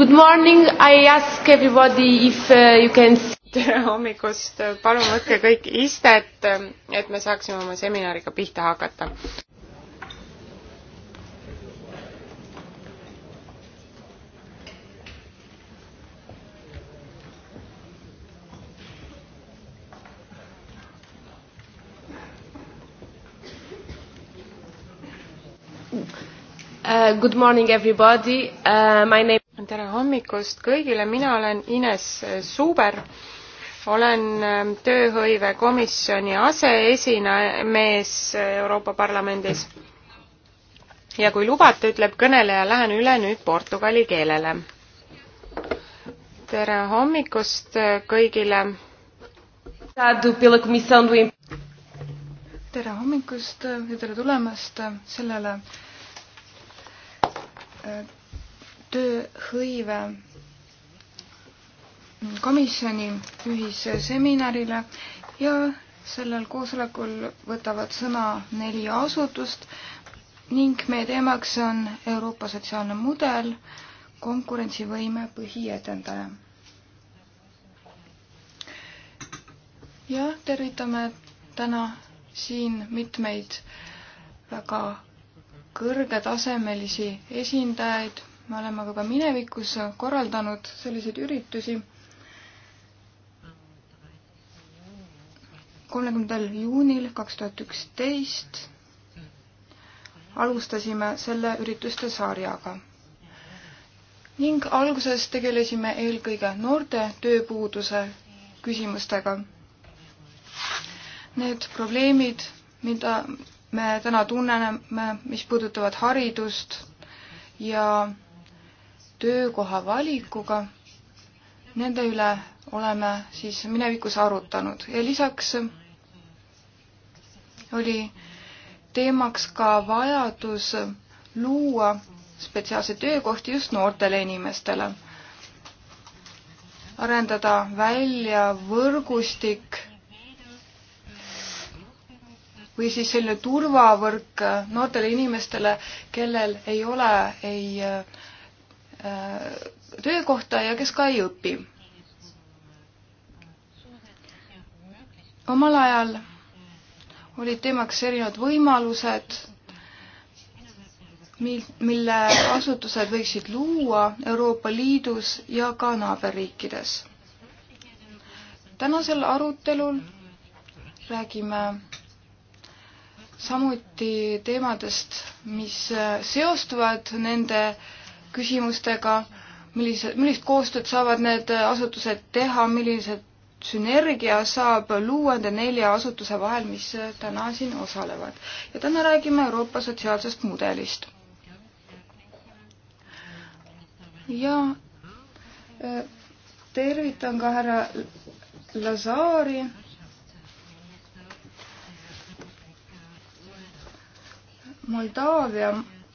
Good morning, I ask everybody if uh, you can tere hommikust, palun võtke kõik istet, et me saaksime oma seminariga pihta hakata. Uh, good morning, everybody. Uh, my name tere hommikust kõigile, mina olen Ines Suuber, olen ähm, tööhõivekomisjoni aseesimees Euroopa Parlamendis. ja kui lubate, ütleb kõneleja, lähen üle nüüd portugali keelele. tere hommikust kõigile tere hommikust ja tere tulemast sellele äh, tööhõive komisjoni ühisseminarile ja sellel koosolekul võtavad sõna neli asutust ning meie teemaks on Euroopa sotsiaalne mudel, konkurentsivõime põhiedendaja. ja tervitame täna siin mitmeid väga kõrgetasemelisi esindajaid me oleme ka juba minevikus korraldanud selliseid üritusi. kolmekümnendal juunil kaks tuhat üksteist alustasime selle ürituste sarjaga ning alguses tegelesime eelkõige noorte tööpuuduse küsimustega. Need probleemid, mida me täna tunneme, mis puudutavad haridust ja töökoha valikuga, nende üle oleme siis minevikus arutanud ja lisaks oli teemaks ka vajadus luua spetsiaalseid töökohti just noortele inimestele. arendada välja võrgustik või siis selline turvavõrk noortele inimestele, kellel ei ole ei äh, Äh, töökohta ja kes ka ei õpi. omal ajal olid teemaks erinevad võimalused, mil, mille asutused võiksid luua Euroopa Liidus ja ka naaberriikides. tänasel arutelul räägime samuti teemadest, mis seostuvad nende äh, küsimustega, millise, millist koostööd saavad need asutused teha, millised sünergia saab luua nende nelja asutuse vahel, mis täna siin osalevad. ja täna räägime Euroopa sotsiaalsest mudelist. ja äh, tervitan ka härra Lazari. Moldaavia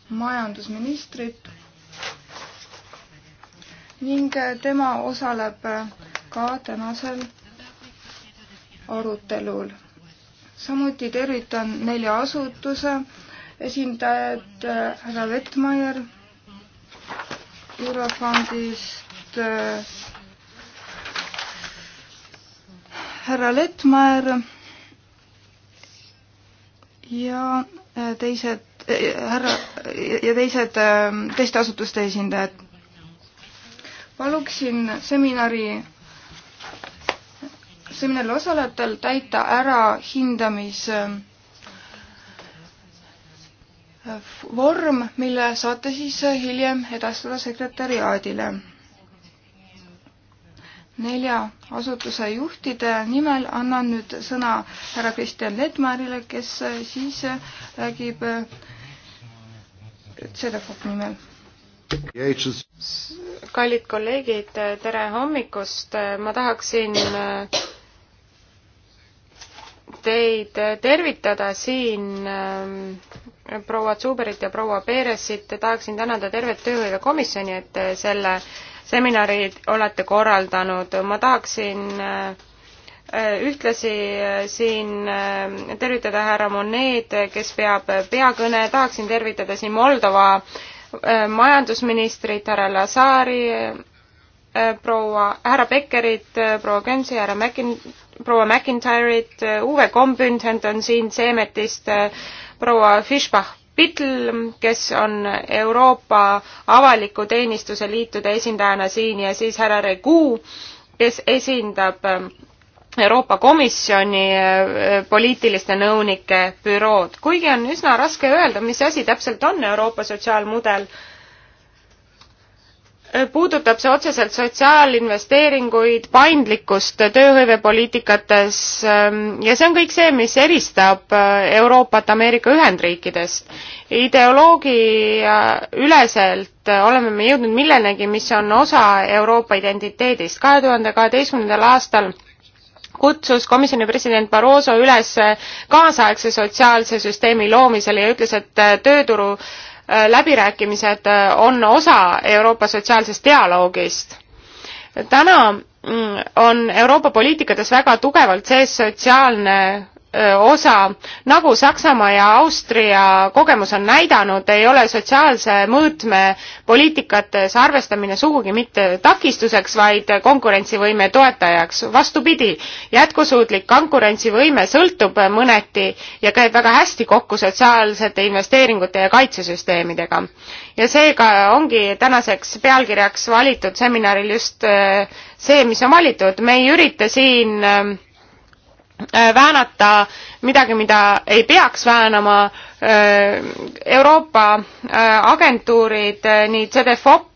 majandusministrit ning tema osaleb ka tänasel arutelul. samuti tervitan nelja asutuse esindajad härra Vettmaier Eurofondist härra Lettmaer ja teised eh, härra ja teised eh, teiste asutuste esindajad paluksin seminari, seminaril osalejatel täita ära hindamis äh, vorm, mille saate siis äh, hiljem edastada sekretäriaadile. nelja asutuse juhtide nimel annan nüüd sõna härra Kristjan Ledmärile, kes äh, siis räägib CDFOP nimel kallid kolleegid, tere hommikust, ma tahaksin äh, teid tervitada siin äh, proua Zuberit ja proua Peeresit, tahaksin tänada tervet tööhõivekomisjoni, et selle seminari olete korraldanud, ma tahaksin äh, ühtlasi siin tervitada härra Monet, kes peab peakõne, tahaksin tervitada siin Moldova Äh, majandusministrit härra Lazari, äh, proua, härra Beckerit, äh, proua Könsi, härra Mäkin-, proua McIntyre'it, Uwe Kombündent on siin Seemetist, proua Fischbach Pitl, kes on Euroopa Avaliku Teenistuse Liitude esindajana siin ja siis härra Regu, kes esindab Euroopa Komisjoni eh, eh, poliitiliste nõunike bürood, kuigi on üsna raske öelda, mis asi täpselt on Euroopa sotsiaalmudel, eh, puudutab see otseselt sotsiaalinvesteeringuid, paindlikkust tööhõivepoliitikates ehm, ja see on kõik see, mis eristab Euroopat Ameerika Ühendriikidest. ideoloogia üleselt oleme me jõudnud millenegi, mis on osa Euroopa identiteedist. kahe tuhande kaheteistkümnendal aastal kutsus komisjoni president Barroso üles kaasaegse sotsiaalse süsteemi loomisele ja ütles, et äh, tööturu äh, läbirääkimised äh, on osa Euroopa sotsiaalsest dialoogist. täna mm, on Euroopa poliitikates väga tugevalt sees sotsiaalne osa, nagu Saksamaa ja Austria kogemus on näidanud, ei ole sotsiaalse mõõtme poliitikates arvestamine sugugi mitte takistuseks, vaid konkurentsivõime toetajaks. vastupidi, jätkusuutlik konkurentsivõime sõltub mõneti ja käib väga hästi kokku sotsiaalsete investeeringute ja kaitsesüsteemidega. ja seega ongi tänaseks pealkirjaks valitud seminaril just see, mis on valitud, me ei ürita siin Äh, väänata midagi, mida ei peaks väänama. Äh, Euroopa äh, agentuurid, nii CDFOP,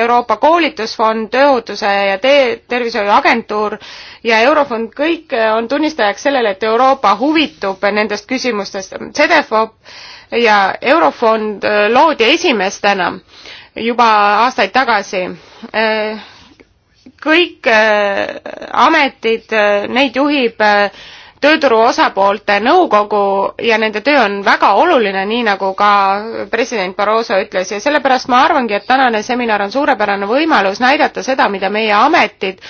Euroopa koolitusfond, Tööohutuse ja tee-, tervishoiuagentuur ja Eurofond, kõik on tunnistajaks sellele, et Euroopa huvitub nendest küsimustest. CDFOP ja Eurofond loodi esimestena juba aastaid tagasi kõik äh, ametid, äh, neid juhib äh, tööturu osapoolte nõukogu ja nende töö on väga oluline, nii nagu ka president Barroso ütles ja sellepärast ma arvangi, et tänane seminar on suurepärane võimalus näidata seda, mida meie ametid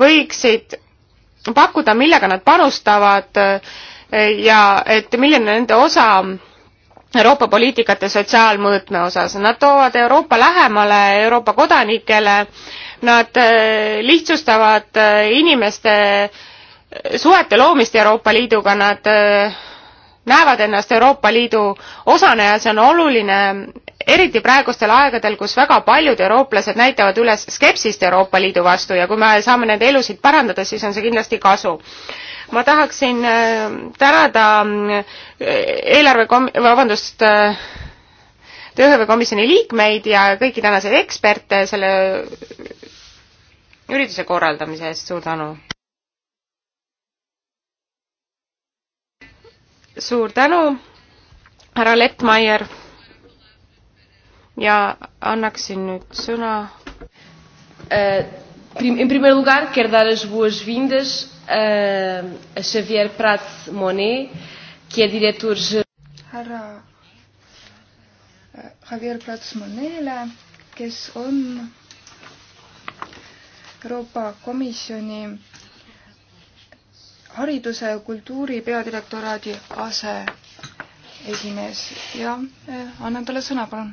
võiksid pakkuda, millega nad panustavad ja et milline nende osa Euroopa poliitikate sotsiaalmõõtme osas. Nad toovad Euroopa lähemale Euroopa kodanikele Nad äh, lihtsustavad äh, inimeste äh, suhete loomist Euroopa Liiduga, nad näevad ennast Euroopa Liidu osana ja see on oluline eriti praegustel aegadel, kus väga paljud eurooplased näitavad üles skepsist Euroopa Liidu vastu ja kui me saame nende elusid parandada, siis on see kindlasti kasu. ma tahaksin tänada eelarvekom-, vabandust, tööhõivekomisjoni liikmeid ja kõiki tänaseid eksperte selle ürituse korraldamise eest, suur tänu! suur tänu, härra Lettmaier! ja annaksin nüüd sõna äh eh, em primeiro lugar, quero dar as boas-vindas a, a Xavier Prats Monet, que é diretor härra eh, Javier Prats Monet'le, kes on Euroopa Komisjoni hariduse ja kultuuri peadirektoraadi aseesimees ja eh, annan talle sõna, palun.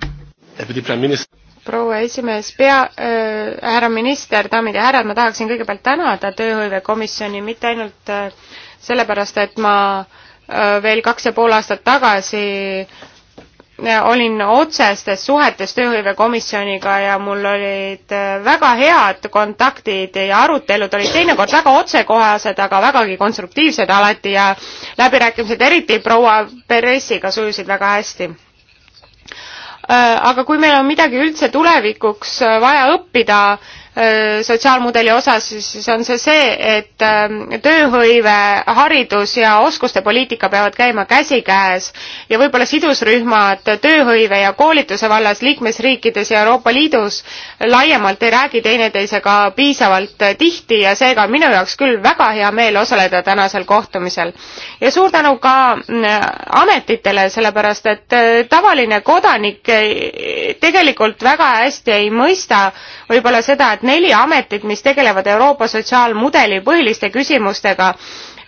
proua esimees, pea äh,, härra minister, daamid ja härrad, ma tahaksin kõigepealt tänada Tööhõivekomisjoni mitte ainult äh, sellepärast, et ma äh, veel kaks ja pool aastat tagasi äh, olin otsestes suhetes tööhõivekomisjoniga ja mul olid äh, väga head kontaktid ja arutelud olid teinekord väga otsekohased, aga vägagi konstruktiivsed alati ja läbirääkimised eriti proua Peressiga sujusid väga hästi. Äh, aga kui meil on midagi üldse tulevikuks äh, vaja õppida, Äh, sotsiaalmudeli osas, siis on see see, et ähm, tööhõive, haridus ja oskuste poliitika peavad käima käsikäes ja võib-olla sidusrühmad tööhõive ja koolituse vallas liikmesriikides ja Euroopa Liidus laiemalt ei räägi teineteisega piisavalt tihti ja seega on minu jaoks küll väga hea meel osaleda tänasel kohtumisel. ja suur tänu ka mm, ametitele, sellepärast et äh, tavaline kodanik äh, tegelikult väga hästi ei mõista võib-olla seda, et neli ametit, mis tegelevad Euroopa sotsiaalmudeli põhiliste küsimustega,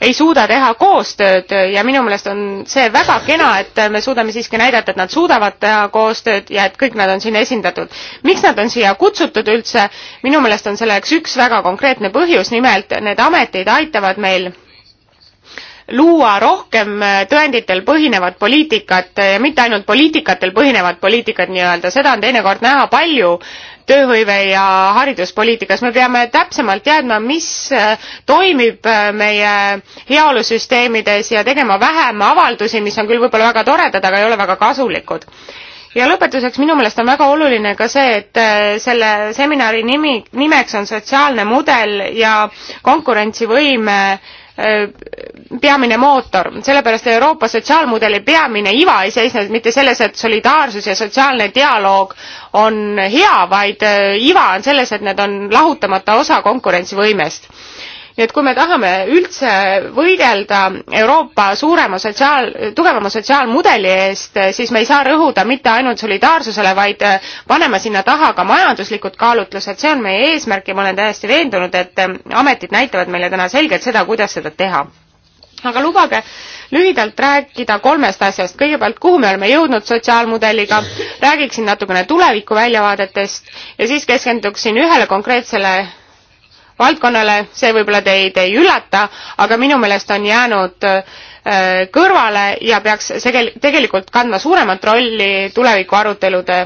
ei suuda teha koostööd ja minu meelest on see väga kena, et me suudame siiski näidata, et nad suudavad teha koostööd ja et kõik nad on siin esindatud. miks nad on siia kutsutud üldse? minu meelest on selleks üks väga konkreetne põhjus, nimelt need ametid aitavad meil luua rohkem tõenditel põhinevat poliitikat ja mitte ainult poliitikatel põhinevat poliitikat nii-öelda, seda on teinekord näha palju tööhõive ja hariduspoliitikas, me peame täpsemalt teadma, mis äh, toimib äh, meie heaolusüsteemides ja tegema vähem avaldusi, mis on küll võib-olla väga toredad, aga ei ole väga kasulikud ja lõpetuseks minu meelest on väga oluline ka see, et äh, selle seminari nimi, nimeks on sotsiaalne mudel ja konkurentsivõime äh, peamine mootor, sellepärast Euroopa sotsiaalmudeli peamine iva ei seisne mitte selles, et solidaarsus ja sotsiaalne dialoog on hea, vaid äh, iva on selles, et need on lahutamata osa konkurentsivõimest nii et kui me tahame üldse võidelda Euroopa suurema sotsiaal, tugevama sotsiaalmudeli eest, siis me ei saa rõhuda mitte ainult solidaarsusele, vaid panema sinna taha ka majanduslikud kaalutlused, see on meie eesmärk ja ma olen täiesti veendunud, et ametid näitavad meile täna selgelt seda, kuidas seda teha aga lubage lühidalt rääkida kolmest asjast. kõigepealt, kuhu me oleme jõudnud sotsiaalmudeliga, räägiksin natukene tuleviku väljavaadetest ja siis keskenduksin ühele konkreetsele valdkonnale, see võib-olla teid ei üllata, aga minu meelest on jäänud äh, kõrvale ja peaks segel-, tegelikult kandma suuremat rolli tuleviku arutelude,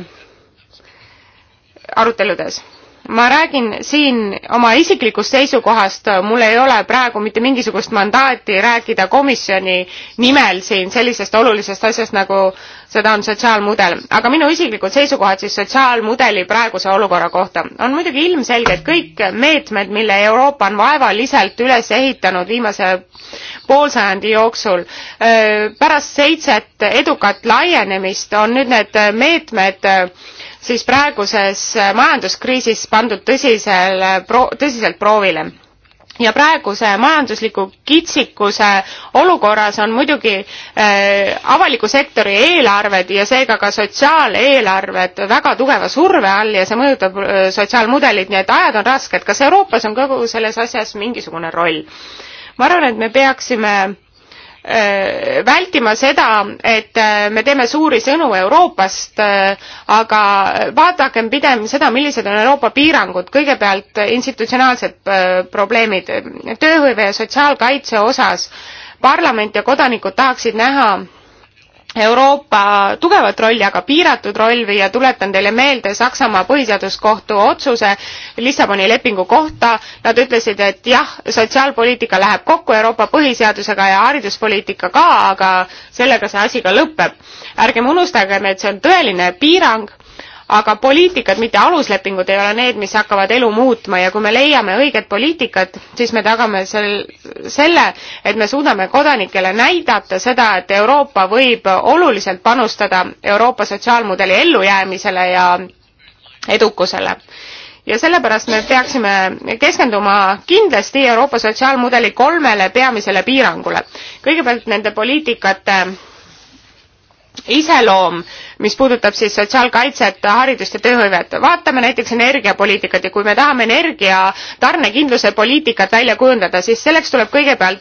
aruteludes ma räägin siin oma isiklikust seisukohast, mul ei ole praegu mitte mingisugust mandaati rääkida komisjoni nimel siin sellisest olulisest asjast, nagu seda on sotsiaalmudel. aga minu isiklikud seisukohad siis sotsiaalmudeli praeguse olukorra kohta. on muidugi ilmselge, et kõik meetmed, mille Euroopa on vaevaliselt üles ehitanud viimase poolsajandi jooksul, pärast seitset edukat laienemist on nüüd need meetmed siis praeguses majanduskriisis pandud tõsisele pro-, tõsiselt proovile ja praeguse majandusliku kitsikuse olukorras on muidugi äh, avaliku sektori eelarved ja seega ka sotsiaaleelarved väga tugeva surve all ja see mõjutab äh, sotsiaalmudelit, nii et ajad on rasked. kas Euroopas on kogu selles asjas mingisugune roll? ma arvan, et me peaksime Äh, vältima seda, et äh, me teeme suuri sõnu Euroopast, äh, aga vaadakem pigem seda, millised on Euroopa piirangud, kõigepealt institutsionaalsed probleemid tööhõive ja sotsiaalkaitse osas. parlament ja kodanikud tahaksid näha Euroopa tugevat rolli, aga piiratud rolli ja tuletan teile meelde Saksamaa põhiseaduskohtu otsuse Lissaboni lepingu kohta. Nad ütlesid, et jah, sotsiaalpoliitika läheb kokku Euroopa põhiseadusega ja hariduspoliitika ka, aga sellega see asi ka lõpeb. ärgem unustagem, et see on tõeline piirang aga poliitikad, mitte aluslepingud ei ole need, mis hakkavad elu muutma ja kui me leiame õiged poliitikad, siis me tagame sel-, selle, et me suudame kodanikele näidata seda, et Euroopa võib oluliselt panustada Euroopa sotsiaalmudeli ellujäämisele ja edukusele ja sellepärast me peaksime keskenduma kindlasti Euroopa sotsiaalmudeli kolmele peamisele piirangule. kõigepealt nende poliitikate iseloom, mis puudutab siis sotsiaalkaitset, haridust ja tööhõivet. vaatame näiteks energiapoliitikat ja kui me tahame energia tarnekindluse poliitikat välja kujundada, siis selleks tuleb kõigepealt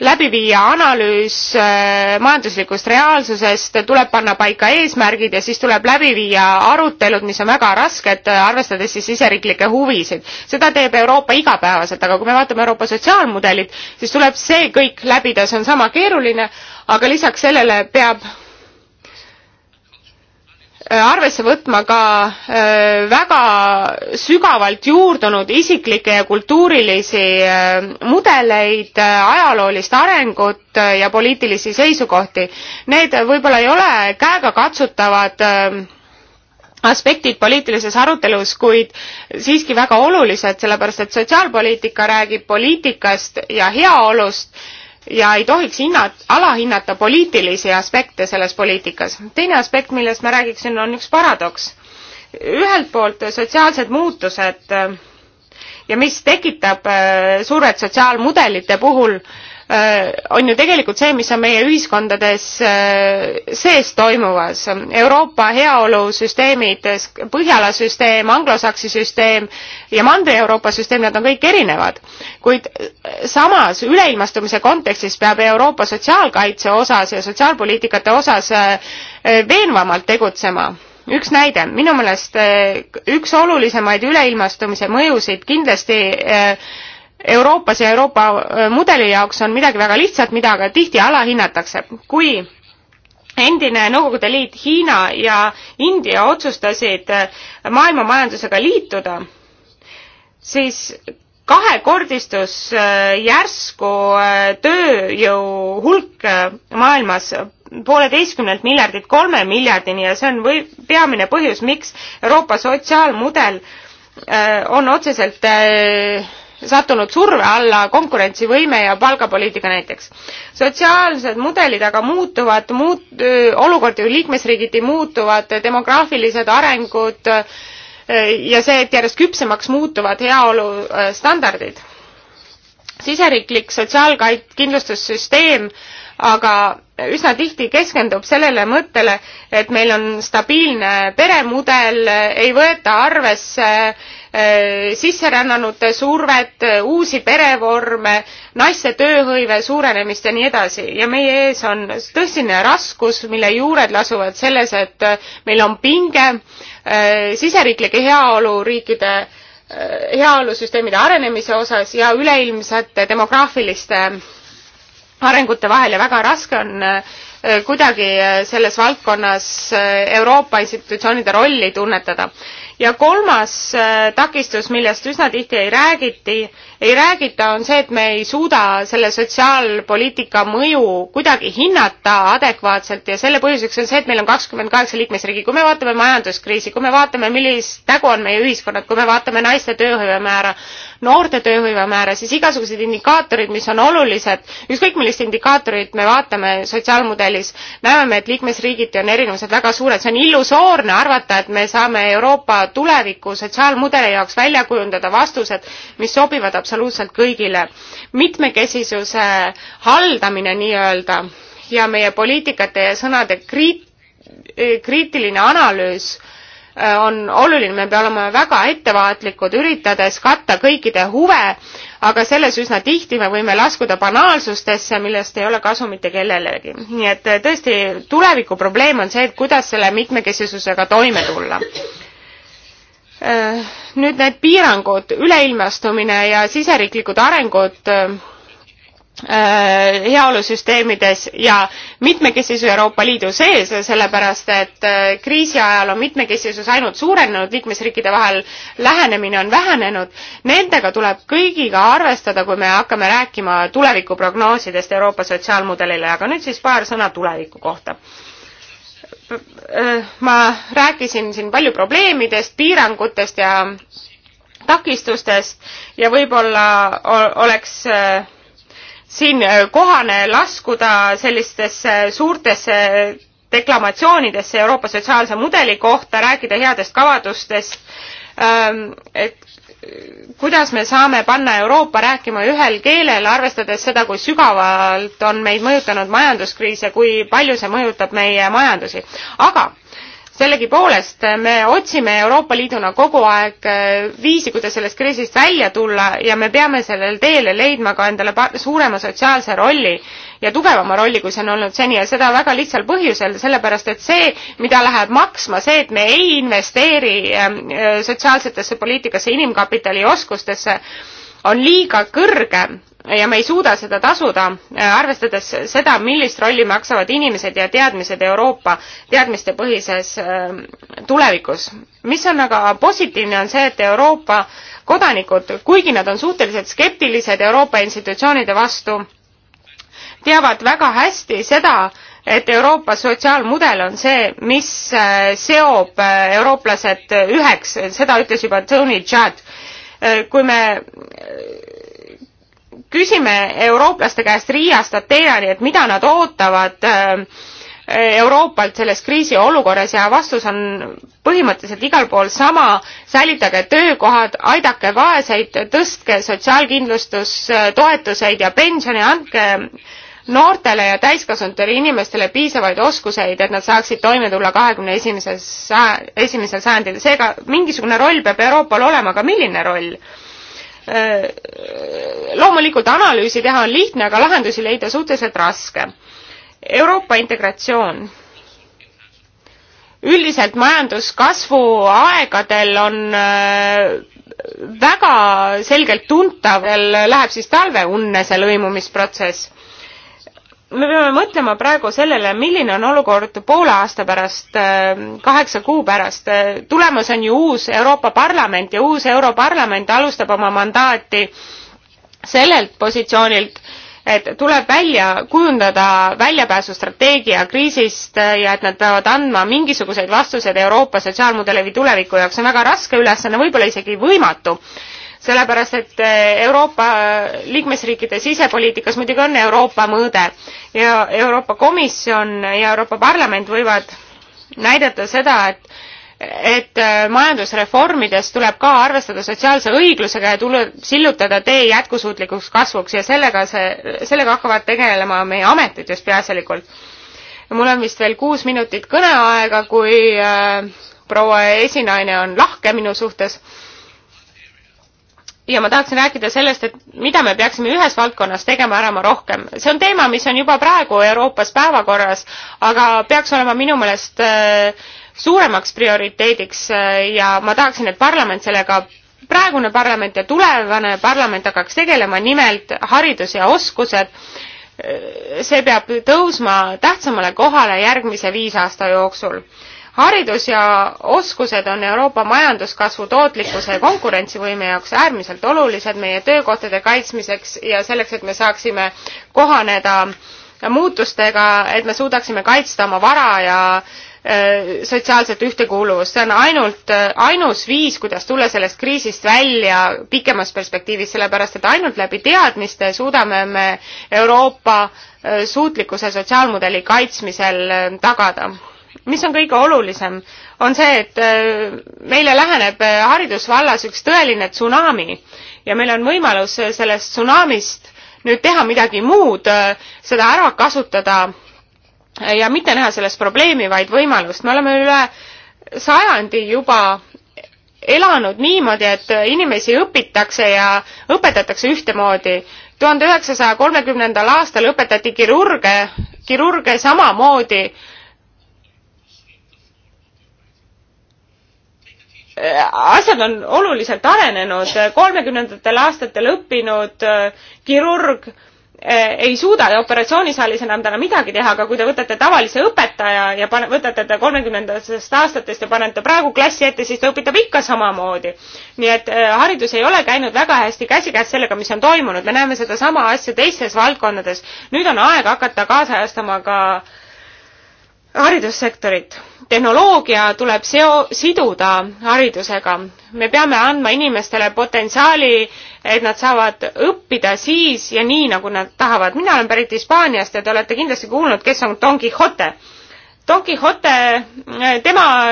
läbi viia analüüs äh, majanduslikust reaalsusest, tuleb panna paika eesmärgid ja siis tuleb läbi viia arutelud, mis on väga rasked, äh, arvestades siis siseriiklikke huvisid. seda teeb Euroopa igapäevaselt, aga kui me vaatame Euroopa sotsiaalmudelit, siis tuleb see kõik läbida, see on sama keeruline, aga lisaks sellele peab Äh, arvesse võtma ka äh, väga sügavalt juurdunud isiklikke ja kultuurilisi äh, mudeleid, ajaloolist arengut ja poliitilisi seisukohti. Need võib-olla ei ole käegakatsutavad aspektid poliitilises arutelus, kuid siiski väga olulised, sellepärast et sotsiaalpoliitika räägib poliitikast ja heaolust ja ei tohiks hinnat-, alahinnata poliitilisi aspekte selles poliitikas. teine aspekt, millest ma räägiksin, on üks paradoks. ühelt poolt sotsiaalsed muutused äh, ja mis tekitab äh, suured sotsiaalmudelite puhul äh, Äh, on ju tegelikult see, mis on meie ühiskondades äh, sees toimuvas. Euroopa heaolusüsteemid, Põhjala süsteem, anglosaksi süsteem ja Mandri-Euroopa süsteem, nad on kõik erinevad. kuid äh, samas üleilmastumise kontekstis peab Euroopa sotsiaalkaitse osas ja sotsiaalpoliitikate osas veenvamalt tegutsema üks näide, minu meelest üks olulisemaid üleilmastumise mõjusid kindlasti äh, Euroopas ja Euroopa äh, mudeli jaoks on midagi väga lihtsat, mida aga tihti alahinnatakse. kui endine Nõukogude Liit, Hiina ja India otsustasid äh, maailma majandusega liituda, siis kahekordistus äh, järsku tööjõu hulk maailmas pooleteistkümnelt miljardilt kolme miljardini ja see on või peamine põhjus, miks Euroopa sotsiaalmudel on otseselt sattunud surve alla konkurentsivõime ja palgapoliitika näiteks. sotsiaalsed mudelid aga muutuvad, muut-, olukord ju liikmesriigiti muutuvad, demograafilised arengud ja see, et järjest küpsemaks muutuvad heaolustandardid. siseriiklik sotsiaalkindlustussüsteem aga üsna tihti keskendub sellele mõttele, et meil on stabiilne peremudel, ei võeta arvesse Äh, sisserännanute survet, äh, uusi perevorme, naiste tööhõive suurenemist ja nii edasi ja meie ees on tõsine raskus, mille juured lasuvad selles, et äh, meil on pinge siseriiklike heaoluriikide heaolusüsteemide arenemise osas ja üleilmsete demograafiliste arengute vahel ja väga raske on kuidagi selles valdkonnas Euroopa institutsioonide rolli tunnetada ja kolmas äh, takistus, millest üsna tihti ei räägiti, ei räägita, on see, et me ei suuda selle sotsiaalpoliitika mõju kuidagi hinnata adekvaatselt ja selle põhjuseks on see, et meil on kakskümmend kaheksa liikmesriigi. kui me vaatame majanduskriisi, kui me vaatame, millist nägu on meie ühiskonnad, kui me vaatame naiste tööhõive määra, noorte tööhõive määra, siis igasugused indikaatorid, mis on olulised, ükskõik millist indikaatorit me vaatame sotsiaalmudelis, näeme me, et liikmesriigiti on erinevused väga suured, see on illusoorne arvata, et me saame Euroopa tuleviku sotsiaalmudeli jaoks välja kujundada vastused, mis sobivad absoluutselt kõigile. mitmekesisuse haldamine nii-öelda ja meie poliitikate ja sõnade kriit-, kriitiline analüüs äh, Äh, on oluline, me peame olema väga ettevaatlikud, üritades katta kõikide huve, aga selles üsna tihti me võime laskuda banaalsustesse, millest ei ole kasu mitte kellelegi. nii et äh, tõesti, tuleviku probleem on see, et kuidas selle mitmekesisusega toime tulla. Äh, nüüd need piirangud, üleilmastumine ja siseriiklikud arengud Äh, heaolusüsteemides ja mitmekesisus Euroopa Liidu sees, sellepärast et äh, kriisi ajal on mitmekesisus ainult suurenenud, liikmesriikide vahel lähenemine on vähenenud. Nendega tuleb kõigiga arvestada, kui me hakkame rääkima tulevikuprognoosidest Euroopa sotsiaalmudelile, aga nüüd siis paar sõna tuleviku kohta äh, ma rääkisin siin palju probleemidest, piirangutest ja takistustest ja võib-olla oleks siin äh, kohane laskuda sellistesse suurtesse deklamatsioonidesse Euroopa sotsiaalse mudeli kohta, rääkida headest kavadustest, ähm, et äh, kuidas me saame panna Euroopa rääkima ühel keelel, arvestades seda, kui sügavalt on meid mõjutanud majanduskriis ja kui palju see mõjutab meie majandusi. aga sellegipoolest äh, me otsime Euroopa Liiduna kogu aeg äh, viisi, kuidas sellest kriisist välja tulla ja me peame sellel teel leidma ka endale suurema sotsiaalse rolli ja tugevama rolli, kui see on olnud seni ja seda väga lihtsal põhjusel, sellepärast et see, mida läheb maksma see, et me ei investeeri ähm, äh, sotsiaalsetesse poliitikasse, inimkapitali ja oskustesse, on liiga kõrge ja me ei suuda seda tasuda, äh, arvestades seda, millist rolli maksavad inimesed ja teadmised Euroopa teadmistepõhises äh, tulevikus. mis on aga positiivne, on see, et Euroopa kodanikud, kuigi nad on suhteliselt skeptilised Euroopa institutsioonide vastu, teavad väga hästi seda, et Euroopa sotsiaalmudel on see, mis äh, seob eurooplased üheks, seda ütles juba Tony Judd. kui me küsime eurooplaste käest Riiast Ateenani, et mida nad ootavad äh, Euroopalt selles kriisiolukorras ja vastus on põhimõtteliselt igal pool sama, säilitage töökohad, aidake vaeseid, tõstke sotsiaalkindlustustoetuseid ja pensione, andke noortele ja täiskasvanutele inimestele piisavaid oskuseid, et nad saaksid toime tulla kahekümne esimeses, esimesel sajandil. seega mingisugune roll peab Euroopal olema, aga milline roll? Äh, loomulikult analüüsi teha on lihtne, aga lahendusi leida suhteliselt raske. Euroopa integratsioon. üldiselt majanduskasvu aegadel on äh, väga selgelt tuntav, läheb siis talveunne see lõimumisprotsess me peame mõtlema praegu sellele, milline on olukord poole aasta pärast, äh, kaheksa kuu pärast. tulemas on ju uus Euroopa Parlament ja uus Europarlament alustab oma mandaati sellelt positsioonilt, et tuleb välja kujundada väljapääsustrateegia kriisist äh, ja et nad peavad andma mingisuguseid vastuseid Euroopa sotsiaalmudeli tuleviku jaoks. see on väga raske ülesanne, võib-olla isegi võimatu sellepärast et eh, Euroopa eh, liikmesriikide sisepoliitikas muidugi on Euroopa mõõde ja Euroopa Komisjon ja Euroopa Parlament võivad näidata seda, et et eh, majandusreformides tuleb ka arvestada sotsiaalse õiglusega ja tuleb sillutada tee jätkusuutlikuks kasvuks ja sellega see, sellega hakkavad tegelema meie ametid just peaasjalikult. mul on vist veel kuus minutit kõneaega, kui äh, proua esinaine on lahke minu suhtes ja ma tahaksin rääkida sellest, et mida me peaksime ühes valdkonnas tegema ära oma rohkem. see on teema, mis on juba praegu Euroopas päevakorras, aga peaks olema minu meelest äh, suuremaks prioriteediks äh, ja ma tahaksin, et parlament sellega praegune parlament ja tulevane parlament hakkaks tegelema, nimelt haridus ja oskused. Äh, see peab tõusma tähtsamale kohale järgmise viis aasta jooksul haridus ja oskused on Euroopa majanduskasvu tootlikkuse ja konkurentsivõime jaoks äärmiselt olulised meie töökohtade kaitsmiseks ja selleks, et me saaksime kohaneda muutustega, et me suudaksime kaitsta oma vara ja äh, sotsiaalset ühtekuuluvust, see on ainult, äh, ainus viis, kuidas tulla sellest kriisist välja pikemas perspektiivis, sellepärast et ainult läbi teadmiste suudame me Euroopa äh, suutlikkuse sotsiaalmudeli kaitsmisel tagada mis on kõige olulisem, on see, et äh, meile läheneb äh, haridusvallas üks tõeline tsunami ja meil on võimalus äh, sellest tsunamist nüüd teha midagi muud, seda ära kasutada ja mitte näha selles probleemi, vaid võimalust. me oleme üle sajandi juba elanud niimoodi, et inimesi õpitakse ja õpetatakse ühtemoodi. tuhande üheksasaja kolmekümnendal aastal õpetati kirurge, kirurge samamoodi äh, asjad on oluliselt arenenud, kolmekümnendatel aastatel õppinud äh, kirurg äh, ei suuda operatsioonisaalis enam täna midagi teha, aga kui te võtate tavalise õpetaja ja pane, võtate ta kolmekümnendatest aastatest ja panete praegu klassi ette, siis ta õpitab ikka samamoodi. nii et äh, haridus ei ole käinud väga hästi käsikäes sellega, mis on toimunud, me näeme sedasama asja teistes valdkondades. nüüd on aeg hakata kaasajastama ka äh, haridussektorit. tehnoloogia tuleb seo-, siduda haridusega. me peame andma inimestele potentsiaali, et nad saavad õppida siis ja nii, nagu nad tahavad. mina olen pärit Hispaaniast ja te olete kindlasti kuulnud, kes on Don Quijote. Don Quijote, tema äh,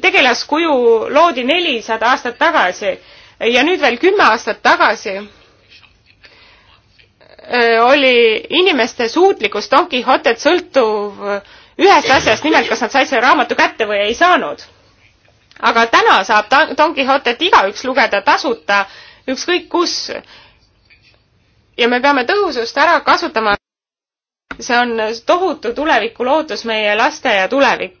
tegelaskuju loodi nelisada aastat tagasi ja nüüd veel kümme aastat tagasi äh, oli inimeste suutlikkus Don Quijotet sõltuv ühest asjast, nimelt kas nad said selle raamatu kätte või ei saanud. aga täna saab Don Quixotet igaüks lugeda tasuta ükskõik kus. ja me peame tõhusust ära kasutama. see on tohutu tuleviku lootus meie laste ja tulevik,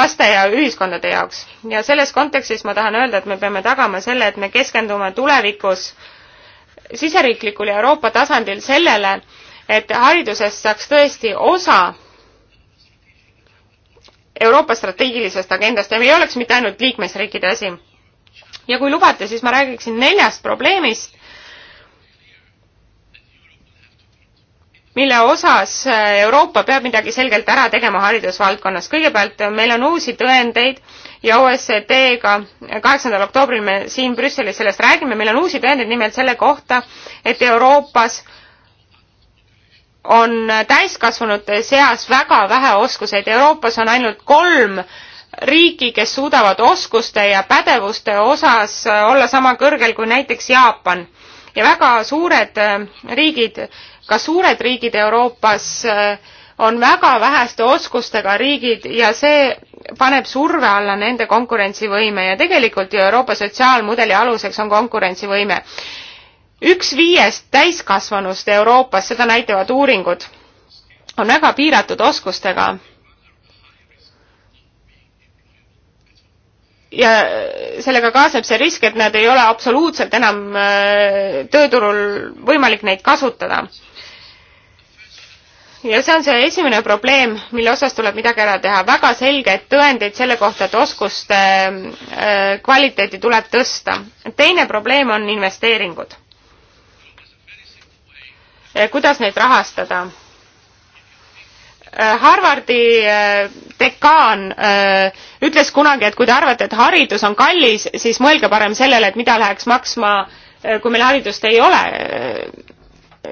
laste ja ühiskondade jaoks. ja selles kontekstis ma tahan öelda, et me peame tagama selle, et me keskendume tulevikus siseriiklikul ja Euroopa tasandil sellele, et haridusest saaks tõesti osa Euroopa strateegilisest agendast ja ei oleks mitte ainult liikmesriikide asi. ja kui lubate, siis ma räägiksin neljast probleemist, mille osas Euroopa peab midagi selgelt ära tegema haridusvaldkonnas. kõigepealt meil on uusi tõendeid ja OSCD-ga kaheksandal oktoobril me siin Brüsselis sellest räägime, meil on uusi tõendeid nimelt selle kohta, et Euroopas äh, on täiskasvanute seas väga vähe oskuseid. Euroopas on ainult kolm riiki, kes suudavad oskuste ja pädevuste osas olla sama kõrgel kui näiteks Jaapan. ja väga suured äh, riigid, ka suured riigid Euroopas äh, on väga väheste oskustega riigid ja see paneb surve alla nende konkurentsivõime ja tegelikult ju Euroopa sotsiaalmudeli aluseks on konkurentsivõime üks viiest täiskasvanust Euroopas, seda näitavad uuringud, on väga piiratud oskustega. ja sellega kaasneb see risk, et nad ei ole absoluutselt enam äh, tööturul võimalik neid kasutada. ja see on see esimene probleem, mille osas tuleb midagi ära teha. väga selgeid tõendeid selle kohta, et oskuste äh, kvaliteeti tuleb tõsta. teine probleem on investeeringud Eh, kuidas neid rahastada. Eh, Harvardi eh, dekaan ütles kunagi, et kui te arvate, et haridus on kallis, siis mõelge parem sellele, et mida läheks maksma, kui meil haridust ei ole.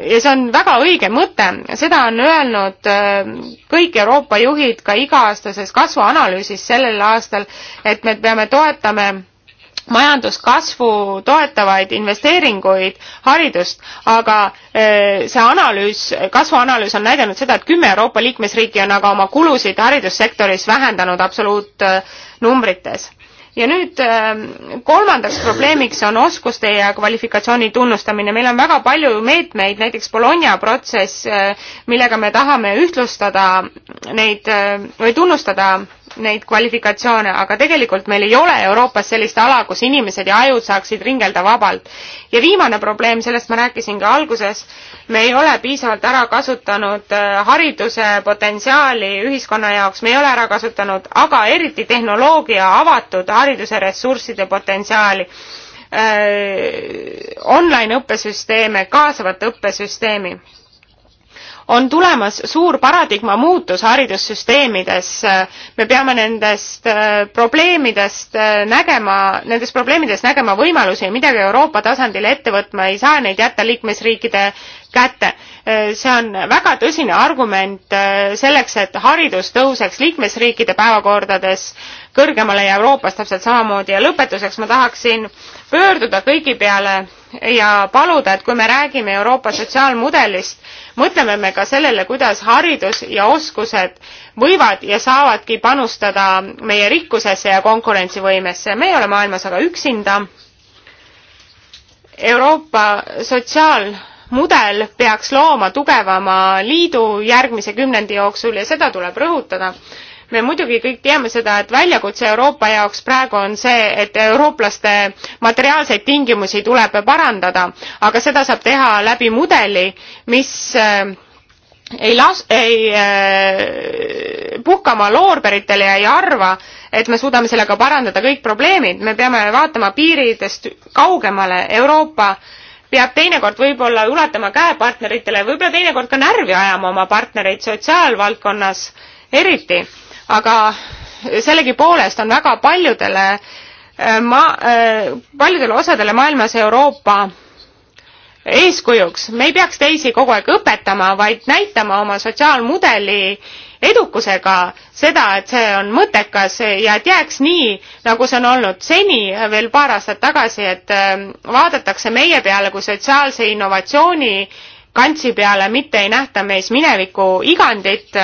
ja see on väga õige mõte, seda on öelnud kõik Euroopa juhid ka iga-aastases kasvuanalüüsis sellel aastal, et me peame toetama majanduskasvu toetavaid investeeringuid, haridust, aga eh, see analüüs, kasvuanalüüs on näidanud seda, et kümme Euroopa liikmesriiki on aga oma kulusid haridussektoris vähendanud absoluutnumbrites ja nüüd äh, kolmandaks probleemiks on oskuste ja kvalifikatsiooni tunnustamine. meil on väga palju meetmeid, näiteks Bologna protsess, äh, millega me tahame ühtlustada neid äh, või tunnustada neid kvalifikatsioone, aga tegelikult meil ei ole Euroopas sellist ala, kus inimesed ja ajud saaksid ringelda vabalt. ja viimane probleem, sellest ma rääkisin ka alguses, me ei ole piisavalt ära kasutanud hariduse potentsiaali ühiskonna jaoks, me ei ole ära kasutanud, aga eriti tehnoloogia avatud haridus hariduse ressursside potentsiaali äh, online õppesüsteeme, kaasavat õppesüsteemi. on tulemas suur paradigma muutus haridussüsteemides, me peame nendest äh, probleemidest äh, nägema, nendest probleemidest nägema võimalusi ja midagi Euroopa tasandil ette võtma, ei saa neid jätta liikmesriikide kätte. see on väga tõsine argument selleks, et haridus tõuseks liikmesriikide päevakordades kõrgemale ja Euroopas täpselt samamoodi ja lõpetuseks ma tahaksin pöörduda kõigi peale ja paluda, et kui me räägime Euroopa sotsiaalmudelist, mõtleme me ka sellele, kuidas haridus ja oskused võivad ja saavadki panustada meie rikkusesse ja konkurentsivõimesse. me ei ole maailmas aga üksinda. Euroopa sotsiaalmudel peaks looma tugevama liidu järgmise kümnendi jooksul ja seda tuleb rõhutada me muidugi kõik teame seda, et väljakutse Euroopa jaoks praegu on see, et eurooplaste materiaalseid tingimusi tuleb parandada, aga seda saab teha läbi mudeli, mis äh, ei las-, ei äh, puhka oma loorberitele ja ei arva, et me suudame sellega parandada kõik probleemid, me peame vaatama piiridest kaugemale, Euroopa peab teinekord võib-olla ulatama käe partneritele, võib-olla teinekord ka närvi ajama oma partnereid sotsiaalvaldkonnas eriti aga sellegipoolest on väga paljudele äh, ma-, äh, paljudele osadele maailmas Euroopa eeskujuks, me ei peaks teisi kogu aeg õpetama, vaid näitama oma sotsiaalmudeli edukusega seda, et see on mõttekas ja et jääks nii, nagu see on olnud seni veel paar aastat tagasi, et ähm, vaadatakse meie peale kui sotsiaalse innovatsiooni kantsi peale, mitte ei nähta meis mineviku igandit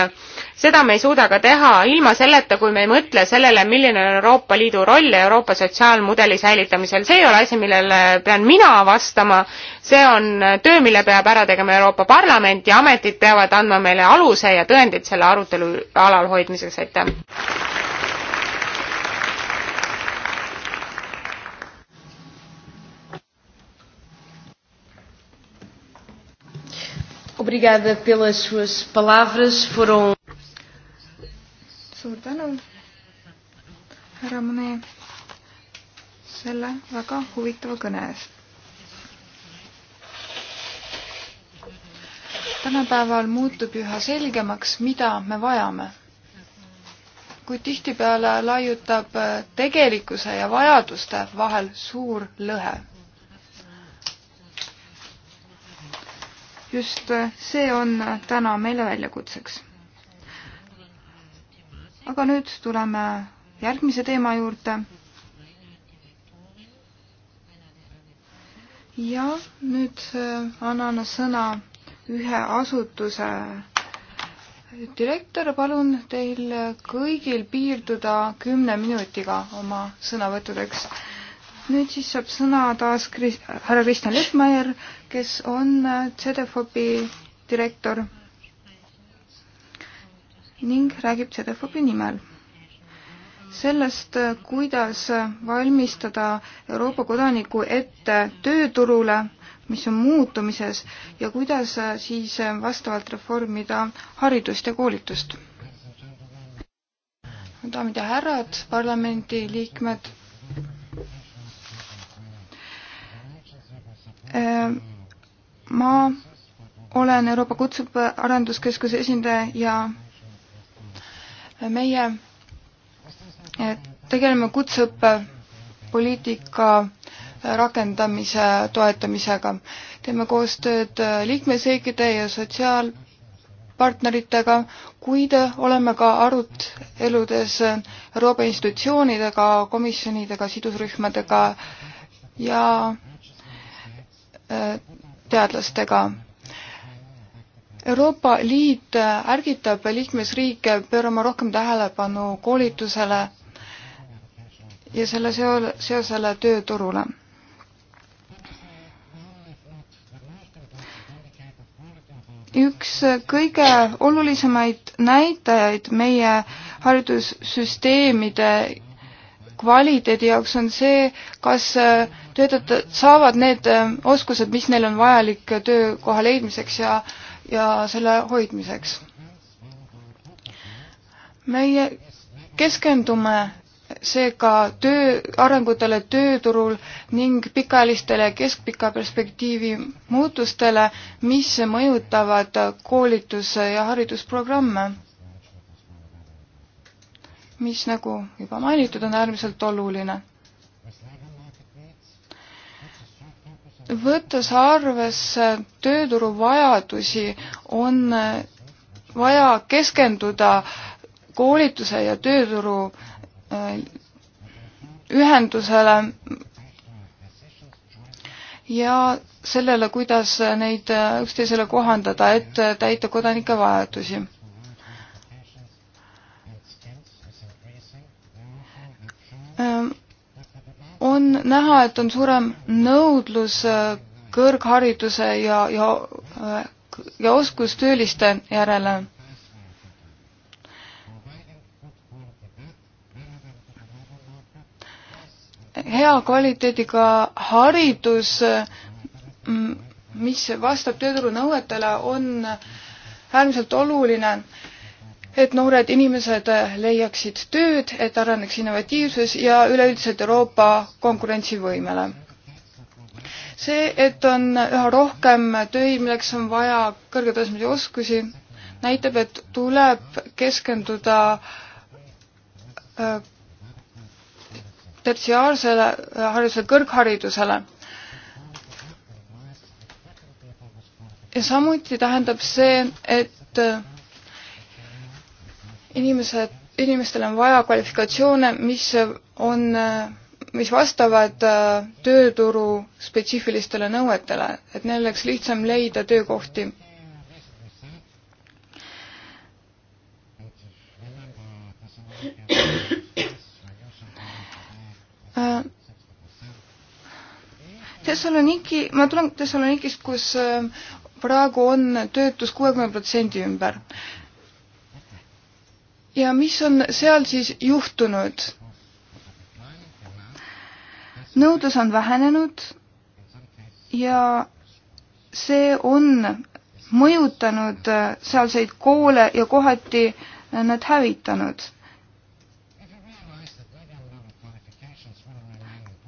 seda me ei suuda ka teha ilma selleta, kui me ei mõtle sellele, milline on Euroopa Liidu roll Euroopa sotsiaalmudeli säilitamisel. see ei ole asi, millele pean mina vastama, see on töö, mille peab ära tegema Euroopa Parlament ja ametid peavad andma meile aluse ja tõendid selle arutelu alal hoidmiseks, aitäh! Obrigada pelas suas palavras. Foram suur tänu, härra Mune, selle väga huvitava kõne eest. tänapäeval muutub üha selgemaks, mida me vajame. kuid tihtipeale laiutab tegelikkuse ja vajaduste vahel suur lõhe just see on täna meile väljakutseks aga nüüd tuleme järgmise teema juurde. ja nüüd äh, annan sõna ühe asutuse direktor, palun teil kõigil piirduda kümne minutiga oma sõnavõttudeks. nüüd siis saab sõna taas Kris-, härra Kristjan Leppmeier, kes on äh, CDFOP-i direktor ning räägib CDFOP-i nimel sellest, kuidas valmistada Euroopa kodaniku ette tööturule, mis on muutumises ja kuidas siis vastavalt reformida haridust ja koolitust. daamid ja härrad, parlamendi liikmed. Äh, ma olen Euroopa Kutseõppe Arenduskeskuse esindaja ja meie eh, tegeleme kutseõppe poliitika rakendamise toetamisega. teeme koostööd eh, liikmesriikide ja sotsiaalpartneritega, kuid eh, oleme ka aruteludes Euroopa institutsioonidega, komisjonidega, sidusrühmadega ja teadlastega Euroopa Liit ärgitab liikmesriike pöörama rohkem tähelepanu koolitusele ja selle seosele tööturule. üks kõige olulisemaid näitajaid meie haridussüsteemide kvaliteedi jaoks on see, kas töötajad saavad need oskused, mis neil on vajalik töökoha leidmiseks ja äh, ja selle hoidmiseks. meie keskendume seega töö, arengutele tööturul ning pikaajalistele keskpika perspektiivi muutustele, mis mõjutavad koolituse ja haridusprogramme, mis nagu juba mainitud, on äärmiselt oluline võttes arvesse tööturu vajadusi, on vaja keskenduda koolituse ja tööturu äh, ühendusele ja sellele, kuidas neid äh, üksteisele kohandada, et äh, täita kodanike vajadusi näha, et on suurem nõudlus äh, kõrghariduse ja, ja, äh, ja oskustööliste järele. hea kvaliteediga haridus, mis vastab tööturu nõuetele, on äärmiselt oluline et noored inimesed leiaksid tööd, et areneks innovatiivsus ja üleüldiselt Euroopa konkurentsivõimele. see, et on üha rohkem töid, milleks on vaja kõrgetasemelisi oskusi, näitab, et tuleb keskenduda äh, tertsiaarsele äh, haridusele, kõrgharidusele. ja samuti tähendab see, et äh, inimesed, inimestel on vaja kvalifikatsioone, mis on, mis vastavad äh, tööturu spetsiifilistele nõuetele, et neil oleks lihtsam leida töökohti. Äh, Thessaloniki, ma tulen Thessalonikist, kus äh, praegu on töötus kuuekümne protsendi ümber ja mis on seal siis juhtunud? nõudlus on vähenenud ja see on mõjutanud äh, sealseid koole ja kohati äh, nad hävitanud.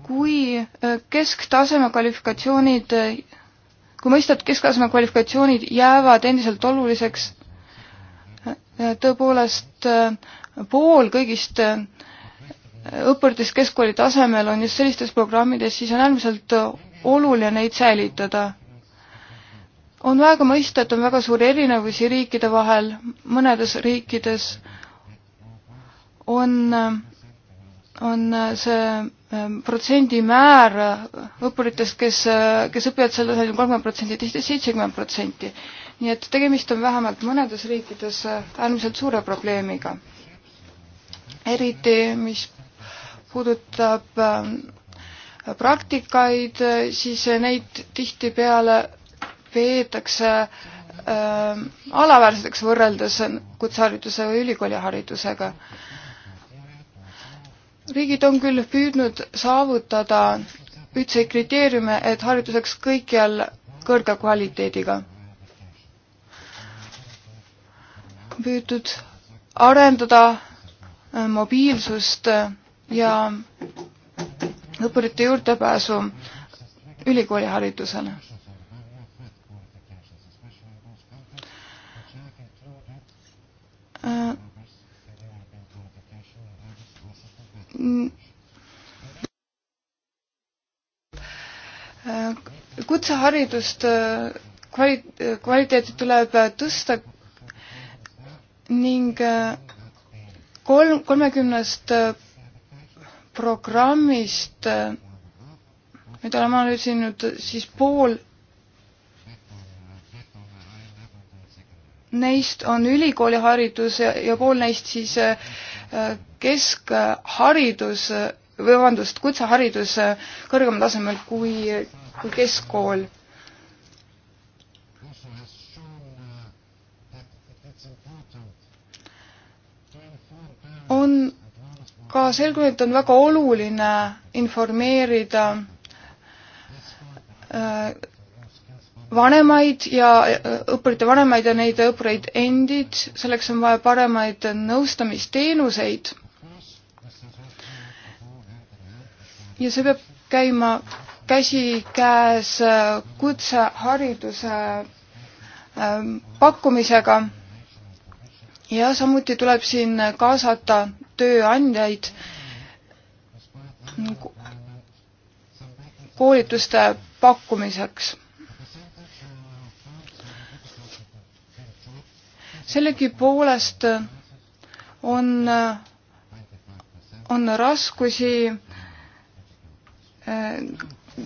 kui äh, kesktaseme kvalifikatsioonid, kui mõista, et kesktaseme kvalifikatsioonid jäävad endiselt oluliseks, tõepoolest et äh, pool kõigist äh, õppurtest keskkooli tasemel on just sellistes programmides, siis on äärmiselt äh, oluline neid säilitada. on väga mõista, et on väga suuri erinevusi riikide vahel, mõnedes riikides on, on see protsendimäär õppuritest, kes, kes õpivad sel tasemel kolmkümmend protsenti, teistes seitsekümmend protsenti nii et tegemist on vähemalt mõnedes riikides äh, äärmiselt suure probleemiga. eriti, mis puudutab ähm, praktikaid, äh, siis neid tihtipeale peetakse äh, alaväärseteks võrreldes kutsehariduse või ülikooliharidusega. riigid on küll püüdnud saavutada ühtseid kriteeriume, et hariduseks kõikjal kõrge kvaliteediga püütud arendada äh, mobiilsust äh, ja õppurite juurdepääsu ülikooliharidusele. Äh, kutseharidust kvali-, kvaliteeti tuleb tõsta ning äh, kolm, kolmekümnest äh, programmist, äh, mida oleme analüüsinud, siis pool neist on ülikooliharidus ja, ja pool neist siis keskharidus või vabandust, kutseharidus kõrgemal tasemel kui, kui keskkool. on ka selgunud, et on väga oluline informeerida äh, vanemaid ja äh, õppurite vanemaid ja neid õppureid endid, selleks on vaja paremaid nõustamisteenuseid. ja see peab käima käsikäes äh, kutsehariduse pakkumisega ja samuti tuleb siin kaasata tööandjaid koolituste pakkumiseks. sellegipoolest on, on raskusi äh,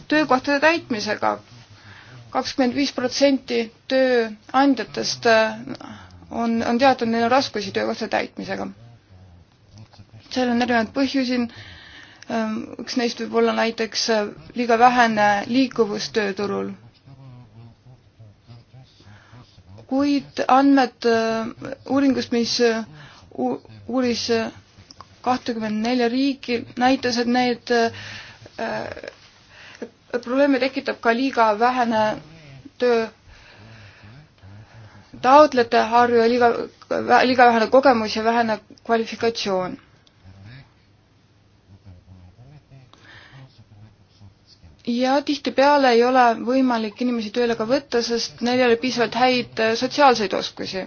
töökohtade täitmisega. kakskümmend viis protsenti tööandjatest äh, on, on teatud, neil on raskusi töökohtade täitmisega. seal on erinevaid põhjusi, ähm, üks neist võib olla näiteks äh, liiga vähene liikuvus tööturul. kuid andmed äh, uuringust, mis äh, uuris kahtekümmend nelja riiki, näitas, et need probleeme tekitab ka liiga vähene töö taotlete harju ja liiga, liiga vähene kogemus ja vähene kvalifikatsioon. ja tihtipeale ei ole võimalik inimesi tööle ka võtta, sest neil ei ole piisavalt häid äh, sotsiaalseid oskusi.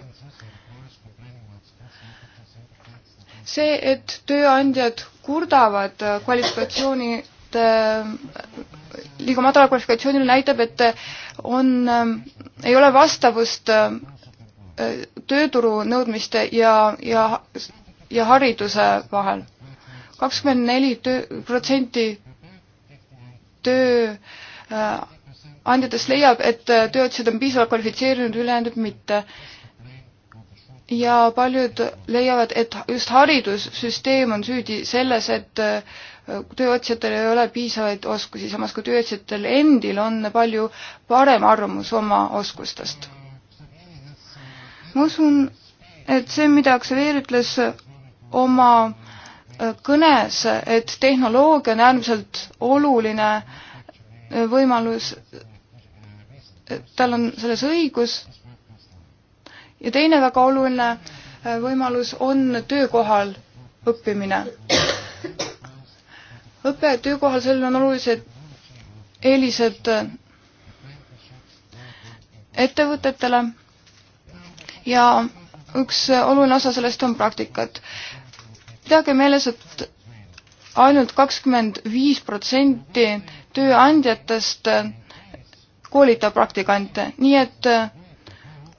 see, et tööandjad kurdavad äh, kvalifikatsioonide äh, liiga madala kvalifikatsioonil näitab, et on, ei ole vastavust Äh, tööturu nõudmiste ja, ja, ja hariduse vahel. kakskümmend neli töö, protsenti töö andjatest leiab, et äh, tööotsijad on piisavalt kvalifitseerinud, ülejäänud mitte. ja paljud leiavad, et just haridussüsteem on süüdi selles, et äh, tööotsijatel ei ole piisavaid oskusi, samas kui tööotsijatel endil on palju parem arvamus oma oskustest ma usun, et see, mida Xavier ütles oma äh, kõnes, et tehnoloogia on äärmiselt oluline äh, võimalus, äh, tal on selles õigus, ja teine väga oluline võimalus on töökohal õppimine. õpe töökohal, sellel on olulised eelised ettevõtetele ja üks oluline osa sellest on praktikad. pidage meeles, et ainult kakskümmend viis protsenti tööandjatest koolitab praktikante, nii et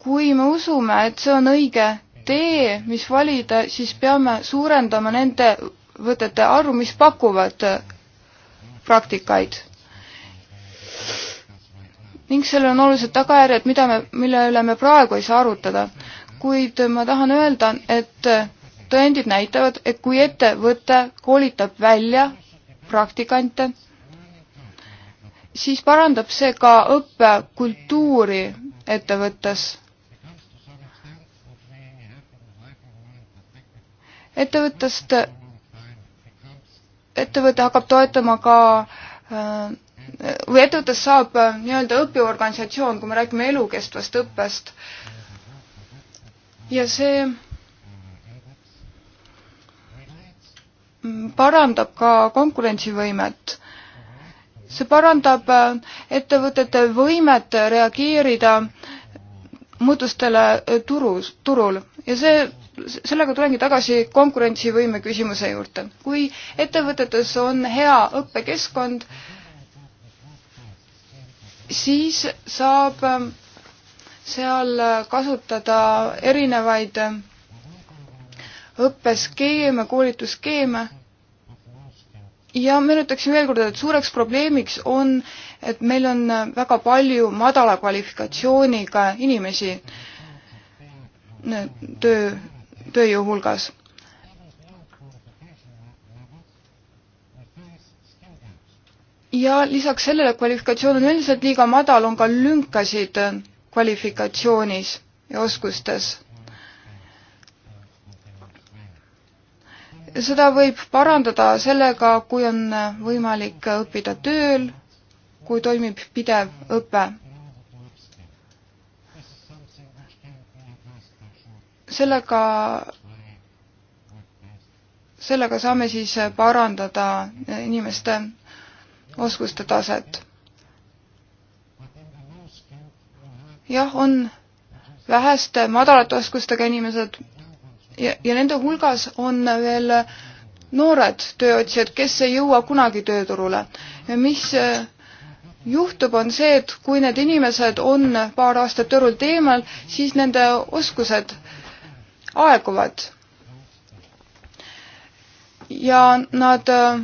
kui me usume, et see on õige tee, mis valida, siis peame suurendama nende võtete arvu, mis pakuvad praktikaid ning sellel on olulised tagajärjed, mida me, mille üle me praegu ei saa arutada. kuid ma tahan öelda, et tõendid näitavad, et kui ettevõte koolitab välja praktikante, siis parandab see ka õppekultuuri ettevõttes ettevõttest, ettevõte hakkab toetama ka äh, või ettevõttest saab äh, nii-öelda õpiorganisatsioon, kui me räägime elukestvast õppest. ja see parandab ka konkurentsivõimet. see parandab äh, ettevõtete võimet reageerida muutustele äh, turus, turul ja see, sellega tulengi tagasi konkurentsivõime küsimuse juurde. kui ettevõtetes on hea õppekeskkond, siis saab ähm, seal äh, kasutada erinevaid äh, õppeskeeme, koolitusskeeme. ja meenutaksin veel kord, et suureks probleemiks on, et meil on äh, väga palju madala kvalifikatsiooniga inimesi töö, tööjõu hulgas ja lisaks sellele kvalifikatsioon on üldiselt liiga madal, on ka lünkasid kvalifikatsioonis ja oskustes. seda võib parandada sellega, kui on võimalik õppida tööl, kui toimib pidev õpe. sellega, sellega saame siis parandada inimeste oskuste taset. jah, on väheste madalate oskustega inimesed ja, ja nende hulgas on veel noored tööotsijad, kes ei jõua kunagi tööturule. ja mis eh, juhtub, on see, et kui need inimesed on paar aastat turult eemal, siis nende oskused aeguvad. ja nad äh,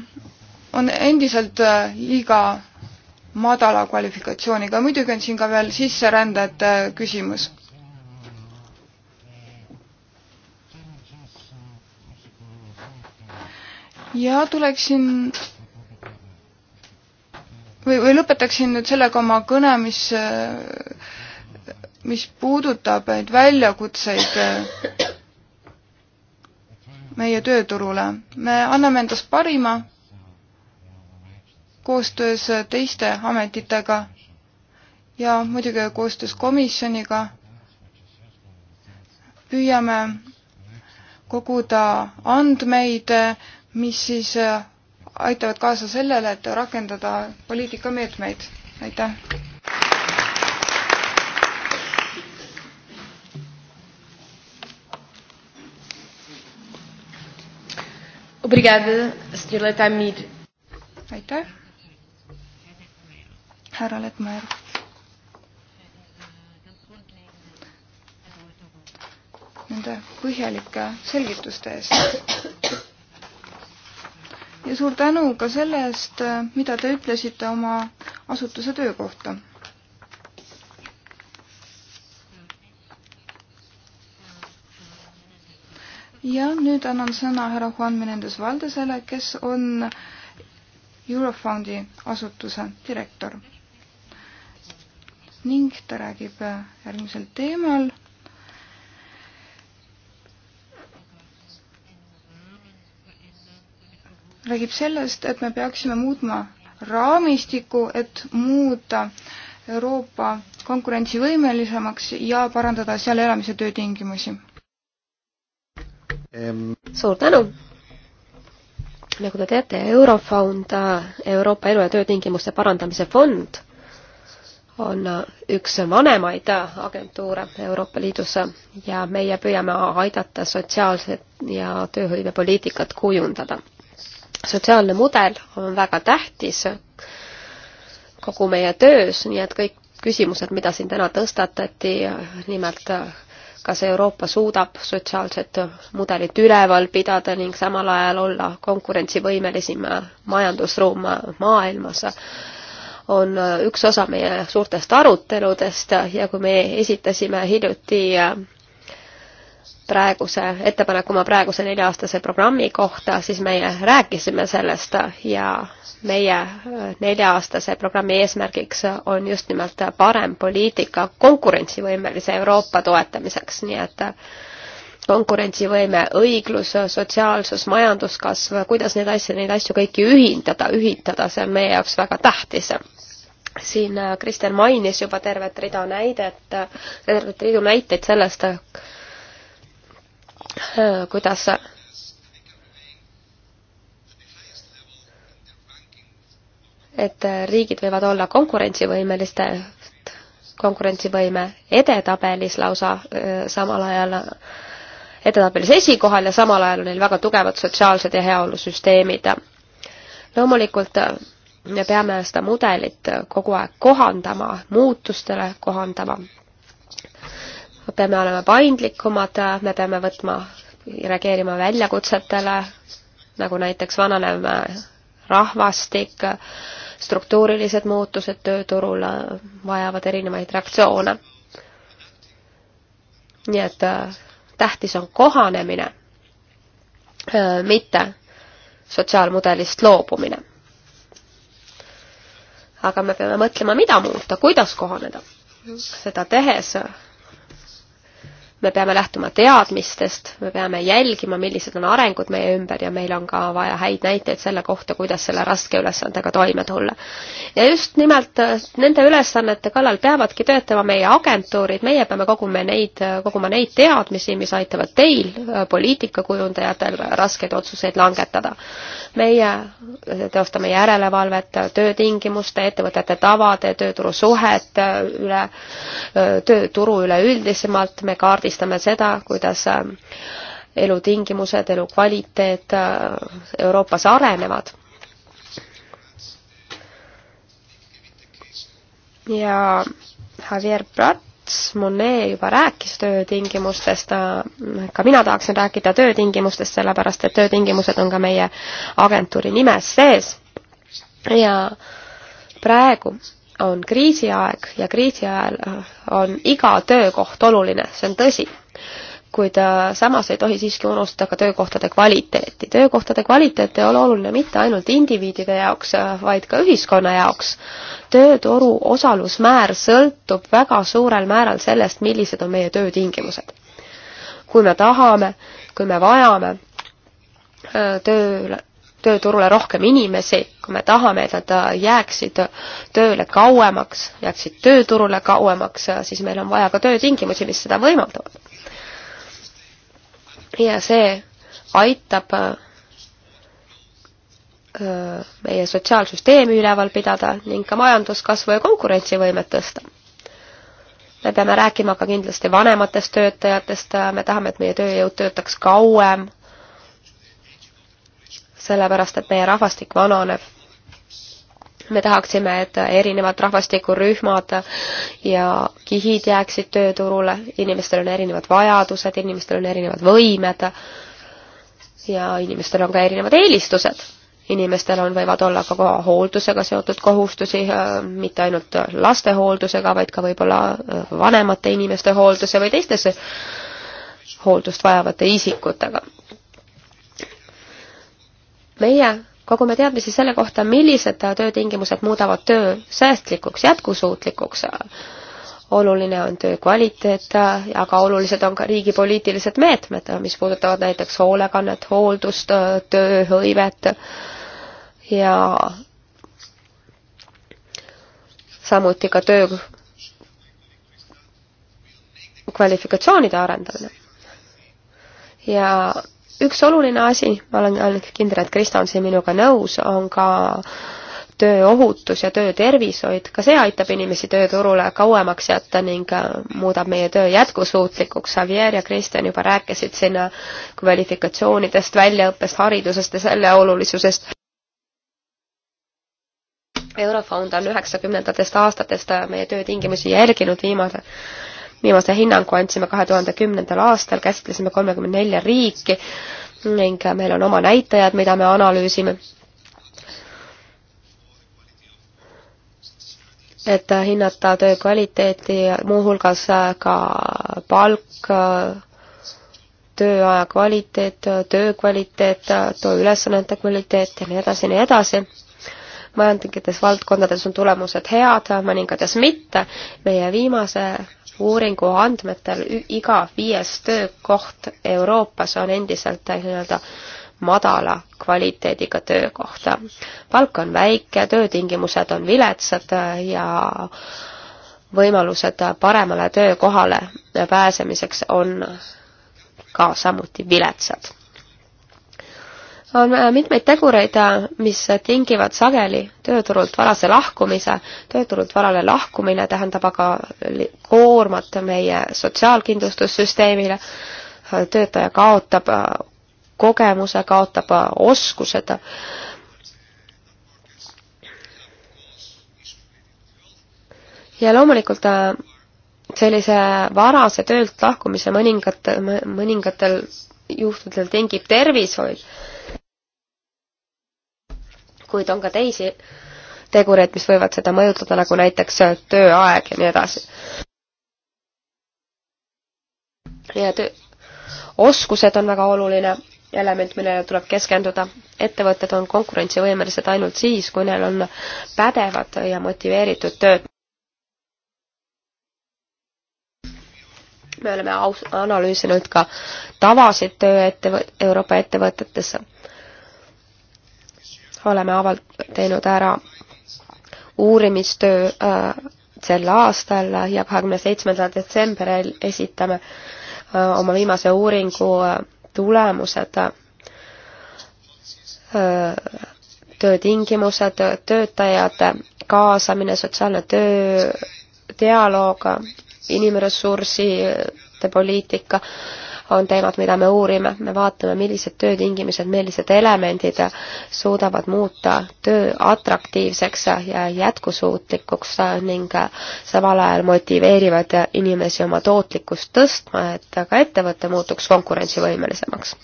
on endiselt liiga äh, madala kvalifikatsiooniga, muidugi on siin ka veel sisserändajate äh, küsimus. ja tuleksin või, või lõpetaksin nüüd sellega oma kõne, mis, äh, mis puudutab neid väljakutseid meie tööturule. me anname endast parima koostöös teiste ametitega ja muidugi koostöös komisjoniga püüame koguda andmeid, mis siis aitavad kaasa sellele, et rakendada poliitikameetmeid. aitäh! Obrigada, senhor Letamir. Aitäh! härra Lettmäär. Nende põhjalike selgituste eest. ja suur tänu ka selle eest, mida te ütlesite oma asutuse töö kohta ja nüüd annan sõna härra Juan Menendez Valdesele, kes on Eurofondi asutuse direktor ning ta räägib järgmisel teemal. räägib sellest, et me peaksime muutma raamistiku, et muuta Euroopa konkurentsivõimelisemaks ja parandada seal elamise töötingimusi. suur tänu! nagu te teate, Eurofond, Euroopa Elu- ja Töötingimuste Parandamise Fond on üks vanemaid agentuure Euroopa Liidus ja meie püüame aidata sotsiaalset ja tööhõivepoliitikat kujundada. sotsiaalne mudel on väga tähtis kogu meie töös, nii et kõik küsimused, mida siin täna tõstatati, nimelt kas Euroopa suudab sotsiaalset mudelit üleval pidada ning samal ajal olla konkurentsivõimelisem majandusruum maailmas, on äh, üks osa meie suurtest aruteludest ja kui me esitasime hiljuti äh, praeguse ettepaneku oma praeguse nelja-aastase programmi kohta, siis meie rääkisime sellest ja meie äh, nelja-aastase programmi eesmärgiks on just nimelt parem poliitika konkurentsivõimelise Euroopa toetamiseks, nii et konkurentsivõime, õiglus, sotsiaalsus, majanduskasv, kuidas neid asju, neid asju kõiki ühindada, ühitada, see on meie jaoks väga tähtis siin äh, Kristjan mainis juba tervet rida näidet, tervet ridu näiteid sellest, äh, kuidas et riigid võivad olla konkurentsivõimeliste, konkurentsivõime edetabelis lausa äh, samal ajal, edetabelis esikohal ja samal ajal on neil väga tugevad sotsiaalsed ja heaolusüsteemid. loomulikult me peame seda mudelit kogu aeg kohandama, muutustele kohandama. me peame olema paindlikumad, me peame võtma, reageerima väljakutsetele, nagu näiteks vananev rahvastik, struktuurilised muutused tööturul vajavad erinevaid reaktsioone. nii et äh, tähtis on kohanemine, äh, mitte sotsiaalmudelist loobumine aga me peame mõtlema, mida muuta, kuidas kohaneda. seda tehes me peame lähtuma teadmistest, me peame jälgima, millised on arengud meie ümber ja meil on ka vaja häid näiteid selle kohta, kuidas selle raske ülesandega toime tulla. ja just nimelt äh, nende ülesannete kallal peavadki töötama meie agentuurid, meie peame kogume neid, äh, koguma neid teadmisi, mis aitavad teil, äh, poliitikakujundajatel, raskeid otsuseid langetada. meie teostame järelevalvet töötingimuste, ettevõtete tavade, tööturusuhete üle, tööturu üleüldisemalt, me kaardistame takistame seda, kuidas ähm, elutingimused, elukvaliteet äh, Euroopas arenevad. ja Javier Prats, Monet juba rääkis töötingimustest, äh, ka mina tahaksin rääkida töötingimustest, sellepärast et töötingimused on ka meie agentuuri nimes sees ja praegu on kriisiaeg ja kriisi ajal äh, on iga töökoht oluline, see on tõsi. kuid äh, samas ei tohi siiski unustada ka töökohtade kvaliteeti. töökohtade kvaliteet ei ole oluline mitte ainult indiviidide jaoks, äh, vaid ka ühiskonna jaoks. tööturu osalusmäär sõltub väga suurel määral sellest, millised on meie töötingimused. kui me tahame, kui me vajame tööle tööturule rohkem inimesi, kui me tahame, et nad äh, jääksid tööle kauemaks, jääksid tööturule kauemaks, äh, siis meil on vaja ka töötingimusi, mis seda võimaldavad. ja see aitab äh, meie sotsiaalsüsteemi üleval pidada ning ka majanduskasvu ja konkurentsivõimet tõsta. me peame rääkima ka kindlasti vanematest töötajatest, me tahame, et meie tööjõud töötaks kauem sellepärast et meie rahvastik vananeb. me tahaksime, et erinevad rahvastikurühmad ja kihid jääksid tööturule, inimestel on erinevad vajadused, inimestel on erinevad võimed ja inimestel on ka erinevad eelistused inimestel on, võivad olla ka hooldusega seotud kohustusi, mitte ainult laste hooldusega, vaid ka võib-olla vanemate inimeste hoolduse või teistes hooldust vajavate isikutega meie kogume teadmisi selle kohta, millised töötingimused muudavad töö säästlikuks, jätkusuutlikuks. oluline on töö kvaliteet, aga olulised on ka riigi poliitilised meetmed, mis puudutavad näiteks hoolekannet, hooldust, tööhõivet ja samuti ka töö kvalifikatsioonide arendamine. ja üks oluline asi, ma olen, olen kindel, et Krista on siin minuga nõus, on ka tööohutus ja töötervishoid, ka see aitab inimesi tööturule kauemaks jätta ning äh, muudab meie töö jätkusuutlikuks. Javier ja Kristjan juba rääkisid siin kvalifikatsioonidest, väljaõppest, haridusest ja selle olulisusest. Eurofond on üheksakümnendatest aastatest äh, meie töötingimusi jälginud viimase viimase hinnangu andsime kahe tuhande kümnendal aastal, käsitlesime kolmekümne nelja riiki ning meil on oma näitajad, mida me analüüsime. et hinnata töö kvaliteeti, muuhulgas ka palk, tööaja kvaliteet, töö kvaliteet, töö ülesannete kvaliteet ja nii edasi ja nii edasi mõningates valdkondades on tulemused head, mõningates mitte. meie viimase uuringu andmetel iga viies töökoht Euroopas on endiselt nii-öelda madala kvaliteediga töökoht. palk on väike, töötingimused on viletsad ja võimalused paremale töökohale pääsemiseks on ka samuti viletsad on äh, mitmeid tegureid, äh, mis tingivad sageli tööturult varase lahkumise. tööturult varale lahkumine tähendab aga koormat meie sotsiaalkindlustussüsteemile. töötaja kaotab äh, kogemuse, kaotab oskused. ja loomulikult sellise varase töölt lahkumise mõningat, mõningatel juhtudel tingib tervishoid kuid on ka teisi tegureid, mis võivad seda mõjutada, nagu näiteks äh, tööaeg ja nii edasi. ja töö, oskused on väga oluline element, millele tuleb keskenduda. ettevõtted on konkurentsivõimelised ainult siis, kui neil on pädevad ja motiveeritud tööd. me oleme aus-, analüüsinud ka tavasid töö ettevõ-, Euroopa ettevõtetesse oleme avald-, teinud ära uurimistöö äh, sel aastal ja kahekümne seitsmendal detsembril esitame äh, oma viimase uuringu äh, tulemused äh,, töötingimused, töötajate kaasamine, sotsiaalne töö, dialoog, inimressursside poliitika äh,, on teemad, mida me uurime, me vaatame, millised töötingimused, millised elemendid suudavad muuta töö atraktiivseks ja jätkusuutlikuks ning samal ajal motiveerivad inimesi oma tootlikkust tõstma, et ka ettevõte muutuks konkurentsivõimelisemaks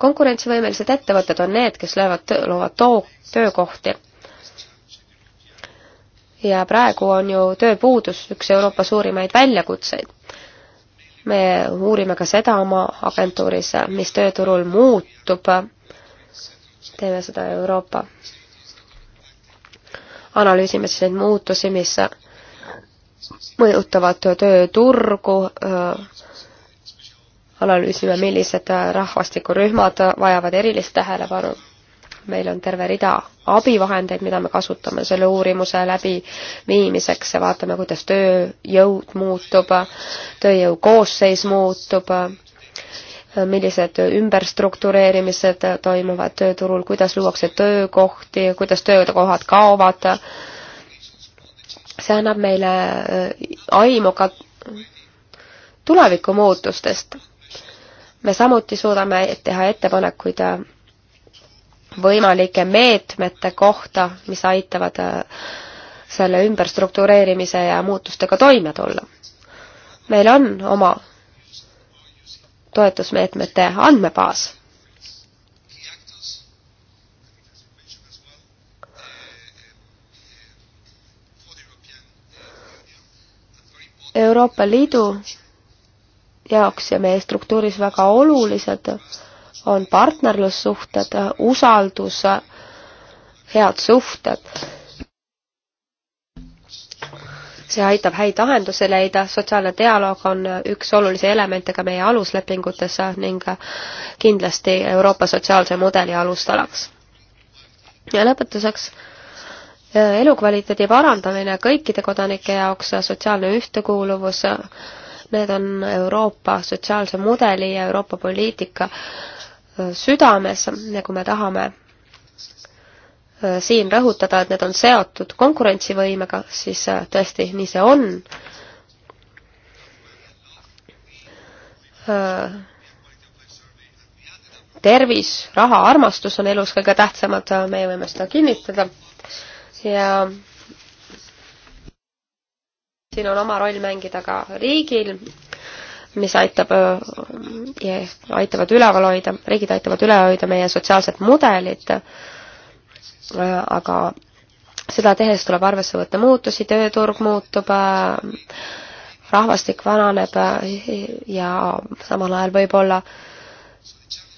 konkurentsivõimelised ettevõtted on need, kes löövad, loovad too-, töökohti ja praegu on ju tööpuudus üks Euroopa suurimaid väljakutseid me uurime ka seda oma agentuuris, mis tööturul muutub. teeme seda Euroopa. analüüsime siis neid muutusi, mis mõjutavad tööturgu, analüüsime, millised rahvastikurühmad vajavad erilist tähelepanu meil on terve rida abivahendeid, mida me kasutame selle uurimuse läbiviimiseks ja vaatame, kuidas tööjõud muutub, tööjõu koosseis muutub, millised ümberstruktureerimised toimuvad tööturul, kuidas luuakse töökohti, kuidas töökohad kaovad. see annab meile äh, aimu ka tulevikumuutustest me samuti suudame teha ettepanekuid äh, võimalike meetmete kohta, mis aitavad äh, selle ümberstruktureerimise ja muutustega toime tulla. meil on oma toetusmeetmete andmebaas. Euroopa Liidu jaoks ja meie struktuuris väga olulised on partnerlussuhted, usaldus, head suhted. see aitab häid lahendusi leida, sotsiaalne dialoog on üks olulisi elemente ka meie aluslepingutes ning kindlasti Euroopa sotsiaalse mudeli alustalaks. ja lõpetuseks elukvaliteedi parandamine kõikide kodanike jaoks, sotsiaalne ühtekuuluvus, need on Euroopa sotsiaalse mudeli ja Euroopa poliitika südames ja nagu kui me tahame äh, siin rõhutada, et need on seotud konkurentsivõimega, siis äh, tõesti, nii see on. Äh, tervis, raha, armastus on elus kõige tähtsamad, meie võime seda kinnitada ja siin on oma roll mängida ka riigil mis aitab, äh, aitavad üleval hoida, riigid aitavad üle hoida meie sotsiaalset mudelit, äh, aga seda tehes tuleb arvesse võtta muutusi, tööturg muutub, äh, rahvastik vananeb ja samal ajal võib-olla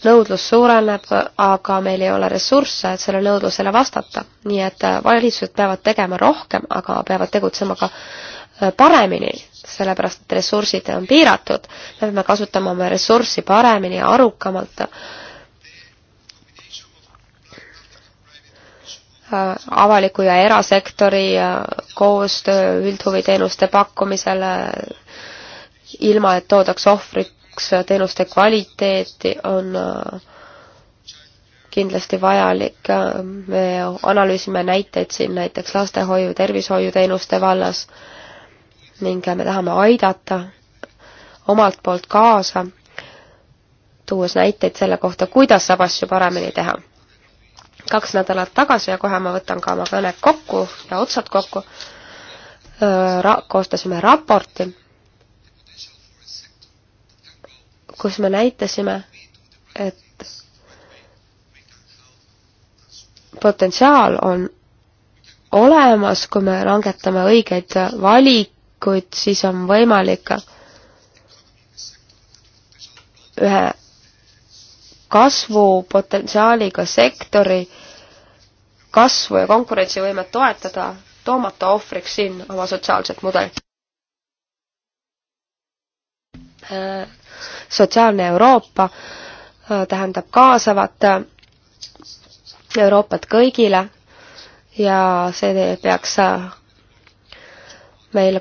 nõudlus suureneb, aga meil ei ole ressursse, et sellele nõudlusele vastata. nii et valitsused peavad tegema rohkem, aga peavad tegutsema ka Äh, paremini, sellepärast et ressursid on piiratud, me peame kasutama oma ressurssi paremini ja arukamalt. Äh, avaliku ja erasektori äh, koostöö üldhuviteenuste pakkumisele, ilma et toodaks ohvriks teenuste kvaliteeti, on kindlasti vajalik. me analüüsime näiteid siin näiteks lastehoiu, tervishoiuteenuste vallas ning me tahame aidata omalt poolt kaasa, tuues näiteid selle kohta, kuidas saab asju paremini teha. kaks nädalat tagasi ja kohe ma võtan ka oma kõne kokku ja otsad kokku ra-, koostasime raporti, kus me näitasime, et potentsiaal on olemas, kui me langetame õigeid valik-, valikuid, siis on võimalik ühe kasvupotentsiaaliga sektori kasvu ja konkurentsivõimet toetada, toomata ohvriks siin oma sotsiaalset mudelit. sotsiaalne Euroopa äh, tähendab kaasavat äh, Euroopat kõigile ja see peaks äh, meile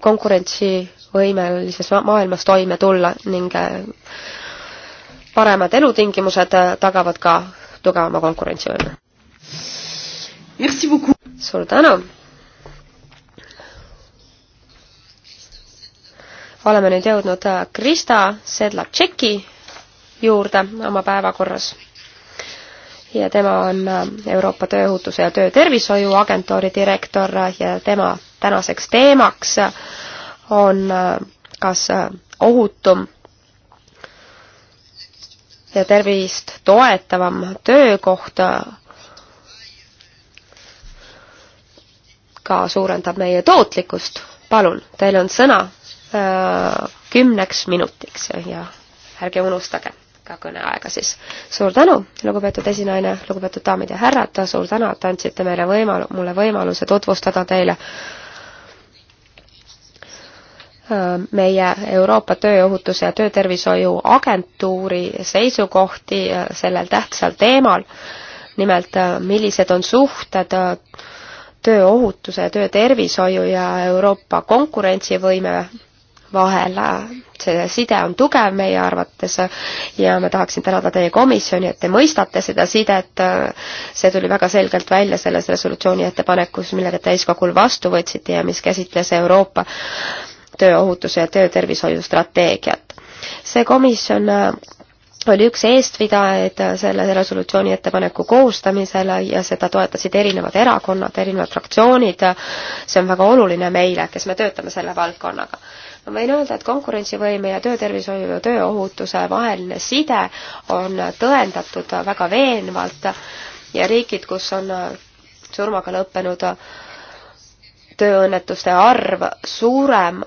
konkurentsivõimelises maailmas toime tulla ning äh, paremad elutingimused äh, tagavad ka tugevama konkurentsivõime. suur tänu! oleme nüüd jõudnud äh, Krista Sedlatšeki juurde oma päevakorras ja tema on äh, Euroopa Tööohutuse ja Töötervishoiu Agentuuri direktor äh, ja tema tänaseks teemaks äh, on kas ohutum ja tervist toetavam töökoht ka suurendab meie tootlikkust. palun, teil on sõna kümneks minutiks ja ärge unustage ka kõneaega siis. suur tänu, lugupeetud esinaine, lugupeetud daamid ja härrad, suur tänu, et andsite meile võimal-, mulle võimaluse tutvustada teile äh, meie Euroopa Tööohutuse ja Töötervishoiu Agentuuri seisukohti äh, sellel tähtsal teemal, nimelt äh, millised on suhted tööohutuse, töötervishoiu ja Euroopa konkurentsivõime vahel. see side on tugev meie arvates ja ma tahaksin tänada teie komisjoni, et te mõistate seda sidet. see tuli väga selgelt välja selles resolutsiooni ettepanekus, mille te täiskogul vastu võtsite ja mis käsitles Euroopa tööohutuse ja töötervishoiu strateegiat. see komisjon oli üks eestvidajaid selle resolutsiooni ettepaneku koostamisel ja seda toetasid erinevad erakonnad, erinevad fraktsioonid. see on väga oluline meile, kes me töötame selle valdkonnaga võin öelda, et konkurentsivõime ja töötervishoiu ja tööohutuse vaheline side on tõendatud väga veenvalt ja riigid, kus on surmaga lõppenud tööõnnetuste arv suurem,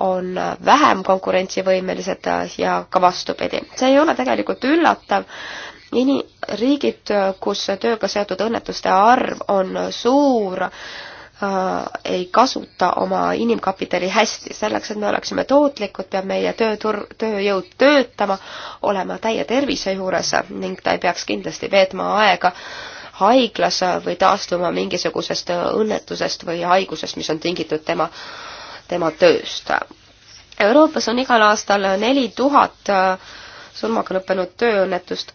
on vähem konkurentsivõimelised ja ka vastupidi. see ei ole tegelikult üllatav, ini-, riigid, kus tööga seotud õnnetuste arv on suur, Äh, ei kasuta oma inimkapitali hästi. selleks, et me oleksime tootlikud, peab meie töötur-, tööjõud töötama, olema täie tervise juures ning ta ei peaks kindlasti veetma aega haiglas või taastuma mingisugusest õnnetusest või haigusest, mis on tingitud tema, tema tööst. Euroopas on igal aastal neli tuhat äh, surmaga lõppenud tööõnnetust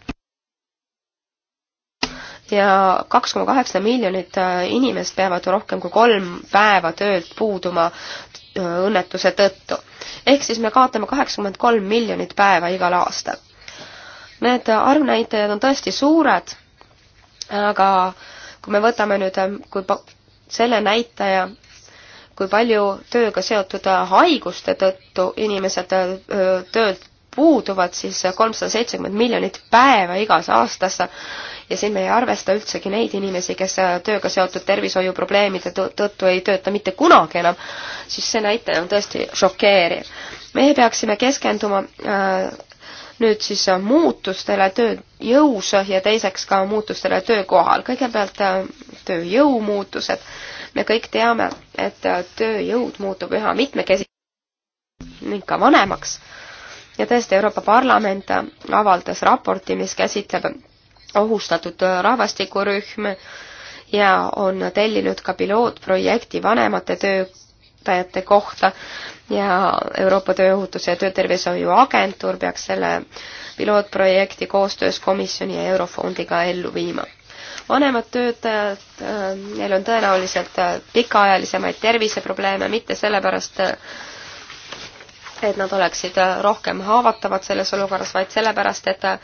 ja kaks koma kaheksa miljonit äh, inimest peavad rohkem kui kolm päeva töölt puuduma äh, õnnetuse tõttu. ehk siis me kaotame kaheksakümmend kolm miljonit päeva igal aastal. Need arvnäitajad on tõesti suured, aga kui me võtame nüüd, äh, kui selle näitaja kui palju tööga seotud haiguste tõttu inimesed töölt puuduvad, siis kolmsada seitsekümmend miljonit päeva igas aastas ja siin me ei arvesta üldsegi neid inimesi, kes tööga seotud tervishoiuprobleemide tõttu ei tööta mitte kunagi enam, siis see näitaja on tõesti šokeeriv. meie peaksime keskenduma äh, nüüd siis muutustele tööjõus ja teiseks ka muutustele töökohal. kõigepealt äh, tööjõu muutused. me kõik teame, et äh, tööjõud muutub üha mitmekesi- ning ka vanemaks ja tõesti, Euroopa Parlament avaldas raporti, mis käsitleb ohustatud rahvastikurühm ja on tellinud ka pilootprojekti vanemate töötajate kohta ja Euroopa Tööohutuse ja Töötervishoiu Agentuur peaks selle pilootprojekti koostöös komisjoni ja Eurofondiga ellu viima. vanemad töötajad, äh, neil on tõenäoliselt äh, pikaajalisemaid terviseprobleeme, mitte sellepärast, äh, et nad oleksid äh, rohkem haavatavad selles olukorras, vaid sellepärast, et äh,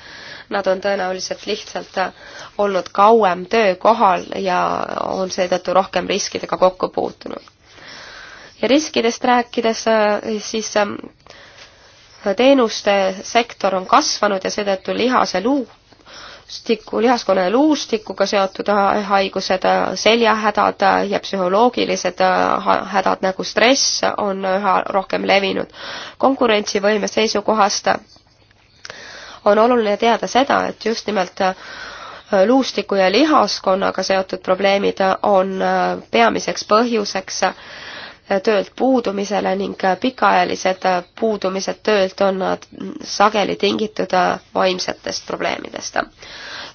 nad on tõenäoliselt lihtsalt äh, olnud kauem töökohal ja on seetõttu rohkem riskidega kokku puutunud. ja riskidest rääkides, siis ähm, teenuste sektor on kasvanud ja seetõttu lihaseluu stiku, lihaskonna ja luustikuga seotud äh, haigused, äh, seljahädad äh, ja psühholoogilised hädad nagu stress on üha rohkem levinud. konkurentsivõime seisukohast on oluline teada seda, et just nimelt luustiku ja lihaskonnaga seotud probleemid on peamiseks põhjuseks töölt puudumisele ning pikaajalised puudumised töölt on sageli tingitud vaimsetest probleemidest.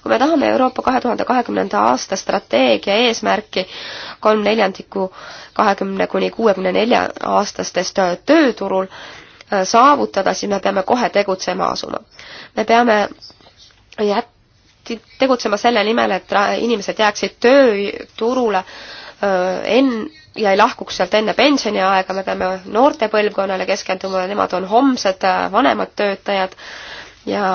kui me tahame Euroopa kahe tuhande kahekümnenda aasta strateegia eesmärki kolm neljandikku kahekümne kuni kuuekümne nelja aastastest tööturul äh, saavutada, siis me peame kohe tegutsema asuma. me peame jät-, tegutsema selle nimel, et inimesed jääksid tööturule äh, enn-, ja ei lahkuks sealt enne pensioniaega, me peame noorte põlvkonnale keskenduma, nemad on homsed vanemad töötajad ja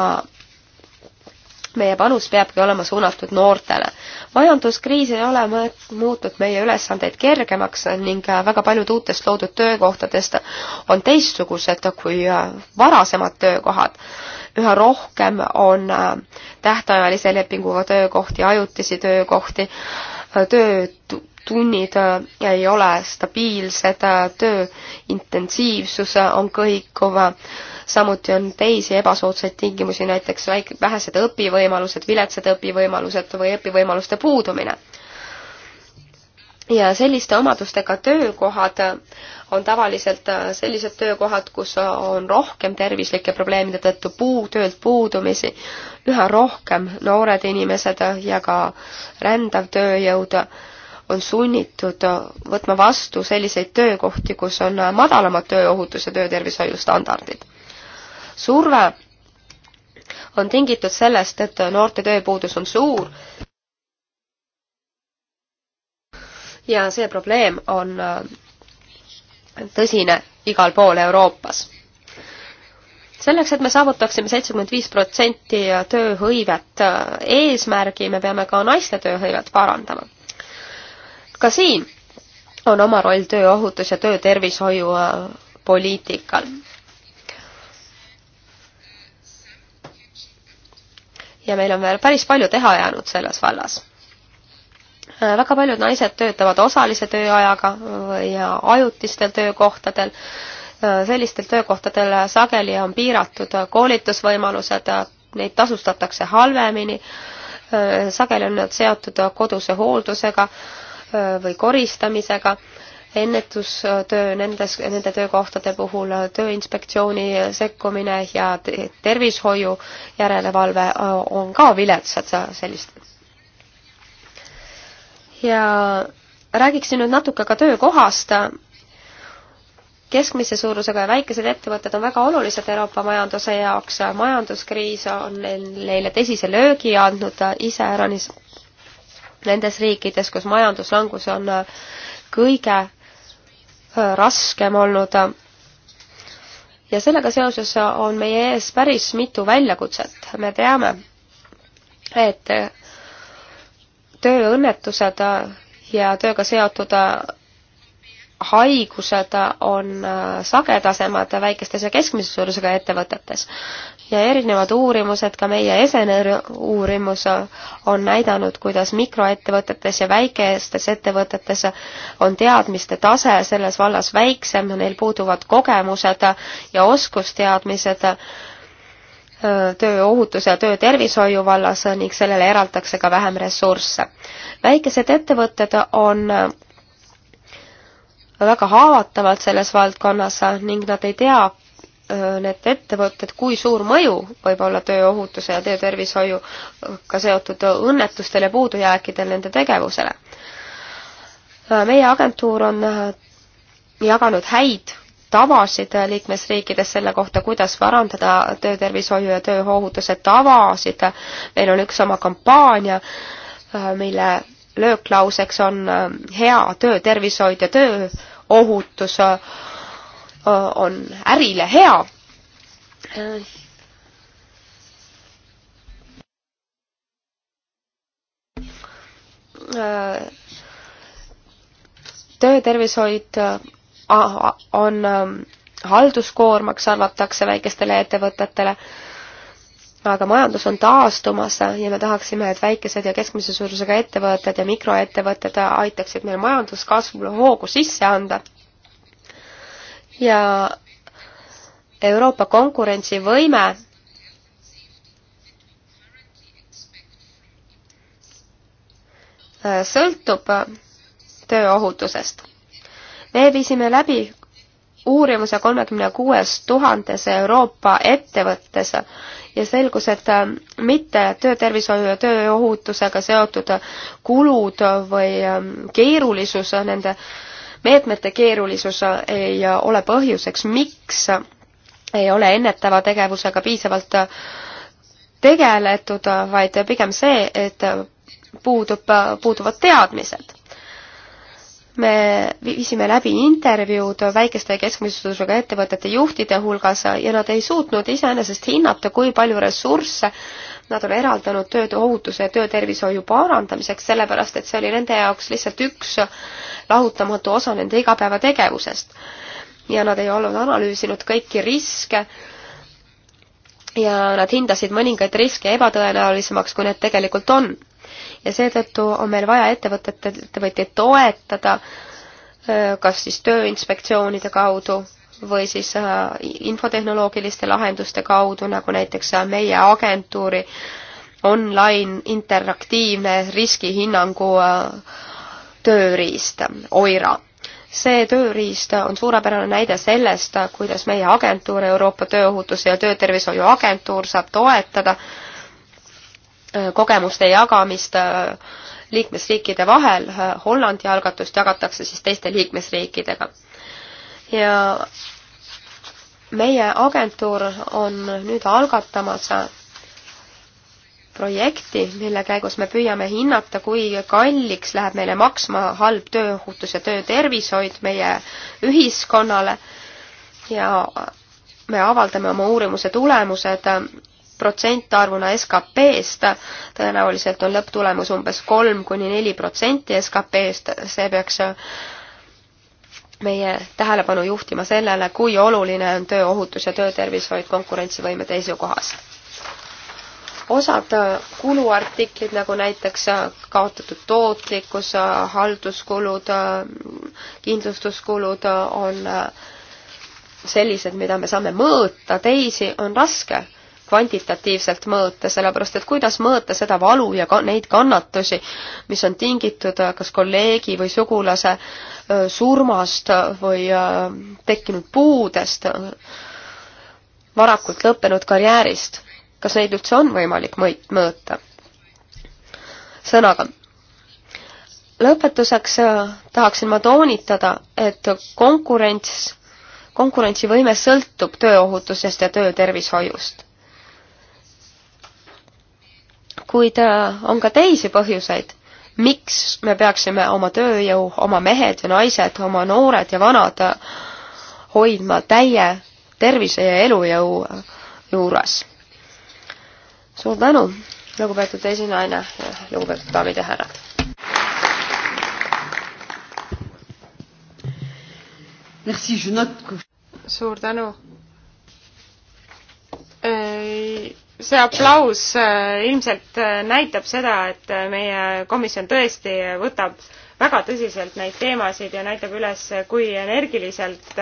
meie panus peabki olema suunatud noortele. majanduskriis ei ole muutnud meie ülesandeid kergemaks ning väga paljud uutest loodud töökohtadest on teistsugused kui varasemad töökohad. üha rohkem on tähtajalise lepinguga töökohti, ajutisi töökohti, töö tunnid äh, ei ole stabiilsed, äh, töö intensiivsus äh, on kõikuv, samuti on teisi ebasoodsaid tingimusi, näiteks väike, vähesed õpivõimalused, viletsad õpivõimalused või õpivõimaluste puudumine. ja selliste omadustega töökohad on tavaliselt sellised töökohad, kus on rohkem tervislike probleemide tõttu puu, töölt puudumisi, üha rohkem noored inimesed ja ka rändav tööjõud on sunnitud äh, võtma vastu selliseid töökohti, kus on äh, madalamad tööohutus- ja töötervishoiu standardid. surve on tingitud sellest, et äh, noorte tööpuudus on suur ja see probleem on tõsine igal pool Euroopas selleks, et me saavutaksime seitsekümmend viis protsenti tööhõivet eesmärgi, me peame ka naiste tööhõivet parandama ka siin on oma roll tööohutus ja töötervishoiu äh, poliitikal. ja meil on veel päris palju teha jäänud selles vallas. Äh, väga paljud naised töötavad osalise tööajaga ja äh, ajutistel töökohtadel. sellistel töökohtadel sageli on piiratud koolitusvõimalused, neid tasustatakse halvemini, sageli on nad seotud koduse hooldusega või koristamisega, ennetustöö nendes, nende töökohtade puhul, Tööinspektsiooni sekkumine ja tervishoiu järelevalve on ka viletsad sellist. ja räägiksin nüüd natuke ka töökohast keskmise suurusega ja väikesed ettevõtted on väga olulised Euroopa majanduse jaoks. majanduskriis on neile tõsise löögi andnud iseäranis nendes riikides, kus majanduslangus on äh, kõige äh, raskem olnud. ja sellega seoses äh, on meie ees päris mitu väljakutset. me teame, et tööõnnetused ja tööga seotud haigused on äh, sagedasemad väikestes ja keskmise suurusega ettevõtetes. ja erinevad uurimused, ka meie Esener uurimus äh, on näidanud, kuidas mikroettevõtetes ja väikestes ettevõtetes on teadmiste tase selles vallas väiksem, neil puuduvad kogemused ja oskusteadmised äh, tööohutuse ja töötervishoiu vallas ning sellele eraldatakse ka vähem ressursse. väikesed ettevõtted on väga haavatavad selles valdkonnas ning nad ei tea, need ettevõtted, kui suur mõju võib olla tööohutuse ja töötervishoiuga seotud õnnetustel ja puudujääkidel nende tegevusele. meie agentuur on jaganud häid tavasid liikmesriikides selle kohta, kuidas parandada töötervishoiu ja tööohutuse tavasid. meil on üks oma kampaania, mille lööklauseks on hea töötervishoid ja töö ohutus on ärile hea. töötervishoid on halduskoormaks, arvatakse väikestele ettevõtetele aga majandus on taastumas ja me tahaksime, et väikesed ja keskmise suurusega ettevõtted ja mikroettevõtted aitaksid meil majanduskasvule hoogu sisse anda. ja Euroopa konkurentsivõime sõltub tööohutusest. me viisime läbi uurimuse kolmekümne kuues tuhandes Euroopa ettevõttes ja selgus, et äh, mitte töötervishoiu ja tööohutusega seotud kulud või ähm, keerulisus, nende meetmete keerulisus äh, ei äh, ole põhjuseks, miks ei ole ennetava tegevusega piisavalt tegeletud, vaid pigem see, et puudub, puuduvad teadmised me viisime läbi intervjuud väikeste ja keskmise suurusega ettevõtete juhtide hulgas ja nad ei suutnud iseenesest hinnata, kui palju ressursse nad on eraldanud tööohutuse ja töötervishoiu parandamiseks, sellepärast et see oli nende jaoks lihtsalt üks lahutamatu osa nende igapäevategevusest. ja nad ei olnud analüüsinud kõiki riske ja nad hindasid mõningaid riske ebatõenäolisemaks, kui need tegelikult on ja seetõttu on meil vaja ettevõtete, ettevõtjaid toetada kas siis tööinspektsioonide kaudu või siis infotehnoloogiliste lahenduste kaudu, nagu näiteks meie agentuuri online interaktiivne riskihinnangu tööriist, OIRA see tööriist on suurepärane näide sellest, kuidas meie agentuur, Euroopa Tööohutuse ja Töötervishoiu Agentuur saab toetada äh, Äh, kogemuste jagamist äh, liikmesriikide vahel, äh, Hollandi algatust jagatakse siis teiste liikmesriikidega. ja meie agentuur on nüüd algatamas projekti, mille käigus me püüame hinnata, kui kalliks läheb meile maksma halb tööohutus ja töötervishoid meie ühiskonnale ja me avaldame oma uurimuse tulemused protsentarvuna SKP-st, tõenäoliselt on lõpptulemus umbes kolm kuni neli protsenti SKP-st, see peaks meie tähelepanu juhtima sellele, kui oluline on tööohutus ja töötervishoid konkurentsivõime seisukohast. osad kuluartiklid, nagu näiteks kaotatud tootlikkus, halduskulud, kindlustuskulud on sellised, mida me saame mõõta, teisi on raske kvantitatiivselt mõõta, sellepärast et kuidas mõõta seda valu ja ka neid kannatusi, mis on tingitud äh, kas kolleegi või sugulase äh, surmast või äh, tekkinud puudest, varakult lõppenud karjäärist. kas neid üldse on võimalik mõõta? sõnaga lõpetuseks tahaksin ma toonitada, et konkurents, konkurentsivõime sõltub tööohutusest ja töötervishoiust kuid äh, on ka teisi põhjuseid, miks me peaksime oma tööjõu, oma mehed ja naised, oma noored ja vanad äh, hoidma täie tervise ja elujõu äh, juures. suur tänu, lugupeetud esinaine, lugupeetud daamid ja härrad. suur tänu Äh, see aplaus äh, ilmselt äh, näitab seda, et meie komisjon tõesti võtab väga tõsiselt neid teemasid ja näitab üles, kui energiliselt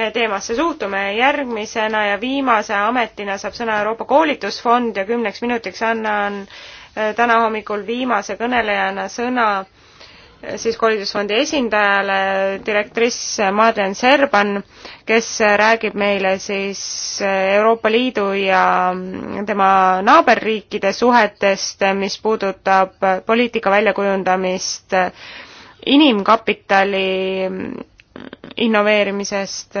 me teemasse suhtume. järgmisena ja viimase ametina saab sõna Euroopa koolitusfond ja kümneks minutiks annan täna hommikul viimase kõnelejana sõna äh, siis koolitusfondi esindajale, direktriss Marlen Serban, kes räägib meile siis Euroopa Liidu ja tema naaberriikide suhetest, mis puudutab poliitika väljakujundamist, inimkapitali innoveerimisest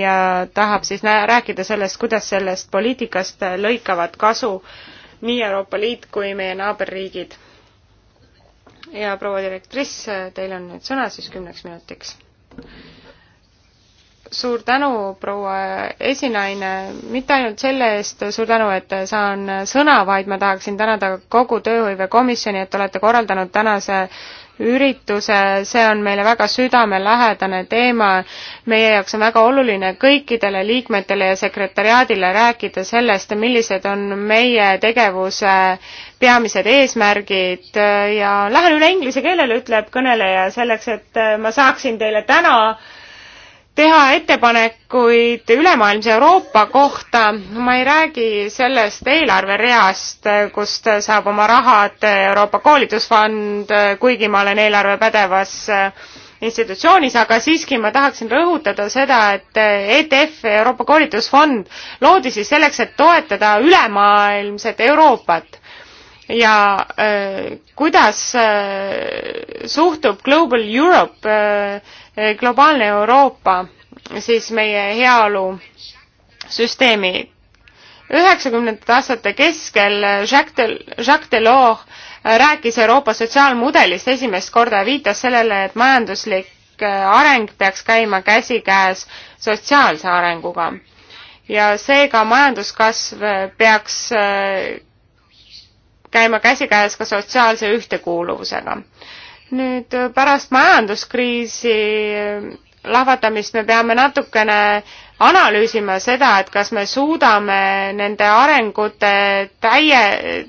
ja tahab siis rääkida sellest, kuidas sellest poliitikast lõikavad kasu nii Euroopa Liit kui meie naaberriigid ja proua direktriss, teil on nüüd sõna siis kümneks minutiks. suur tänu, proua esinaine, mitte ainult selle eest suur tänu, et saan sõna, vaid ma tahaksin tänada kogu tööhõivekomisjoni, et olete korraldanud tänase äh, ürituse, see on meile väga südamelähedane teema, meie jaoks on väga oluline kõikidele liikmetele ja sekretäriaadile rääkida sellest, millised on meie tegevuse peamised eesmärgid ja lähen üle inglise keelele, ütleb kõneleja, selleks et ma saaksin teile täna teha ettepanekuid ülemaailmse Euroopa kohta, ma ei räägi sellest eelarvereast, kust saab oma rahad Euroopa koolitusfond, kuigi ma olen eelarvepädevas institutsioonis, aga siiski ma tahaksin rõhutada seda, et ETF, Euroopa koolitusfond, loodi siis selleks, et toetada ülemaailmset Euroopat ja äh, kuidas äh, suhtub Global Europe äh, Eh, globaalne Euroopa siis meie heaolusüsteemi. üheksakümnendate aastate keskel Jacques, Del Jacques Delors eh, rääkis Euroopa sotsiaalmudelist esimest korda ja viitas sellele, et majanduslik eh, areng peaks käima käsikäes sotsiaalse arenguga. ja seega majanduskasv peaks käima käsikäes ka sotsiaalse ühtekuuluvusega nüüd äh, pärast majanduskriisi äh, lahvatamist me peame natukene analüüsima seda, et kas me suudame nende arengute täie,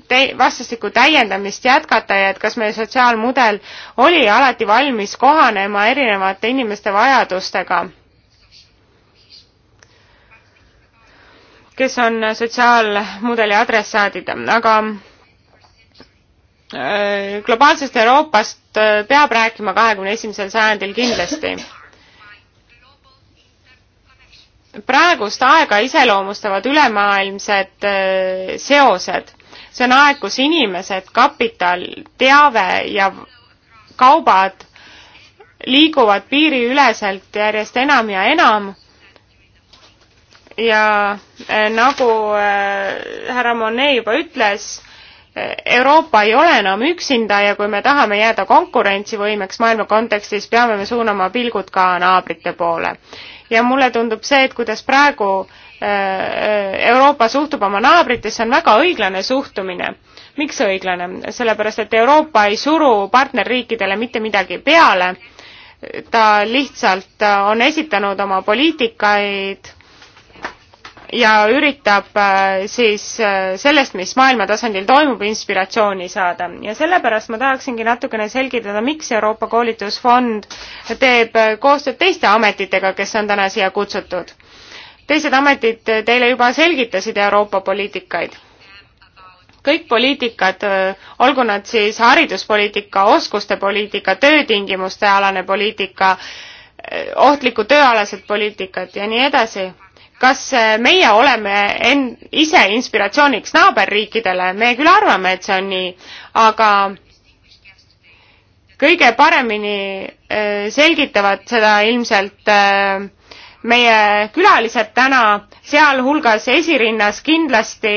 täie, vastastikku täiendamist jätkata ja et kas meie sotsiaalmudel oli alati valmis kohanema erinevate inimeste vajadustega, kes on sotsiaalmudeli adressaadid, aga Äh, globaalsest Euroopast äh, peab rääkima kahekümne esimesel sajandil kindlasti. praegust aega iseloomustavad ülemaailmsed äh, seosed. see on aeg, kus inimesed, kapital, teave ja kaubad liiguvad piiriüleselt järjest enam ja enam ja nagu härra Monet juba ütles, Euroopa ei ole enam üksinda ja kui me tahame jääda konkurentsivõimeks maailma kontekstis, peame me suunama pilgud ka naabrite poole. ja mulle tundub see, et kuidas praegu äh, äh, Euroopa suhtub oma naabritesse, on väga õiglane suhtumine. miks õiglane? sellepärast, et Euroopa ei suru partnerriikidele mitte midagi peale, ta lihtsalt äh, on esitanud oma poliitikaid ja üritab äh, siis äh, sellest, mis maailma tasandil toimub, inspiratsiooni saada. ja sellepärast ma tahaksingi natukene selgitada, miks Euroopa koolitusfond teeb äh, koostööd teiste ametitega, kes on täna siia kutsutud. teised ametid teile juba selgitasid Euroopa poliitikaid kõik poliitikad, olgu nad siis hariduspoliitika, oskuste poliitika, töötingimuste alane poliitika, ohtliku tööalased poliitikad ja nii edasi kas äh, meie oleme en-, ise inspiratsiooniks naaberriikidele, me küll arvame, et see on nii, aga kõige paremini äh, selgitavad seda ilmselt äh, meie külalised täna, sealhulgas esirinnas kindlasti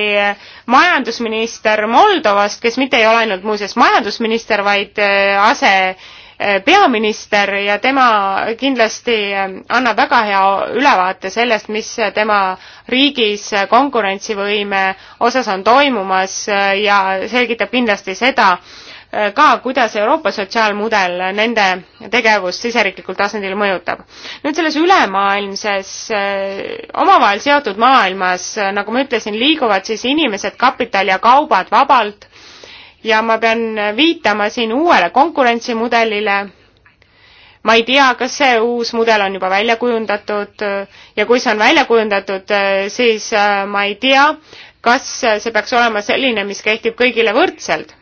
majandusminister Moldovast, kes mitte ei ole ainult muuseas majandusminister, vaid ase Eh, peaminister ja tema kindlasti eh, annab väga hea ülevaate sellest, mis tema riigis konkurentsivõime osas on toimumas eh, ja selgitab kindlasti seda ka, kuidas Euroopa sotsiaalmudel nende tegevust siseriiklikul tasandil mõjutab. nüüd selles ülemaailmses omavahel seotud maailmas, nagu ma ütlesin, liiguvad siis inimesed, kapital ja kaubad vabalt ja ma pean viitama siin uuele konkurentsimudelile. ma ei tea, kas see uus mudel on juba välja kujundatud ja kui see on välja kujundatud, siis äh, ma ei tea, kas see peaks olema selline, mis kehtib kõigile võrdselt,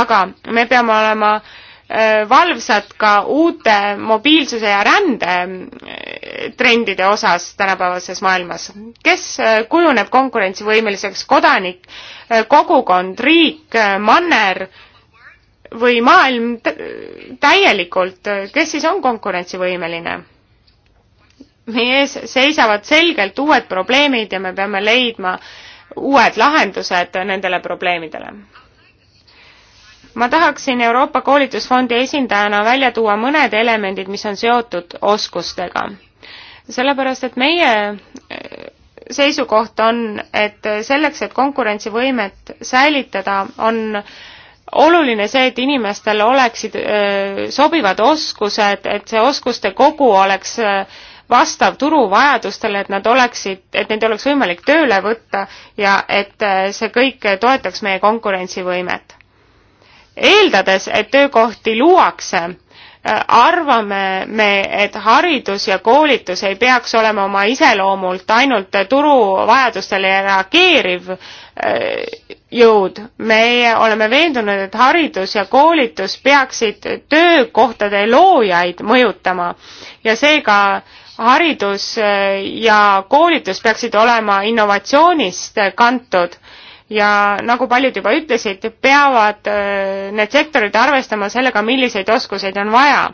aga me peame olema äh, valvsad ka uute mobiilsuse ja rände trendide osas tänapäevases maailmas. kes äh, kujuneb konkurentsivõimeliseks, kodanik, äh, kogukond, riik, äh, manner või maailm täielikult, kes siis on konkurentsivõimeline? meie ees seisavad selgelt uued probleemid ja me peame leidma uued lahendused nendele probleemidele ma tahaksin Euroopa koolitusfondi esindajana välja tuua mõned elemendid, mis on seotud oskustega sellepärast, et meie eh, seisukoht on, et selleks, et konkurentsivõimet säilitada, on oluline see, et inimestel oleksid öö, eh, sobivad oskused, et see oskuste kogu oleks öö, eh, vastav turuvajadustele, et nad oleksid, et neid oleks võimalik tööle võtta ja et see kõik toetaks meie konkurentsivõimet. eeldades, et töökohti luuakse, arvame me, et haridus ja koolitus ei peaks olema oma iseloomult ainult turuvajadustele reageeriv äh, jõud. meie oleme veendunud, et haridus ja koolitus peaksid töökohtade loojaid mõjutama ja seega haridus äh, ja koolitus peaksid olema innovatsioonist kantud ja nagu paljud juba ütlesid, peavad äh, need sektorid arvestama sellega, milliseid oskuseid on vaja.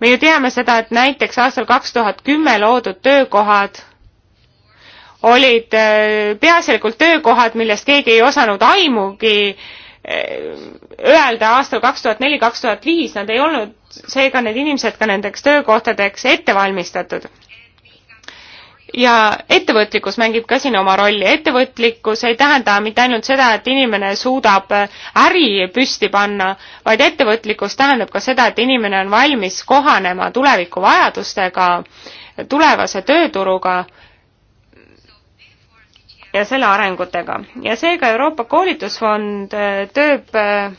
me ju teame seda, et näiteks aastal kaks tuhat kümme loodud töökohad olid äh, peaasjalikult töökohad, millest keegi ei osanud aimugi äh, öelda aastal kaks tuhat neli, kaks tuhat viis, nad ei olnud, seega need inimesed ka nendeks töökohtadeks ette valmistatud ja ettevõtlikkus mängib ka siin oma rolli. ettevõtlikkus ei tähenda mitte ainult seda, et inimene suudab äri püsti panna, vaid ettevõtlikkus tähendab ka seda, et inimene on valmis kohanema tuleviku vajadustega, tulevase tööturuga ja selle arengutega. ja seega Euroopa Koolitusfond eh, tööb eh,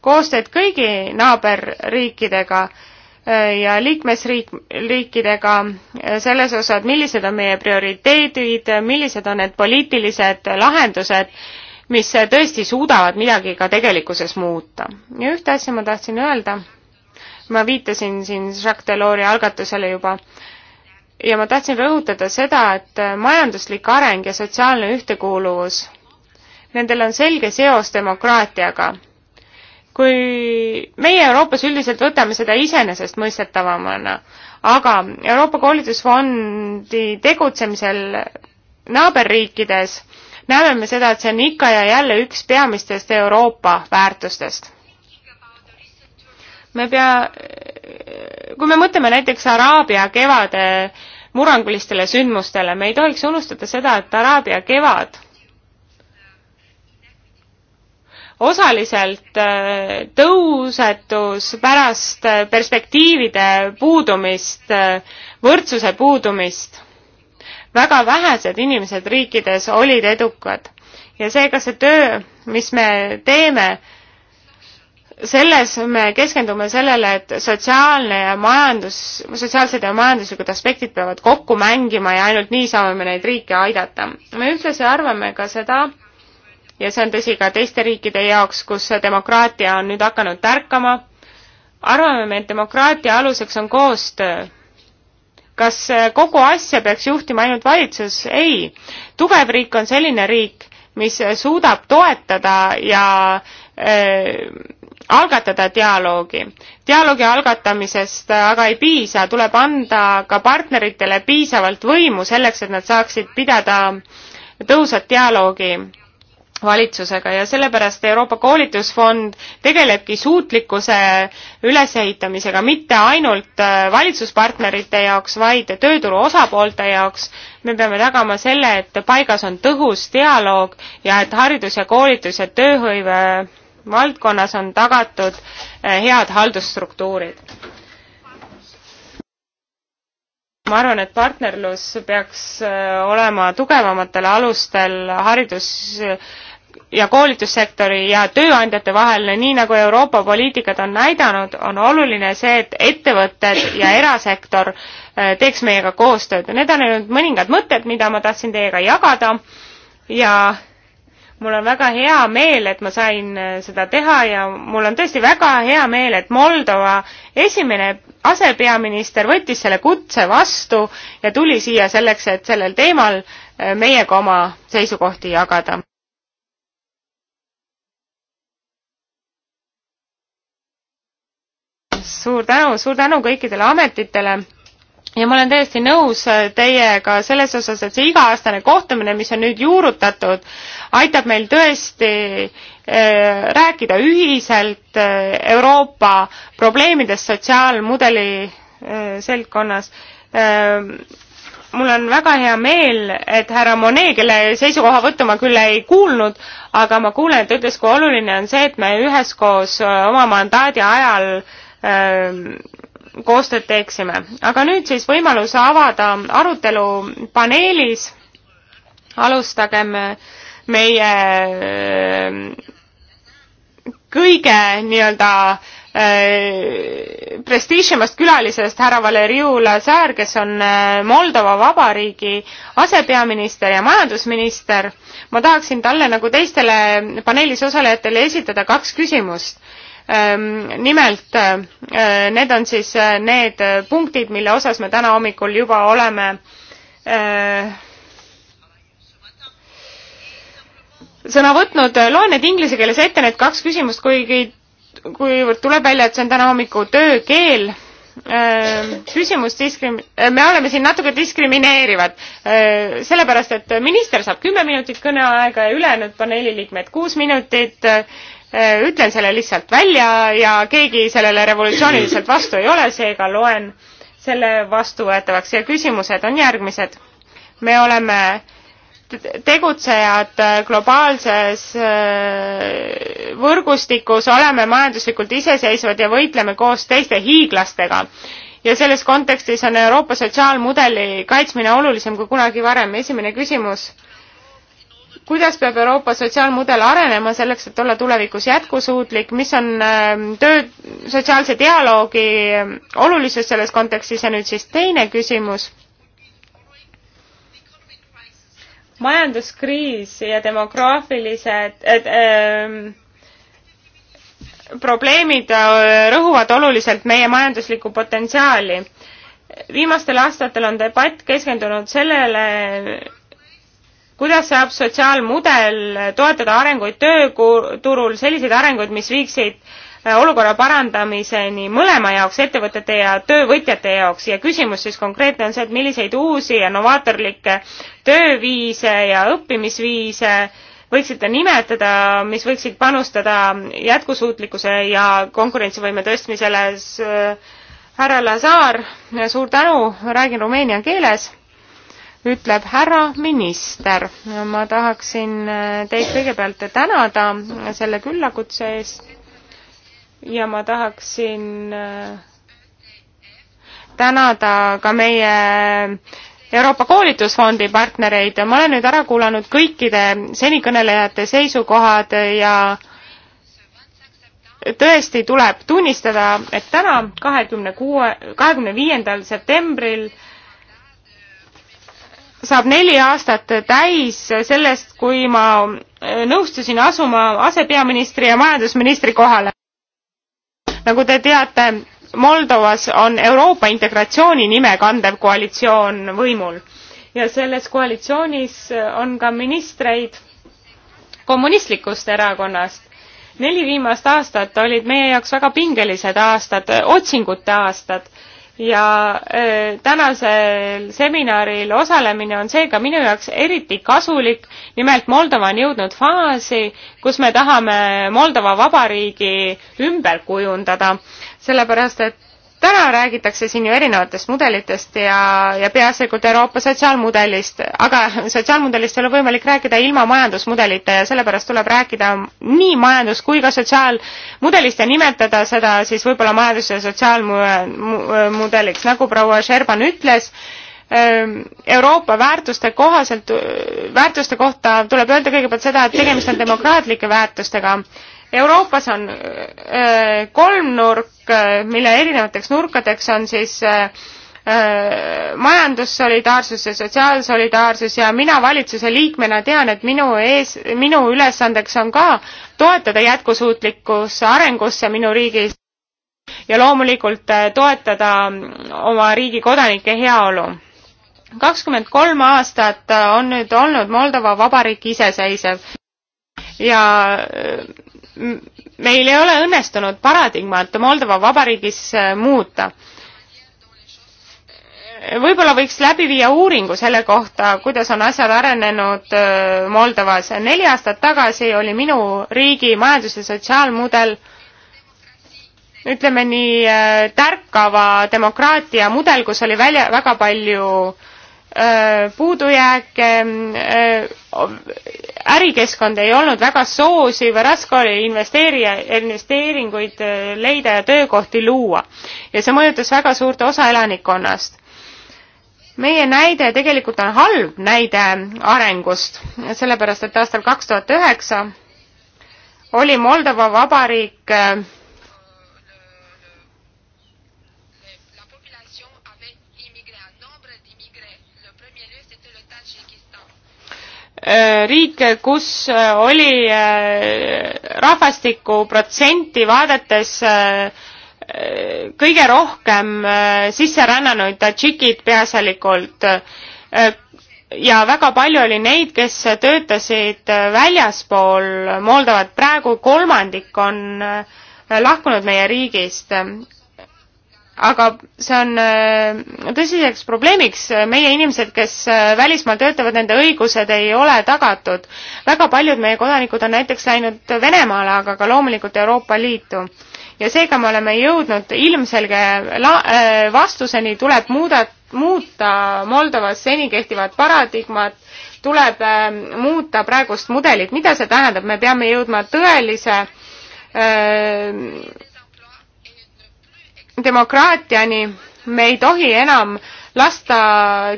koostööd kõigi naaberriikidega ja liikmesriik, riikidega selles osas, millised on meie prioriteedid, millised on need poliitilised lahendused, mis tõesti suudavad midagi ka tegelikkuses muuta. ja ühte asja ma tahtsin öelda, ma viitasin siin Jacques Delors'i algatusele juba, ja ma tahtsin rõhutada seda, et majanduslik areng ja sotsiaalne ühtekuuluvus, nendel on selge seos demokraatiaga kui meie Euroopas üldiselt võtame seda iseenesestmõistetavamana, aga Euroopa koolitusfondi tegutsemisel naaberriikides näeme me seda, et see on ikka ja jälle üks peamistest Euroopa väärtustest. me pea, kui me mõtleme näiteks Araabia kevade murrangulistele sündmustele, me ei tohiks unustada seda, et Araabia kevad osaliselt äh, tõusetus pärast äh, perspektiivide puudumist, äh, võrdsuse puudumist. väga vähesed inimesed riikides olid edukad ja seega see töö, mis me teeme, selles me keskendume sellele, et sotsiaalne ja majandus, sotsiaalsed ja majanduslikud aspektid peavad kokku mängima ja ainult nii saame me neid riike aidata. me ühtlasi arvame ka seda, ja see on tõsi ka teiste riikide jaoks, kus demokraatia on nüüd hakanud tärkama, arvame me, et demokraatia aluseks on koostöö. kas kogu asja peaks juhtima ainult valitsus? ei. tugev riik on selline riik, mis suudab toetada ja äh, algatada dialoogi. dialoogi algatamisest aga ei piisa, tuleb anda ka partneritele piisavalt võimu selleks, et nad saaksid pidada tõhusat dialoogi valitsusega ja sellepärast Euroopa koolitusfond tegelebki suutlikkuse ülesehitamisega mitte ainult äh, valitsuspartnerite jaoks, vaid tööturu osapoolte jaoks. me peame tagama selle, et paigas on tõhus dialoog ja et haridus ja koolitus ja tööhõive valdkonnas on tagatud äh, head haldusstruktuurid. ma arvan, et partnerlus peaks äh, olema tugevamatel alustel haridus ja koolitussektori ja tööandjate vahel, nii nagu Euroopa poliitikad on näidanud, on oluline see, et ettevõtted ja erasektor äh, teeks meiega koostööd. Need on nüüd mõningad mõtted, mida ma tahtsin teiega jagada ja mul on väga hea meel, et ma sain äh, seda teha ja mul on tõesti väga hea meel, et Moldova esimene asepeaminister võttis selle kutse vastu ja tuli siia selleks, et sellel teemal äh, meiega oma seisukohti jagada. suur tänu, suur tänu kõikidele ametitele ja ma olen täiesti nõus äh, teiega selles osas, et see iga-aastane kohtumine, mis on nüüd juurutatud, aitab meil tõesti äh, rääkida ühiselt äh, Euroopa probleemidest sotsiaalmudeli seltkonnas. Ähm, mul on väga hea meel, et härra Monet, kelle seisukohavõttu ma küll ei kuulnud, aga ma kuulen, et ta ütles, kui oluline on see, et me üheskoos oma mandaadi ajal äh, Ähm, koostööd teeksime. aga nüüd siis võimalus avada arutelu paneelis. alustagem äh, meie äh, kõige nii-öelda äh, prestiižimast külalisest härra Valeriu Lazar, kes on Moldova Vabariigi asepeaminister ja majandusminister. ma tahaksin talle nagu teistele paneelis osalejatele esitada kaks küsimust. Ehm, nimelt eh, need on siis eh, need punktid, mille osas me täna hommikul juba oleme eh, sõna võtnud, loen need inglise keeles ette, need kaks küsimust, kuigi kuivõrd tuleb välja, et see on täna hommiku töökeel ehm, küsimus diskrim-, me oleme siin natuke diskrimineerivad, sellepärast et minister saab kümme minutit kõneaega ja ülejäänud paneeli liikmed kuus minutit, Äh, ütlen selle lihtsalt välja ja keegi sellele revolutsiooniliselt vastu ei ole, seega loen selle vastuvõetavaks ja küsimused on järgmised. me oleme tegutsejad äh, globaalses äh, võrgustikus, oleme majanduslikult iseseisvad ja võitleme koos teiste hiiglastega. ja selles kontekstis on Euroopa sotsiaalmudeli kaitsmine olulisem kui kunagi varem. esimene küsimus kuidas peab Euroopa sotsiaalmudel arenema selleks, et olla tulevikus jätkusuutlik, mis on ähm, töö, sotsiaalse dialoogi ähm, olulisus selles kontekstis ja nüüd siis teine küsimus. majanduskriis ja demograafilised et, ähm, äh, probleemid rõhuvad oluliselt meie majanduslikku potentsiaali. viimastel aastatel on debatt keskendunud sellele, kuidas saab sotsiaalmudel toetada arenguid tööturul, selliseid arenguid, mis viiksid äh, olukorra parandamiseni mõlema jaoks, ettevõtete ja töövõtjate jaoks ja küsimus siis konkreetne on see, et milliseid uusi ja novaatorlikke tööviise ja õppimisviise võiksite nimetada, mis võiksid panustada jätkusuutlikkuse ja konkurentsivõime tõstmisele. Äh, härra Lazar, suur tänu, räägin rumeenia keeles ütleb härra minister. ma tahaksin äh, teid kõigepealt tänada selle küllakutse eest ja ma tahaksin äh, tänada ka meie Euroopa koolitusfondi partnereid. ma olen nüüd ära kuulanud kõikide senikõnelejate seisukohad ja tõesti tuleb tunnistada, et täna, kahekümne kuue, kahekümne viiendal septembril saab neli aastat täis sellest, kui ma äh, nõustusin asuma asepeaministri ja majandusministri kohale. nagu te teate, Moldovas on Euroopa integratsiooni nime kandev koalitsioon võimul ja selles koalitsioonis on ka ministreid kommunistlikust erakonnast. neli viimast aastat olid meie jaoks väga pingelised aastad, otsingute aastad ja öö, tänasel seminaril osalemine on seega minu jaoks eriti kasulik. nimelt Moldova on jõudnud faasi, kus me tahame Moldova Vabariigi ümber kujundada, sellepärast et täna räägitakse siin ju erinevatest mudelitest ja, ja peaasjalikult Euroopa sotsiaalmudelist, aga sotsiaalmudelist ei ole võimalik rääkida ilma majandusmudelita ja sellepärast tuleb rääkida nii majandus- kui ka sotsiaalmudelist ja nimetada seda siis võib-olla majandus- ja sotsiaalmudeliks, nagu proua Sherban ütles, ähm, Euroopa väärtuste kohaselt, väärtuste kohta tuleb öelda kõigepealt seda, et tegemist on demokraatlike väärtustega Euroopas on kolmnurk, mille erinevateks nurkadeks on siis majandussolidaarsus ja sotsiaalsolidaarsus ja mina valitsuse liikmena tean, et minu ees, minu ülesandeks on ka toetada jätkusuutlikkusse arengusse minu riigis ja loomulikult toetada oma riigi kodanike heaolu. kakskümmend kolm aastat on nüüd olnud Moldova Vabariik iseseisev ja äh, meil ei ole õnnestunud paradigmat Moldova Vabariigis äh, muuta. võib-olla võiks läbi viia uuringu selle kohta, kuidas on asjad arenenud äh, Moldovas. neli aastat tagasi oli minu riigi majandus- ja sotsiaalmudel ütleme nii tärkava demokraatia mudel, kus oli välja väga palju äh, Äh, puudujääke, äh, ärikeskkond ei olnud väga soosiv, raske oli investeerija, investeeringuid äh, leida ja töökohti luua. ja see mõjutas väga suurt osa elanikkonnast. meie näide tegelikult on halb näide arengust, sellepärast et aastal kaks tuhat üheksa oli Moldova Vabariik Äh, riike, kus äh, oli äh, rahvastiku protsenti vaadates kõige rohkem sisserännanuid tadžikid peaasjalikult ja väga palju oli neid, kes töötasid väljaspool Moldovat, praegu kolmandik on lahkunud meie riigist aga see on äh, tõsiseks probleemiks, äh, meie inimesed, kes äh, välismaal töötavad, nende õigused ei ole tagatud. väga paljud meie kodanikud on näiteks läinud Venemaale, aga ka loomulikult Euroopa Liitu. ja seega me oleme jõudnud ilmselge la-, vastuseni, tuleb muuda, muuta Moldovas seni kehtivad paradigmad, tuleb muuta praegust mudelit, mida see tähendab, me peame jõudma tõelise öö, demokraatiani. me ei tohi enam lasta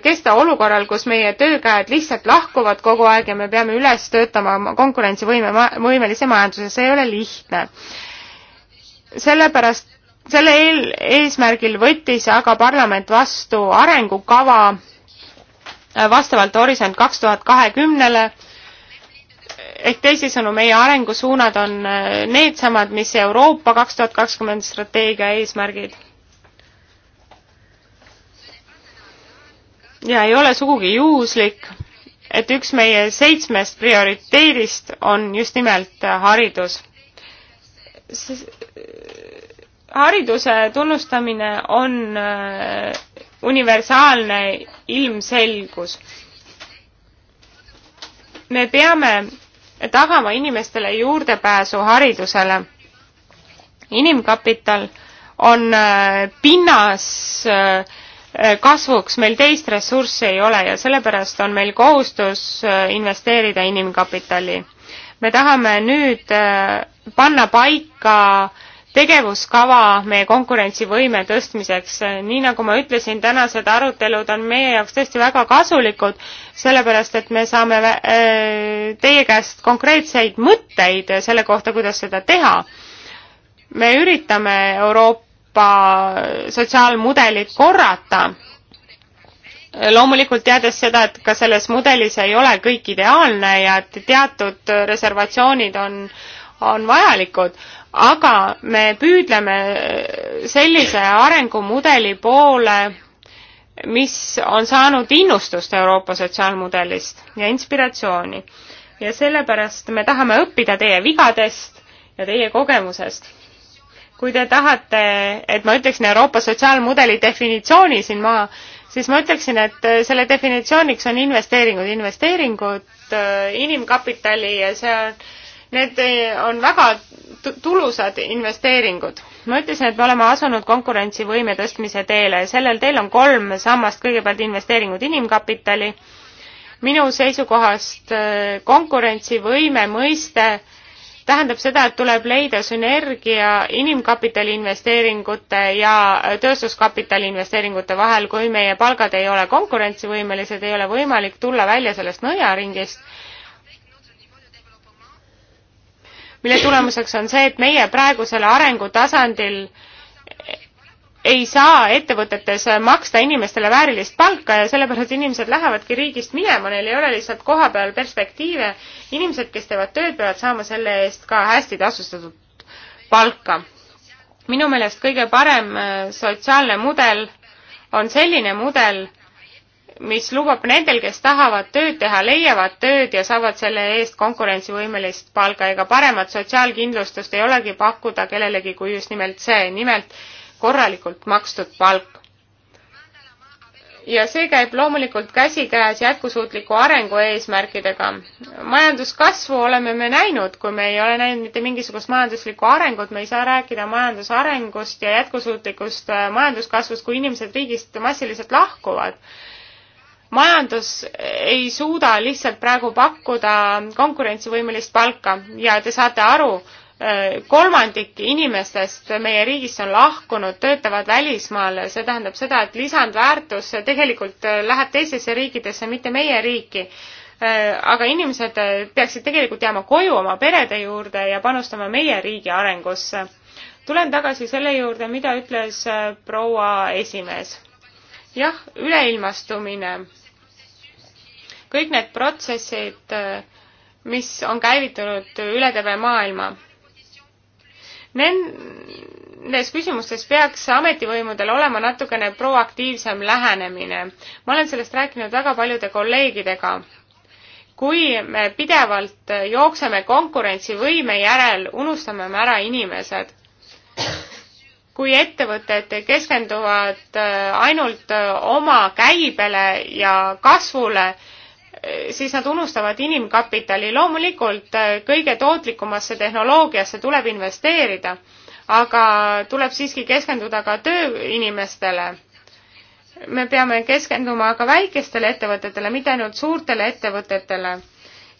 kesta olukorral, kus meie töökäed lihtsalt lahkuvad kogu aeg ja me peame üles töötama konkurentsivõime, võimelise majanduse, see ei ole lihtne. sellepärast, selle eel, eesmärgil võttis aga parlament vastu arengukava vastavalt Horisont kaks tuhat kahekümnele ehk teisisõnu, meie arengusuunad on äh, needsamad, mis Euroopa kaks tuhat kakskümmend strateegia eesmärgid. ja ei ole sugugi juhuslik, et üks meie seitsmest prioriteedist on just nimelt äh, haridus. hariduse tunnustamine on äh, universaalne ilmselgus me peame tagama inimestele juurdepääsu haridusele. inimkapital on äh, pinnas äh, kasvuks, meil teist ressurssi ei ole ja sellepärast on meil kohustus äh, investeerida inimkapitali. me tahame nüüd panna paika äh, tegevuskava meie konkurentsivõime tõstmiseks. nii nagu ma ütlesin, tänased arutelud on meie jaoks tõesti väga kasulikud, sellepärast et me saame äh, teie käest konkreetseid mõtteid selle kohta, kuidas seda teha. me üritame Euroopa sotsiaalmudelit korrata, loomulikult teades seda, et ka selles mudelis ei ole kõik ideaalne ja et teatud reservatsioonid on on vajalikud, aga me püüdleme sellise arengumudeli poole, mis on saanud innustust Euroopa sotsiaalmudelist ja inspiratsiooni. ja sellepärast me tahame õppida teie vigadest ja teie kogemusest. kui te tahate, et ma ütleksin Euroopa sotsiaalmudeli definitsiooni siin maha, siis ma ütleksin, et selle definitsiooniks on investeeringud, investeeringud äh, inimkapitali ja see on Need eh, on väga tulusad investeeringud. ma ütlesin, et me oleme asunud konkurentsivõime tõstmise teele ja sellel teel on kolm sammast, kõigepealt investeeringud inimkapitali, minu seisukohast eh, konkurentsivõime mõiste tähendab seda, et tuleb leida sünergia inimkapitali investeeringute ja eh, tööstuskapitali investeeringute vahel, kui meie palgad ei ole konkurentsivõimelised, ei ole võimalik tulla välja sellest nõiaringist mille tulemuseks on see, et meie praegusel arengutasandil ei saa ettevõtetes maksta inimestele väärilist palka ja sellepärast inimesed lähevadki riigist minema, neil ei ole lihtsalt koha peal perspektiive. inimesed, kes teevad tööd, peavad saama selle eest ka hästi tasustatud palka. minu meelest kõige parem äh, sotsiaalne mudel on selline mudel, mis lubab nendel, kes tahavad tööd teha, leiavad tööd ja saavad selle eest konkurentsivõimelist palka. ega paremat sotsiaalkindlustust ei olegi pakkuda kellelegi kui just nimelt see, nimelt korralikult makstud palk. ja see käib loomulikult käsikäes jätkusuutliku arengu eesmärkidega. majanduskasvu oleme me näinud, kui me ei ole näinud mitte mingisugust majanduslikku arengut, me ei saa rääkida majandusarengust ja jätkusuutlikust äh, majanduskasvust, kui inimesed riigist massiliselt lahkuvad majandus ei suuda lihtsalt praegu pakkuda konkurentsivõimelist palka ja te saate aru, eh, kolmandik inimestest meie riigist on lahkunud, töötavad välismaal, see tähendab seda, et lisandväärtus tegelikult eh, läheb teistesse riikidesse, mitte meie riiki. Eh, aga inimesed peaksid tegelikult jääma koju oma perede juurde ja panustama meie riigi arengusse. tulen tagasi selle juurde, mida ütles proua esimees jah, üleilmastumine, kõik need protsessid, mis on käivitunud üle terve maailma. Nendes küsimustes peaks ametivõimudel olema natukene proaktiivsem lähenemine. ma olen sellest rääkinud väga paljude kolleegidega. kui me pidevalt jookseme konkurentsivõime järel, unustame me ära inimesed kui ettevõtted keskenduvad äh, ainult äh, oma käibele ja kasvule, äh, siis nad unustavad inimkapitali. loomulikult kõige tootlikumasse tehnoloogiasse tuleb investeerida, aga tuleb siiski keskenduda ka tööinimestele. me peame keskenduma ka väikestele ettevõtetele, mitte ainult suurtele ettevõtetele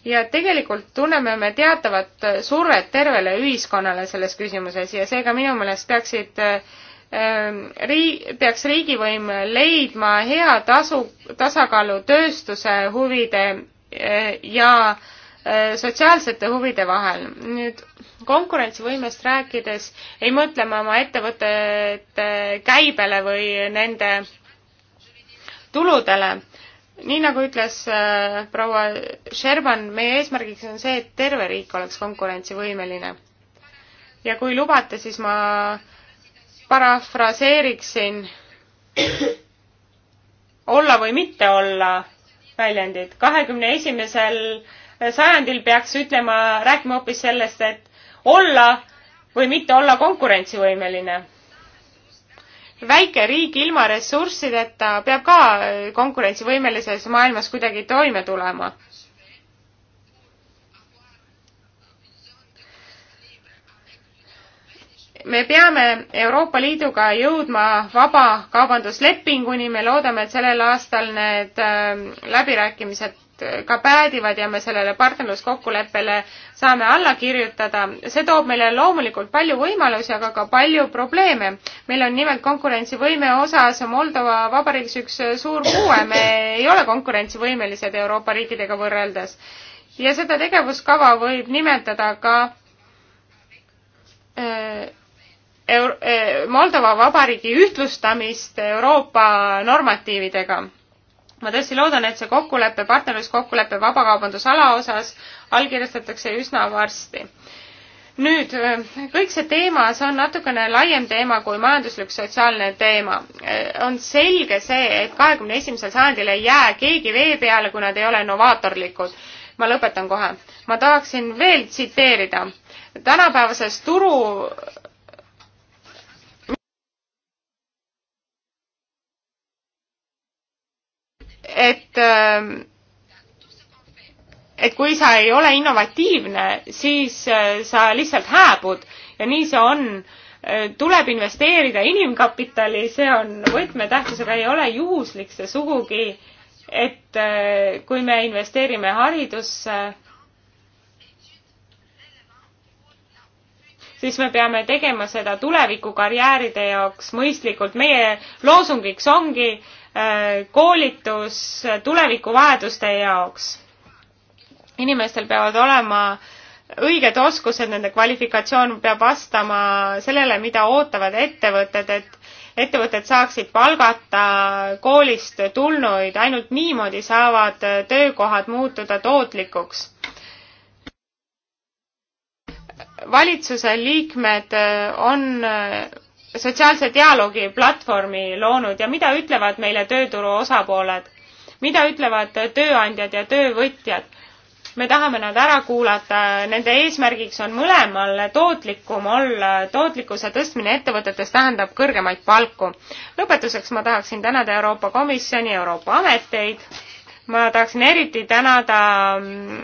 ja tegelikult tunneme me teatavat survet tervele ühiskonnale selles küsimuses ja seega minu meelest peaksid ähm, Rii-, peaks riigivõim leidma hea tasu, tasakaalu tööstuse huvide äh, ja äh, sotsiaalsete huvide vahel. nüüd konkurentsivõimest rääkides ei mõtle ma oma ettevõtete käibele või nende tuludele nii nagu ütles äh, proua Sherman, meie eesmärgiks on see, et terve riik oleks konkurentsivõimeline. ja kui lubate, siis ma parafraseeriksin olla või mitte olla väljendit. kahekümne esimesel sajandil peaks ütlema, rääkima hoopis sellest, et olla või mitte olla konkurentsivõimeline väike riik ilma ressurssideta peab ka konkurentsivõimelises maailmas kuidagi toime tulema. me peame Euroopa Liiduga jõudma vabakaubanduslepinguni, me loodame, et sellel aastal need äh, läbirääkimised ka päädivad ja me sellele partnerluskokkuleppele saame alla kirjutada. see toob meile loomulikult palju võimalusi, aga ka palju probleeme. meil on nimelt konkurentsivõime osas Moldova Vabariigis üks suur puue, me ei ole konkurentsivõimelised Euroopa riikidega võrreldes. ja seda tegevuskava võib nimetada ka äh, Euro äh, Moldova Vabariigi ühtlustamist Euroopa normatiividega ma tõesti loodan, et see kokkulepe, partnerluskokkulepe vabakaubandusala osas allkirjastatakse üsna varsti. nüüd, kõik see teema, see on natukene laiem teema kui majanduslik sotsiaalne teema. on selge see, et kahekümne esimesel sajandil ei jää keegi vee peale, kui nad ei ole novaatorlikud. ma lõpetan kohe. ma tahaksin veel tsiteerida tänapäevases turu et ähm, et kui sa ei ole innovatiivne, siis äh, sa lihtsalt hääbud ja nii see on. Äh, tuleb investeerida inimkapitali, see on võtmetähtsusega, ei ole juhuslik see sugugi, et äh, kui me investeerime haridusse, siis me peame tegema seda tulevikukarjääride jaoks mõistlikult. meie loosungiks ongi äh, Äh, koolitus tulevikuvajaduste jaoks. inimestel peavad olema õiged oskused, nende kvalifikatsioon peab vastama sellele, mida ootavad ettevõtted, et ettevõtted saaksid palgata koolist tulnuid, ainult niimoodi saavad töökohad muutuda tootlikuks. valitsuse liikmed on sotsiaalse dialoogi platvormi loonud ja mida ütlevad meile tööturu osapooled, mida ütlevad tööandjad ja töövõtjad. me tahame nad ära kuulata, nende eesmärgiks on mõlemal tootlikum olla, tootlikkuse tõstmine ettevõtetes tähendab kõrgemaid palku. lõpetuseks ma tahaksin tänada Euroopa Komisjoni, Euroopa ameteid ma tahaksin eriti tänada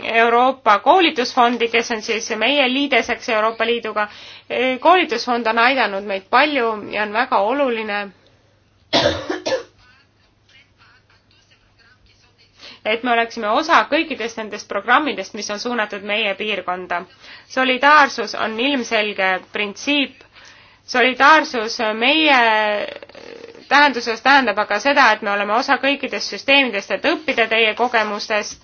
Euroopa koolitusfondi, kes on siis meie liideseks Euroopa Liiduga. koolitusfond on aidanud meid palju ja on väga oluline, et me oleksime osa kõikidest nendest programmidest, mis on suunatud meie piirkonda. solidaarsus on ilmselge printsiip. solidaarsus meie tähenduses tähendab aga seda, et me oleme osa kõikidest süsteemidest, et õppida teie kogemustest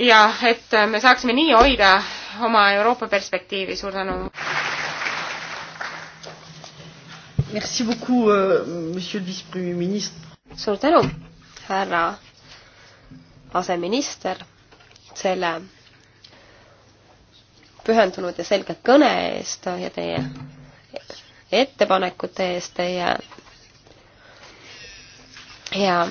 ja et me saaksime nii hoida oma Euroopa perspektiivi, suur tänu. Merci beaucoup, euh, monsieur le vice-premier ministre. suur tänu, härra aseminister, selle pühendunud ja selge kõne eest ja teie ettepanekute eest, teie ja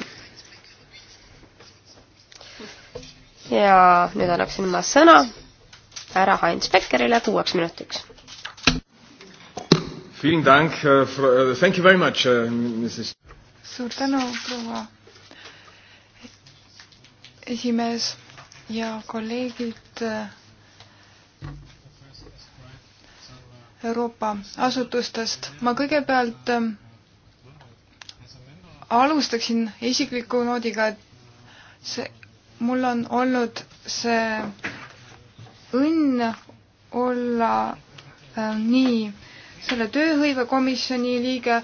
ja nüüd annaksin ma sõna härra Heinz Beckerile kuueks minutiks. Äh, äh, äh, suur tänu, proua esimees ja kolleegid Euroopa asutustest. ma kõigepealt alustaksin isikliku noodiga, et see, mul on olnud see õnn olla äh, nii selle tööhõivekomisjoni liige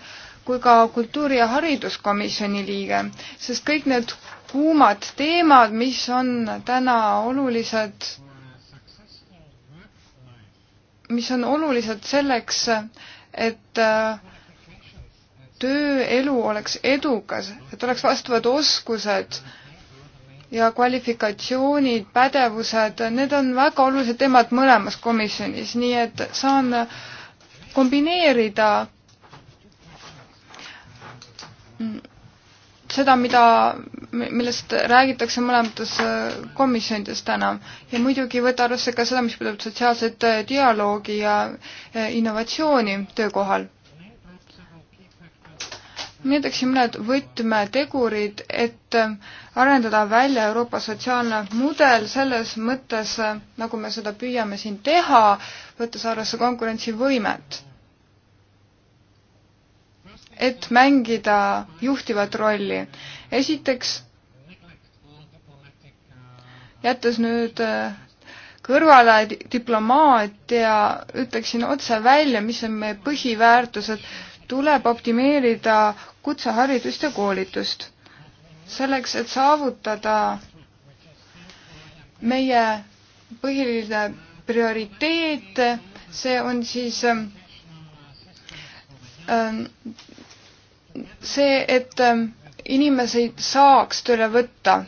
kui ka kultuuri- ja hariduskomisjoni liige, sest kõik need kuumad teemad, mis on täna olulised, mis on olulised selleks, et äh, tööelu oleks edukas, et oleks vastavad oskused ja kvalifikatsioonid, pädevused, need on väga olulised teemad mõlemas komisjonis, nii et saan kombineerida seda, mida, millest räägitakse mõlemates komisjonides täna ja muidugi võtta arvesse ka seda, mis puudutab sotsiaalset dialoogi ja innovatsiooni töökohal ma ütleksin mõned võtmetegurid, et ähm, arendada välja Euroopa sotsiaalne mudel selles mõttes, äh, nagu me seda püüame siin teha, võttes arvesse konkurentsivõimet. et mängida juhtivat rolli. esiteks, jättes nüüd äh, kõrvale diplomaatia, ütleksin otse välja, mis on meie põhiväärtused tuleb optimeerida kutseharidust ja koolitust selleks, et saavutada meie põhiline prioriteet, see on siis ähm, ähm, see, et ähm, inimeseid saaks tööle võtta.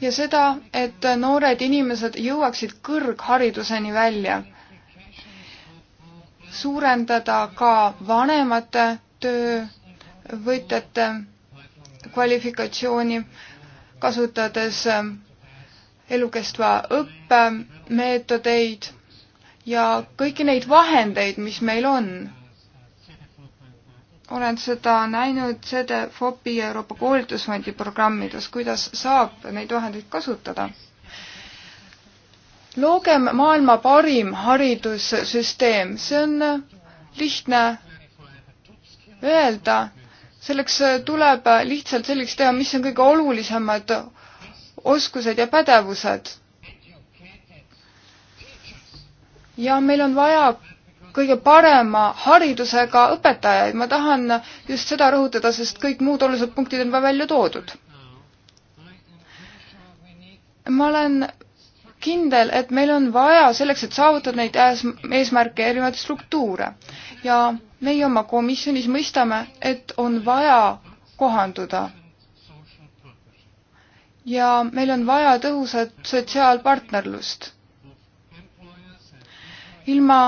ja seda, et noored inimesed jõuaksid kõrghariduseni välja suurendada ka vanemate töövõtjate kvalifikatsiooni, kasutades ähm, elukestva õppe meetodeid ja kõiki neid vahendeid, mis meil on. olen seda näinud CDFOPi Euroopa koolitusfondi programmides, kuidas saab neid vahendeid kasutada loogem maailma parim haridussüsteem, see on äh, lihtne öelda, selleks äh, tuleb äh, lihtsalt selgeks teha, mis on kõige olulisemad oskused ja pädevused. ja meil on vaja kõige parema haridusega õpetajaid, ma tahan just seda rõhutada, sest kõik muud olulised punktid on juba välja toodud. ma olen kindel, et meil on vaja selleks, et saavutada neid eesmärke, erinevaid struktuure. ja meie oma komisjonis mõistame, et on vaja kohanduda. ja meil on vaja tõhusat sotsiaalpartnerlust. ilma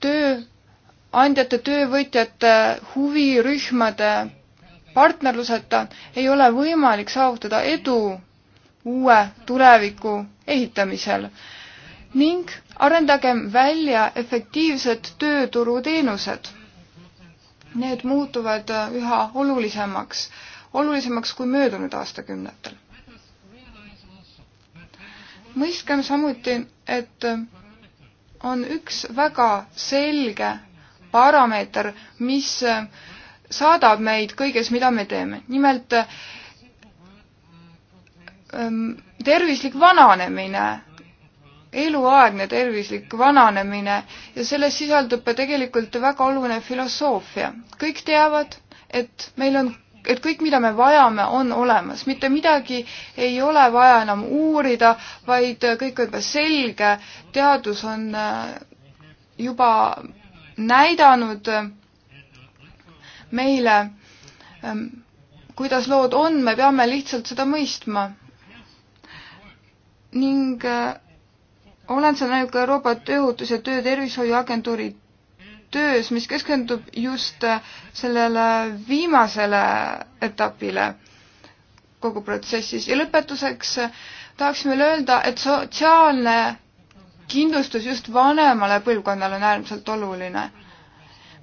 tööandjate, töövõtjate, huvirühmade partnerluseta ei ole võimalik saavutada edu uue tuleviku ehitamisel ning arendagem välja efektiivsed tööturuteenused. Need muutuvad äh, üha olulisemaks, olulisemaks kui möödunud aastakümnetel. mõistkem samuti, et äh, on üks väga selge parameeter, mis äh, saadab meid kõiges, mida me teeme. nimelt ähm, tervislik vananemine, eluaegne tervislik vananemine ja selles sisaldub tegelikult väga oluline filosoofia. kõik teavad, et meil on, et kõik, mida me vajame, on olemas, mitte midagi ei ole vaja enam uurida, vaid kõik on juba selge, teadus on äh, juba näidanud äh, meile, ähm, kuidas lood on, me peame lihtsalt seda mõistma ning äh, olen seal näinud ka Euroopa Tööohutuse Töö Tervishoiuagentuuri töös, mis keskendub just äh, sellele viimasele etapile kogu protsessis ja lõpetuseks äh, tahaksime veel öelda, et sotsiaalne kindlustus just vanemale põlvkonnale on äärmiselt oluline.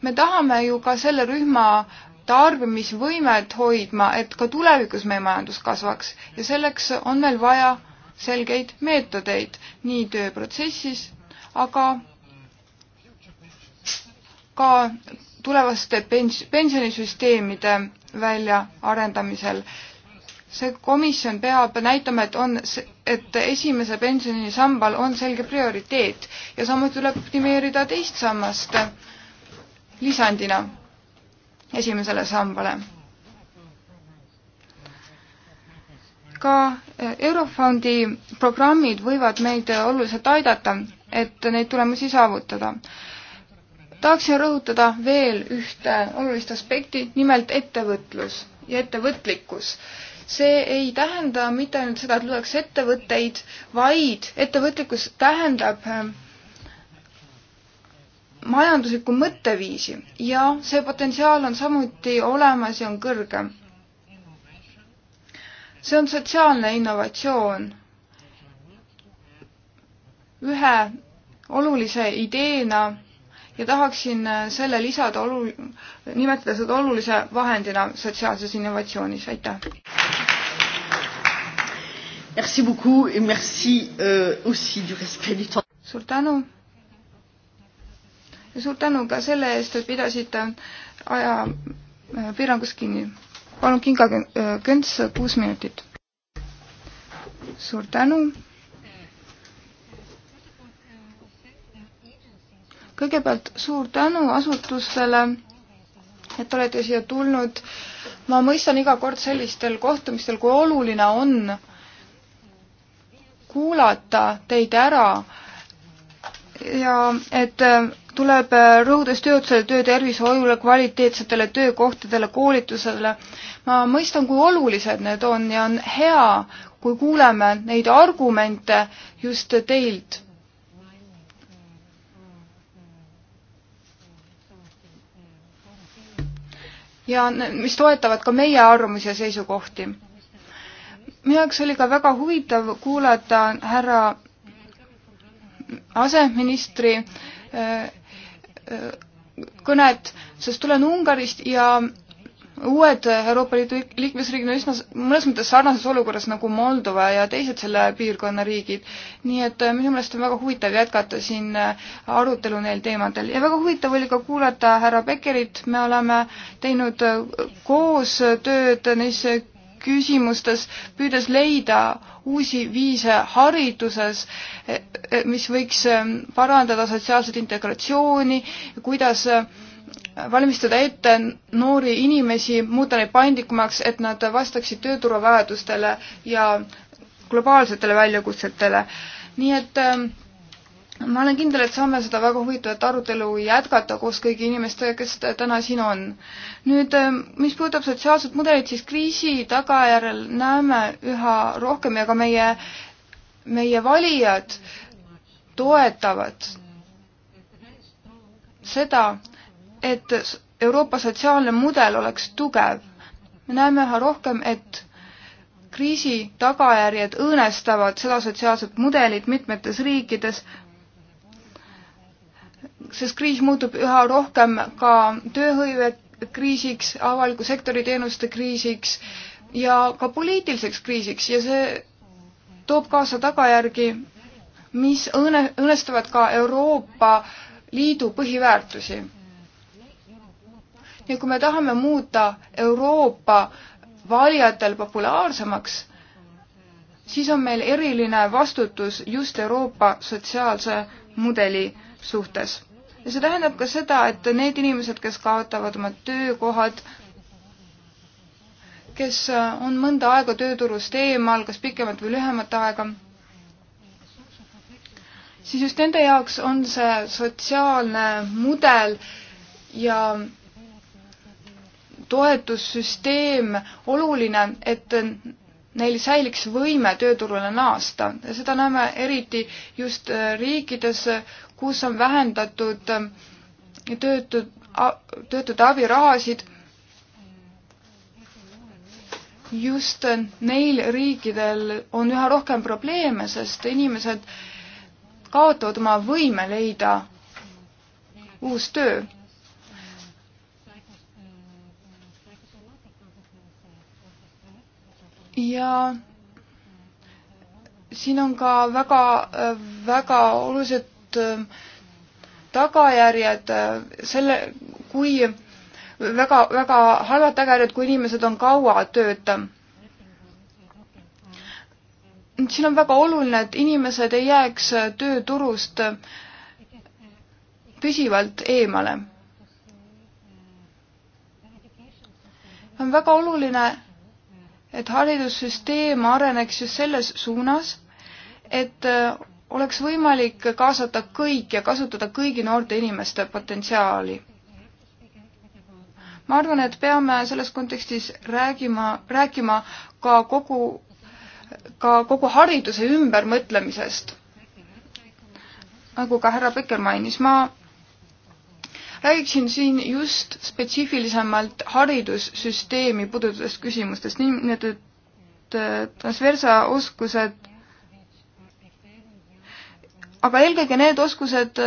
me tahame ju ka selle rühma tarbimisvõimet hoidma, et ka tulevikus meie majandus kasvaks ja selleks on meil vaja selgeid meetodeid nii tööprotsessis, aga ka tulevaste pens-, pensionisüsteemide väljaarendamisel. see komisjon peab näitama, et on, et esimese pensionisambal on selge prioriteet ja samuti tuleb optimeerida teist sammast lisandina esimesele sambale ka eh, Eurofondi programmid võivad meid eh, oluliselt aidata, et neid tulemusi saavutada. tahaksin rõhutada veel ühte olulist aspekti, nimelt ettevõtlus ja ettevõtlikkus. see ei tähenda mitte ainult seda, et luuakse ettevõtteid, vaid ettevõtlikkus tähendab eh, majanduslikku mõtteviisi ja see potentsiaal on samuti olemas ja on kõrgem see on sotsiaalne innovatsioon. ühe olulise ideena ja tahaksin selle lisada olu-, nimetada seda olulise vahendina sotsiaalses innovatsioonis, aitäh. Merci beaucoup et merci euh, aussi du respect du temps. suur tänu. ja suur tänu ka selle eest, et pidasite aja äh, piirangust kinni palun Kinga Künts, äh, äh, kuus minutit. suur tänu. kõigepealt suur tänu asutustele, et olete siia tulnud. ma mõistan iga kord sellistel kohtumistel, kui oluline on kuulata teid ära ja et äh, tuleb äh, rõhuda just töötusele, töötervishoiule, kvaliteetsetele töökohtadele, koolitusele. ma mõistan, kui olulised need on ja on hea, kui kuuleme neid argumente just teilt. ja mis toetavad ka meie arvamusi ja seisukohti. minu jaoks oli ka väga huvitav kuulata härra aseministri äh, kõnet, sest tulen Ungarist ja uued Euroopa Liidu liikmesriigid on üsna mõnes mõttes sarnases olukorras nagu Moldova ja teised selle piirkonna riigid. nii et äh, minu meelest on väga huvitav jätkata siin äh, arutelu neil teemadel ja väga huvitav oli ka kuulata härra Beckerit, me oleme teinud äh, koos tööd neis küsimustes, püüdes leida uusi viise hariduses, e, e, mis võiks e, parandada sotsiaalset integratsiooni, kuidas valmistada ette noori inimesi, muuta neid paindlikumaks, et nad vastaksid tööturu vajadustele ja globaalsetele väljakutsetele. nii et äh, ma olen kindel, et saame seda väga huvitavat arutelu jätkata koos kõigi inimestega, kes täna siin on. nüüd, eh, mis puudutab sotsiaalset mudelit, siis kriisi tagajärjel näeme üha rohkem ja ka meie, meie valijad toetavad seda, et Euroopa sotsiaalne mudel oleks tugev. me näeme üha rohkem, et kriisi tagajärjed õõnestavad seda sotsiaalset mudelit mitmetes riikides sest kriis muutub üha rohkem ka tööhõive kriisiks, avaliku sektori teenuste kriisiks ja ka poliitiliseks kriisiks ja see toob kaasa tagajärgi, mis õõne, õõnestavad ka Euroopa Liidu põhiväärtusi. ja kui me tahame muuta Euroopa valijatel populaarsemaks, siis on meil eriline vastutus just Euroopa sotsiaalse mudeli suhtes ja see tähendab ka seda, et need inimesed, kes kaotavad oma töökohad, kes äh, on mõnda aega tööturust eemal, kas pikemat või lühemat aega, siis just nende jaoks on see sotsiaalne mudel ja toetussüsteem oluline, et neil säiliks võime tööturule naasta ja seda näeme eriti just riikides, kus on vähendatud töötud, töötute abirahasid just neil riikidel on üha rohkem probleeme, sest inimesed kaotavad oma võime leida uus töö. ja siin on ka väga, väga olulised olnud ähm, tagajärjed äh, selle, kui väga, väga halvad tagajärjed, kui inimesed on kaua tööta. Ähm, siin on väga oluline, et inimesed ei jääks äh, tööturust äh, püsivalt eemale. on väga oluline, et haridussüsteem areneks just selles suunas, et oleks võimalik kaasata kõik ja kasutada kõigi noorte inimeste potentsiaali. ma arvan, et peame selles kontekstis räägima, rääkima ka kogu, ka kogu hariduse ümbermõtlemisest. nagu ka härra Becker mainis, ma räägiksin siin just spetsiifilisemalt haridussüsteemi puudutavatest küsimustest, nii et, et transversa oskused aga eelkõige need oskused,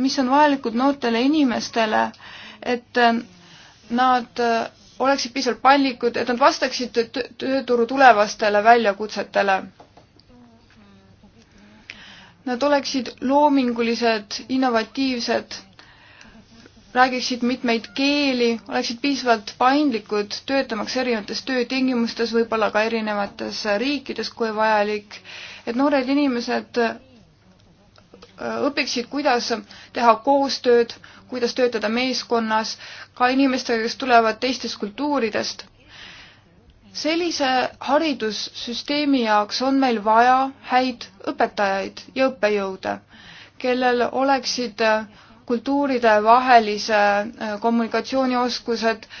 mis on vajalikud noortele inimestele, et nad oleksid piisavalt paindlikud, et nad vastaksid tööturu tulevastele väljakutsetele. Nad oleksid loomingulised, innovatiivsed, räägiksid mitmeid keeli, oleksid piisavalt paindlikud, töötamaks erinevates töötingimustes, võib-olla ka erinevates riikides, kui vajalik et noored inimesed äh, õpiksid, kuidas teha koostööd, kuidas töötada meeskonnas, ka inimestega, kes tulevad teistest kultuuridest. sellise haridussüsteemi jaoks on meil vaja häid õpetajaid ja õppejõude, kellel oleksid kultuuride vahelise äh, kommunikatsioonioskused äh,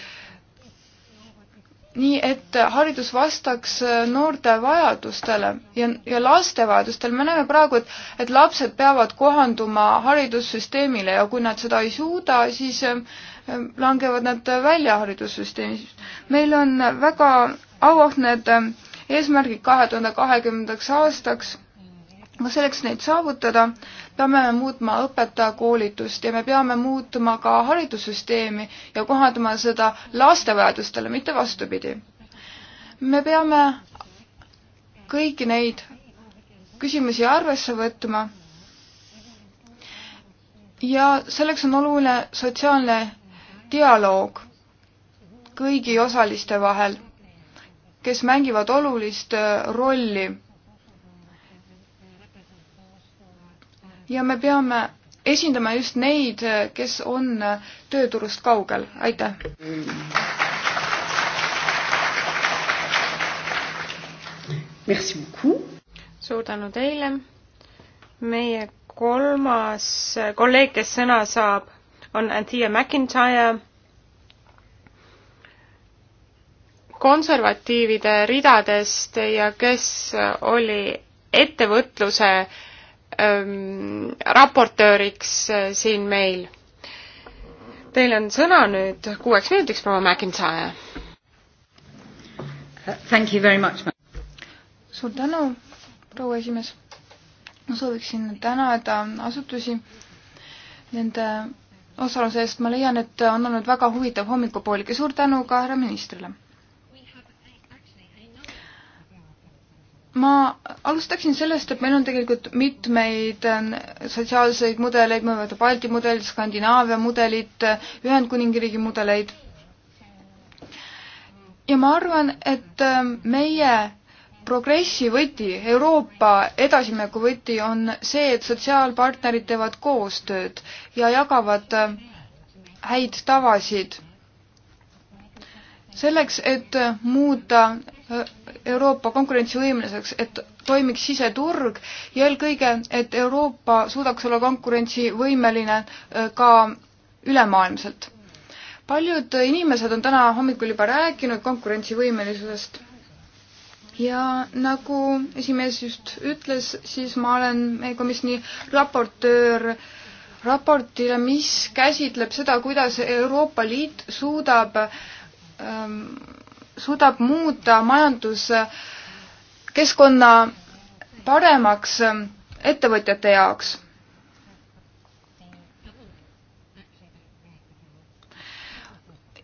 nii, et haridus vastaks äh, noorte vajadustele ja, ja laste vajadustele. me näeme praegu, et, et lapsed peavad kohanduma haridussüsteemile ja kui nad seda ei suuda, siis äh, langevad nad välja haridussüsteemist. meil on väga auahned äh, eesmärgid kahe tuhande kahekümnendaks aastaks selleks neid saavutada, peame me muutma õpetajakoolitust ja me peame muutma ka haridussüsteemi ja kohandama seda laste vajadustele, mitte vastupidi. me peame kõiki neid küsimusi arvesse võtma. ja selleks on oluline sotsiaalne dialoog kõigi osaliste vahel, kes mängivad olulist äh, rolli ja me peame esindama just neid, kes on tööturust kaugel, aitäh! suur tänu teile! meie kolmas kolleeg, kes sõna saab, on Anthea McIntyre. konservatiivide ridadest ja kes oli ettevõtluse ähm, raportööriks äh, siin meil. Teil on sõna nüüd kuueks minutiks, proua McIntyre. Thank you very much. suur tänu, proua esimees. ma sooviksin tänada asutusi nende osaluse eest. ma leian, et on olnud väga huvitav hommikupoolik ja suur tänu ka härra ministrile ma alustaksin sellest, et meil on tegelikult mitmeid äh, sotsiaalseid mudeleid, ma võtan Balti mudelid, Skandinaavia mudelid, Ühendkuningriigi mudeleid. ja ma arvan, et äh, meie progressi võti, Euroopa edasimineku võti on see, et sotsiaalpartnerid teevad koostööd ja jagavad äh, häid tavasid selleks, et muuta Euroopa konkurentsivõimeliseks, et toimiks siseturg ja eelkõige, et Euroopa suudaks olla konkurentsivõimeline äh, ka ülemaailmselt. paljud inimesed on täna hommikul juba rääkinud konkurentsivõimelisusest ja nagu esimees just ütles, siis ma olen meie komisjoni raportöör raportile, mis käsitleb seda, kuidas Euroopa Liit suudab ähm, suudab muuta majanduskeskkonna äh, paremaks äh, ettevõtjate jaoks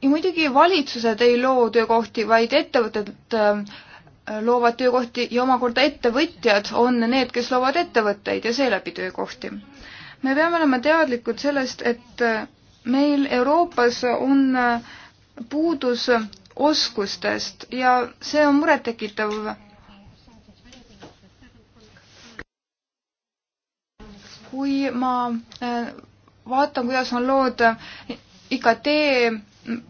ja muidugi valitsused ei loo töökohti, vaid ettevõtted äh, loovad töökohti ja omakorda ettevõtjad on need, kes loovad ettevõtteid ja seeläbi töökohti. me peame olema teadlikud sellest, et meil Euroopas on puudus oskustest ja see on murettekitav. kui ma äh, vaatan, kuidas on lood IKT äh,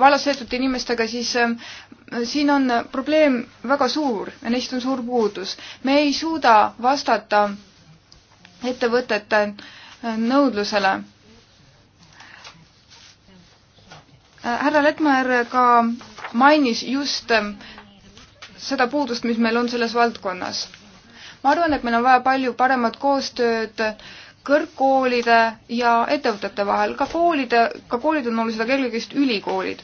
vallas seotud inimestega, siis äh, siin on probleem väga suur ja neist on suur puudus. me ei suuda vastata ettevõtete nõudlusele Äh, härra Letmer ka mainis just ähm, seda puudust, mis meil on selles valdkonnas. ma arvan, et meil on vaja palju paremat koostööd kõrgkoolide ja ettevõtete vahel, ka koolide, ka koolid on olulised, aga eelkõige just ülikoolid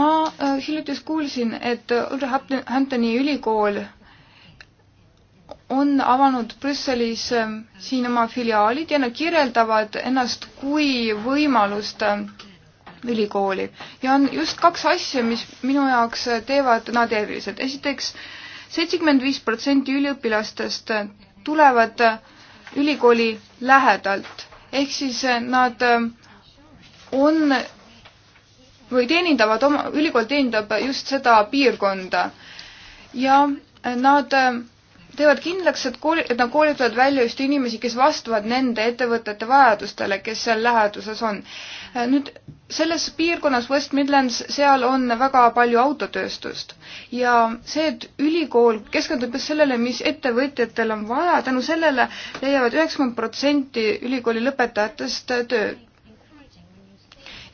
ma äh, hiljuti kuulsin, et Ulrhamptoni ülikool on avanud Brüsselis ähm, siin oma filiaalid ja nad kirjeldavad ennast kui võimalust ähm, ülikooli ja on just kaks asja, mis minu jaoks teevad nad erilised. esiteks, seitsekümmend viis protsenti üliõpilastest tulevad ülikooli lähedalt ehk siis nad äh, on või teenindavad oma, ülikool teenindab just seda piirkonda ja nad äh, teevad kindlaks, et kool, et nad koolitavad välja just inimesi, kes vastavad nende ettevõtete vajadustele, kes seal läheduses on. nüüd selles piirkonnas West Midlands, seal on väga palju autotööstust ja see, et ülikool keskendub just sellele, mis ettevõtjatel on vaja, tänu sellele leiavad üheksakümmend protsenti ülikooli lõpetajatest tööd.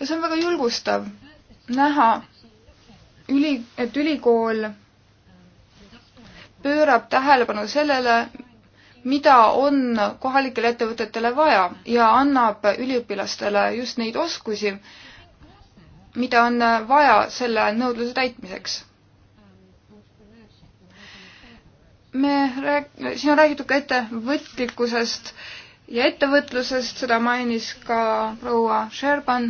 ja see on väga julgustav näha üli, et ülikool pöörab tähelepanu sellele, mida on kohalikele ettevõtetele vaja ja annab üliõpilastele just neid oskusi, mida on vaja selle nõudluse täitmiseks. me rääk-, siin on räägitud ka ettevõtlikkusest ja ettevõtlusest, seda mainis ka proua Sherban.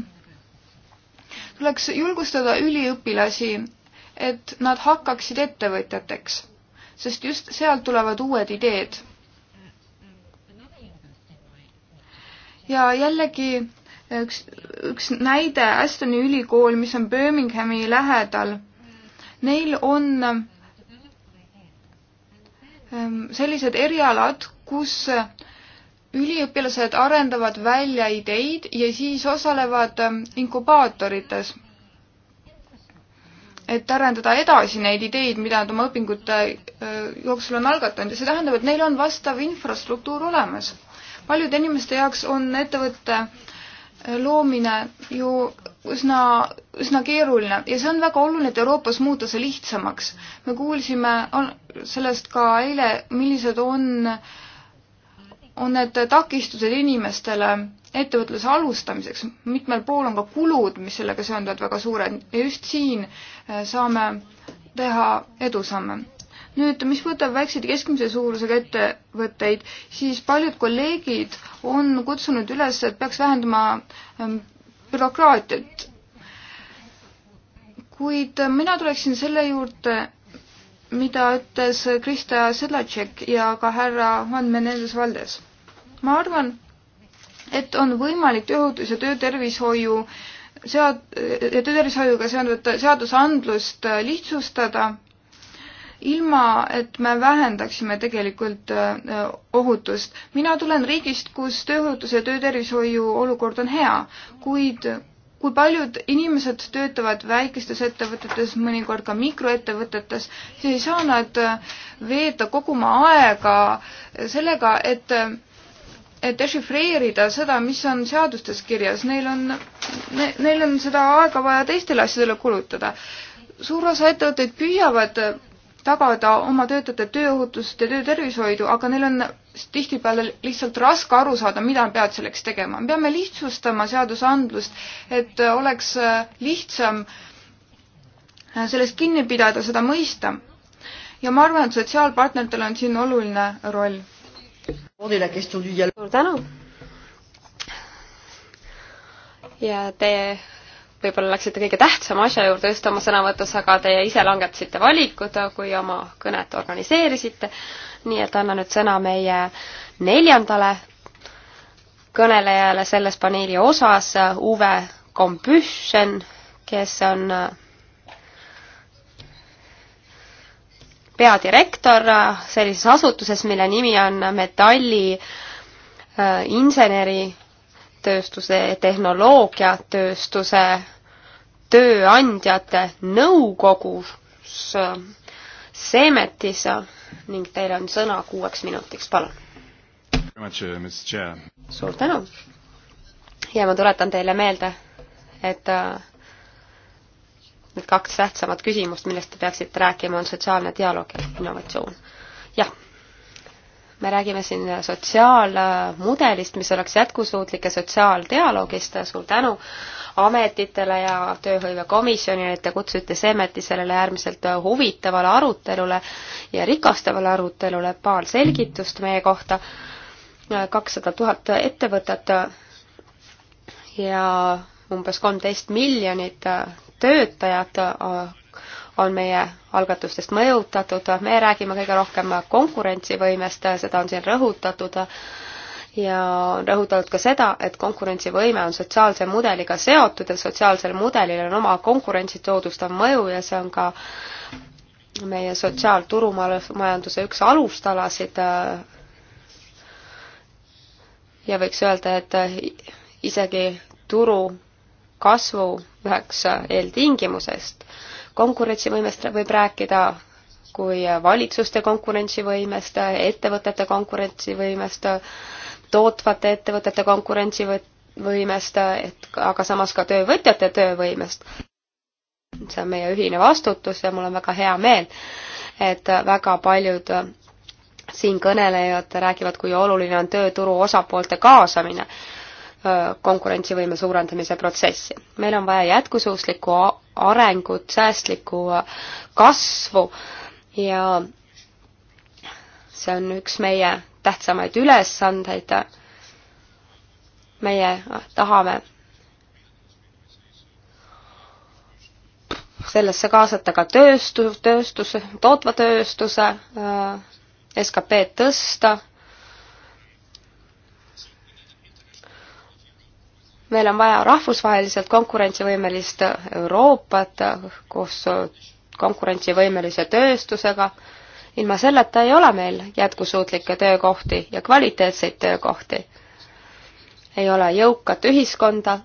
tuleks julgustada üliõpilasi, et nad hakkaksid ettevõtjateks sest just sealt tulevad uued ideed. ja jällegi üks, üks näide, Astoni ülikool, mis on Birminghami lähedal, neil on ähm, sellised erialad, kus üliõpilased arendavad välja ideid ja siis osalevad ähm, inkubaatorites et arendada edasi neid ideid, mida nad oma õpingute jooksul on algatanud ja see tähendab, et neil on vastav infrastruktuur olemas. paljude inimeste jaoks on ettevõtte loomine ju üsna, üsna keeruline ja see on väga oluline, et Euroopas muuta see lihtsamaks. me kuulsime sellest ka eile, millised on, on need takistused inimestele ettevõtluse alustamiseks. mitmel pool on ka kulud, mis sellega seonduvad väga suured ja just siin äh, saame teha edusamme. nüüd, mis puudutab väikseid ja keskmise suurusega ettevõtteid, siis paljud kolleegid on kutsunud üles, et peaks vähendama ähm, bürokraatiat. kuid mina tuleksin selle juurde, mida ütles Krista Sedlatšek ja ka härra Juan Menendez Valdes. ma arvan, et on võimalik tööohutus- ja töötervishoiu sead-, ja töötervishoiuga seonduvat seadusandlust äh, lihtsustada, ilma et me vähendaksime tegelikult äh, ohutust. mina tulen riigist, kus tööohutuse ja töötervishoiu olukord on hea, kuid kui paljud inimesed töötavad väikestes ettevõtetes, mõnikord ka mikroettevõtetes, siis ei saa nad äh, veeta kogu oma aega sellega, et dešifreerida seda, mis on seadustes kirjas, neil on ne,, neil on seda aega vaja teistele asjadele kulutada. suur osa ettevõtteid püüavad tagada oma töötajate tööohutust ja töötervishoidu, aga neil on tihtipeale lihtsalt raske aru saada, mida pead selleks tegema. me peame lihtsustama seadusandlust, et oleks lihtsam sellest kinni pidada, seda mõista. ja ma arvan, et sotsiaalpartneritel on siin oluline roll suur tänu! ja teie võib-olla läksite kõige tähtsama asja juurde just oma sõnavõtus, aga teie ise langetasite valikud, kui oma kõnet organiseerisite. nii et annan nüüd sõna meie neljandale kõnelejale selles paneeli osas, Uwe Kombüssen, kes on peadirektor sellises asutuses, mille nimi on metalli äh, inseneritööstuse, tehnoloogiatööstuse tööandjate nõukogus äh, Seemetis ning teil on sõna kuueks minutiks, palun. Uh, suur tänu ja ma tuletan teile meelde, et äh, Need kaks tähtsamat küsimust, millest te peaksite rääkima, on sotsiaalne dialoog ja innovatsioon. jah, me räägime siin sotsiaalmudelist, mis oleks jätkusuutlik ja sotsiaaldialoogist, suur tänu ametitele ja tööhõivekomisjonile, et te kutsute Semeti sellele äärmiselt huvitavale arutelule ja rikastavale arutelule, paar selgitust meie kohta, kakssada tuhat ettevõtet ja umbes kolmteist miljonit töötajad äh, on meie algatustest mõjutatud, me räägime kõige rohkem konkurentsivõimest, seda on siin rõhutatud, ja on rõhutatud ka seda, et konkurentsivõime on sotsiaalse mudeliga seotud ja sotsiaalsel mudelil on oma konkurentsi soodustav mõju ja see on ka meie sotsiaalturumajanduse üks alustalasid ja võiks öelda, et isegi turu kasvu üheks eeltingimusest. konkurentsivõimest võib rääkida kui valitsuste konkurentsivõimest, ettevõtete konkurentsivõimest, tootvate ettevõtete konkurentsivõimest, et aga samas ka töövõtjate töövõimest. see on meie ühine vastutus ja mul on väga hea meel, et väga paljud siinkõnelejad räägivad, kui oluline on tööturu osapoolte kaasamine Äh, konkurentsivõime suurendamise protsessi. meil on vaja jätkusuutlikku arengut, säästlikku äh, kasvu ja see on üks meie tähtsamaid ülesandeid. meie äh, tahame sellesse kaasata ka tööstus, tööstuse, tootva tööstuse, SKP-d tõsta meil on vaja rahvusvaheliselt konkurentsivõimelist Euroopat koos konkurentsivõimelise tööstusega. ilma selleta ei ole meil jätkusuutlikke töökohti ja kvaliteetseid töökohti. ei ole jõukat ühiskonda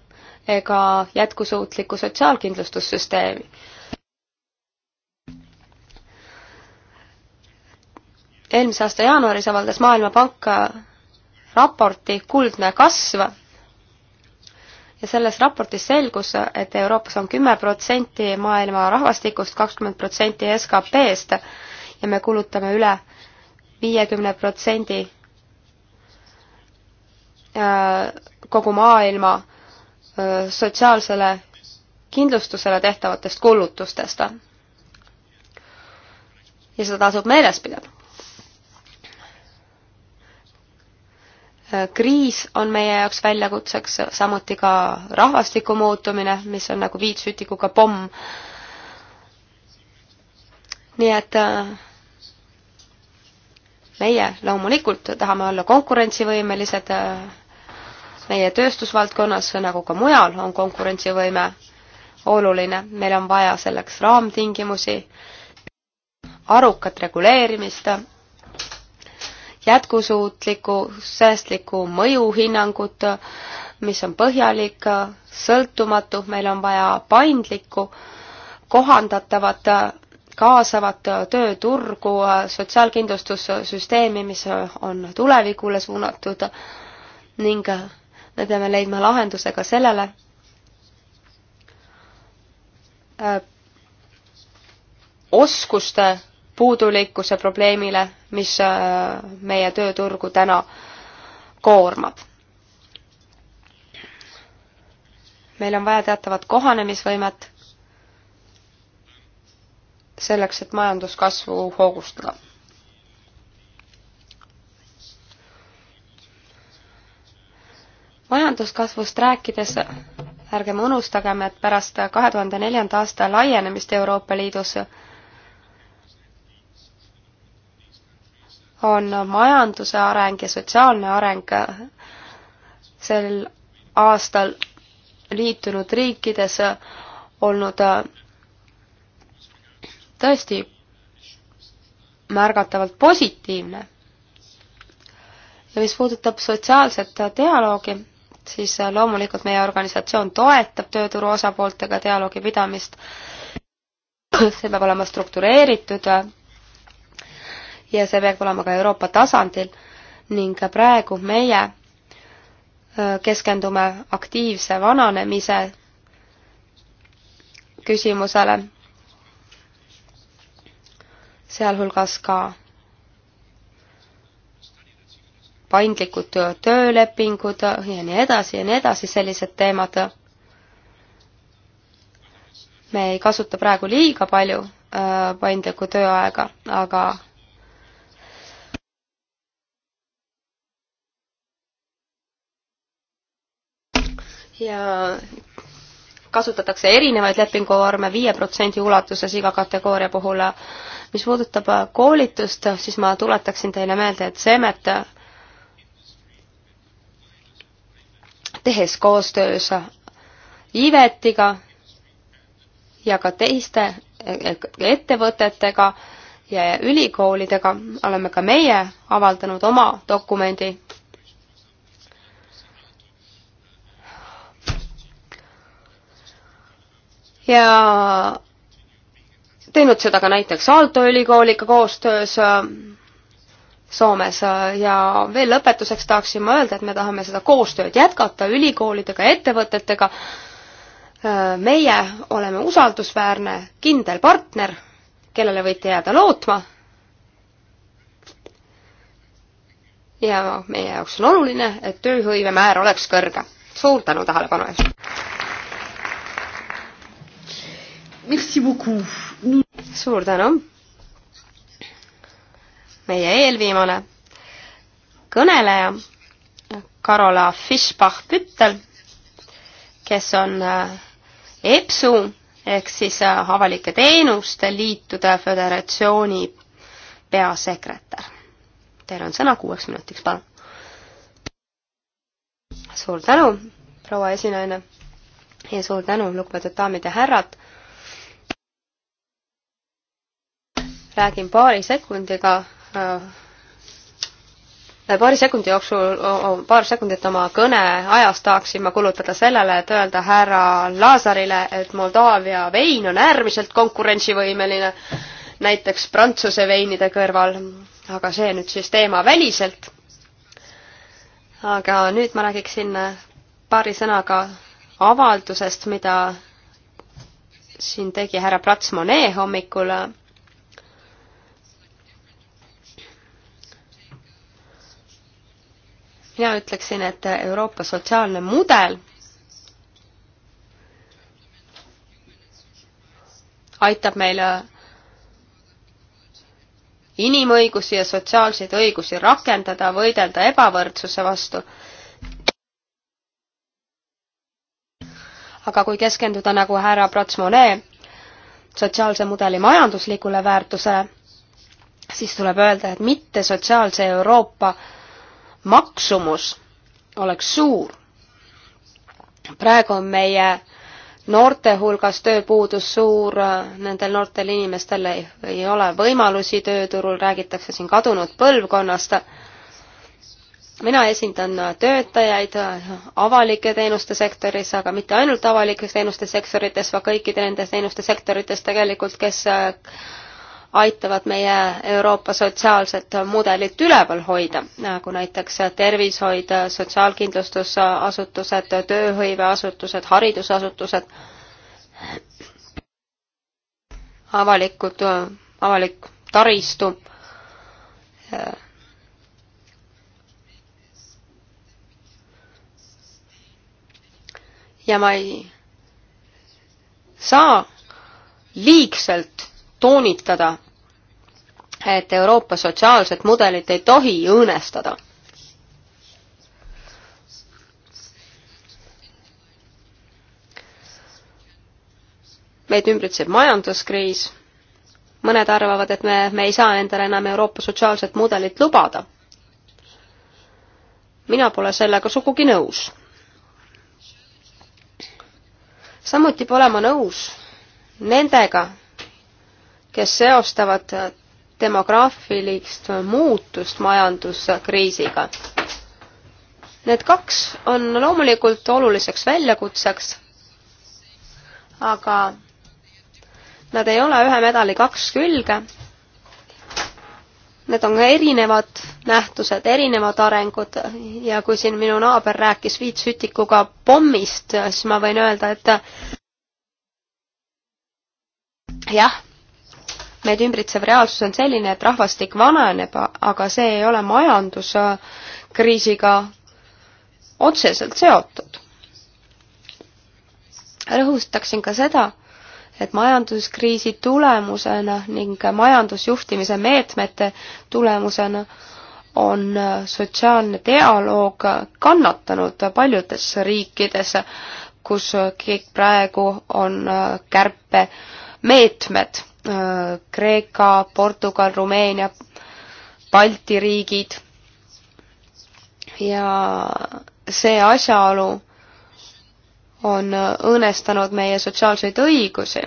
ega jätkusuutlikku sotsiaalkindlustussüsteemi. eelmise aasta jaanuaris avaldas Maailmapank raporti Kuldne kasv ja selles raportis selgus, et Euroopas on kümme protsenti maailma rahvastikust, kakskümmend protsenti SKP-st ja me kulutame üle viiekümne protsendi äh, kogu maailma äh, sotsiaalsele kindlustusele tehtavatest kulutustest. ja seda tasub meeles pidada. Äh, kriis on meie jaoks väljakutseks, samuti ka rahvastiku muutumine, mis on nagu viitsütikuga pomm. nii et äh, meie loomulikult tahame olla konkurentsivõimelised, äh, meie tööstusvaldkonnas nagu ka mujal on konkurentsivõime oluline, meil on vaja selleks raamtingimusi, arukat reguleerimist jätkusuutlikku säästlikku mõjuhinnangut, mis on põhjalik, sõltumatu, meil on vaja paindlikku, kohandatavat, kaasavat tööturgu, sotsiaalkindlustussüsteemi, mis on tulevikule suunatud ning me peame leidma lahenduse ka sellele, äh, oskuste puudulikkuse probleemile, mis äh, meie tööturgu täna koormab. meil on vaja teatavat kohanemisvõimet selleks, et majanduskasvu hoogustada. majanduskasvust rääkides ärgem unustagem, et pärast kahe tuhande neljanda aasta laienemist Euroopa Liidus on majanduse areng ja sotsiaalne areng sel aastal liitunud riikides olnud tõesti märgatavalt positiivne. ja mis puudutab sotsiaalset dialoogi, siis loomulikult meie organisatsioon toetab tööturu osapooltega dialoogi pidamist, see peab olema struktureeritud ja see peab olema ka Euroopa tasandil ning praegu meie keskendume aktiivse vananemise küsimusele, sealhulgas ka paindlikud töölepingud ja nii edasi ja nii edasi, sellised teemad. me ei kasuta praegu liiga palju paindlikku tööaega, aga ja kasutatakse erinevaid lepinguvorme viie protsendi ulatuses iga kategooria puhul. mis puudutab koolitust, siis ma tuletaksin teile meelde, et Semet tehes koostöös Ivetiga ja ka teiste ettevõtetega ja ülikoolidega oleme ka meie avaldanud oma dokumendi ja teinud seda ka näiteks Aalto ülikooliga koostöös äh, Soomes äh, ja veel lõpetuseks tahaksin ma öelda, et me tahame seda koostööd jätkata ülikoolidega, ettevõtetega. Äh, meie oleme usaldusväärne, kindel partner, kellele võite jääda lootma. ja meie jaoks on oluline, et tööhõive määr oleks kõrge. suur tänu tähelepanu eest! suur tänu. meie eelviimane kõneleja, Karola Fischbach-Püttel, kes on äh, EPSU ehk siis äh, Avalike Teenuste Liitude Föderatsiooni peasekretär. Teil on sõna kuueks minutiks, palun. suur tänu, proua esinaine ja suur tänu, lugupeetud daamid ja härrad räägin paari sekundiga äh, paari sekundi jooksul, paar sekundit oma kõne ajast tahaksin ma kulutada sellele, et öelda härra Lazarile, et Moldaavia vein on äärmiselt konkurentsivõimeline näiteks Prantsuse veinide kõrval, aga see nüüd siis teema väliselt. aga nüüd ma räägiksin paari sõnaga avaldusest, mida siin tegi härra Prats-Monet hommikul mina ütleksin, et Euroopa sotsiaalne mudel aitab meile äh, inimõigusi ja sotsiaalseid õigusi rakendada, võidelda ebavõrdsuse vastu. aga kui keskenduda nagu härra Protsmone sotsiaalse mudeli majanduslikule väärtusele, siis tuleb öelda, et mitte sotsiaalse Euroopa maksumus oleks suur. praegu on meie noorte hulgas tööpuudus suur, nendel noortel inimestel ei, ei ole võimalusi tööturul, räägitakse siin kadunud põlvkonnast. mina esindan töötajaid avalike teenuste sektoris, aga mitte ainult avalikes teenuste sektorites, vaid kõikide nendes teenuste sektorites tegelikult, kes aitavad meie Euroopa sotsiaalset mudelit üleval hoida, nagu näiteks tervishoid, sotsiaalkindlustusasutused, tööhõiveasutused, haridusasutused, avalikud, avalik taristu. ja ma ei saa liigselt toonitada, et Euroopa sotsiaalset mudelit ei tohi õõnestada. meid ümbritseb majanduskriis, mõned arvavad, et me, me ei saa endale enam Euroopa sotsiaalset mudelit lubada. mina pole sellega sugugi nõus. samuti pole ma nõus nendega, kes seostavad äh, demograafilist äh, muutust majanduskriisiga. Need kaks on loomulikult oluliseks väljakutseks, aga nad ei ole ühe medali kaks külge. Need on erinevad nähtused, erinevad arengud ja kui siin minu naaber rääkis Viit Sütikuga pommist, siis ma võin öelda, et jah meid ümbritsev reaalsus on selline, et rahvastik vananeb, aga see ei ole majanduskriisiga otseselt seotud. rõhustaksin ka seda, et majanduskriisi tulemusena ning majandusjuhtimise meetmete tulemusena on sotsiaalne dialoog kannatanud paljudes riikides, kus kõik praegu on kärpemeetmed Äh, Kreeka, Portugal, Rumeenia, Balti riigid ja see asjaolu on õõnestanud meie sotsiaalseid õigusi.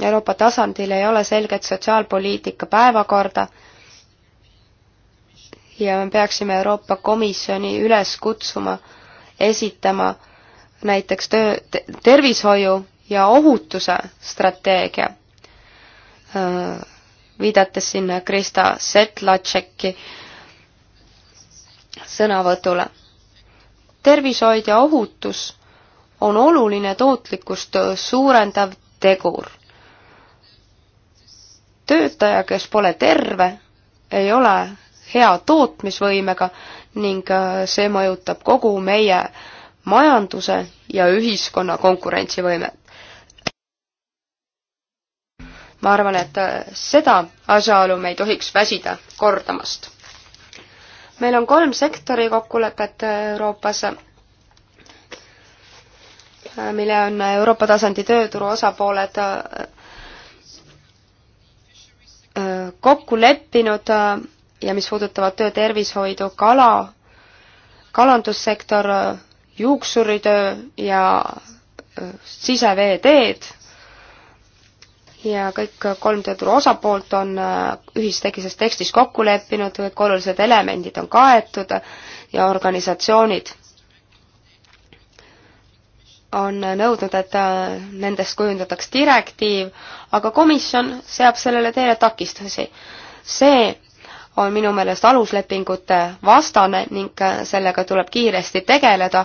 Euroopa tasandil ei ole selget sotsiaalpoliitika päevakorda ja me peaksime Euroopa Komisjoni üles kutsuma esitama näiteks töö, tervishoiu ja ohutuse strateegia, viidates siin Krista Setlatšeki sõnavõtule. tervishoid ja ohutus on oluline tootlikkust suurendav tegur. töötaja, kes pole terve, ei ole hea tootmisvõimega ning see mõjutab kogu meie majanduse ja ühiskonna konkurentsivõimet ma arvan, et äh, seda asjaolu me ei tohiks väsida kordamast. meil on kolm sektori kokkulepet äh, Euroopas, äh, mille on Euroopa tasandi tööturu osapooled kokku leppinud ja mis puudutavad töötervishoidu, kala, kalandussektor, juuksuritöö ja siseveeteed ja kõik kolm tööturu osapoolt on äh, ühistegises tekstis kokku leppinud, kõik olulised elemendid on kaetud ja organisatsioonid on nõudnud, et äh, nendest kujundataks direktiiv, aga komisjon seab sellele teele takistusi. see on minu meelest aluslepingute vastane ning äh, sellega tuleb kiiresti tegeleda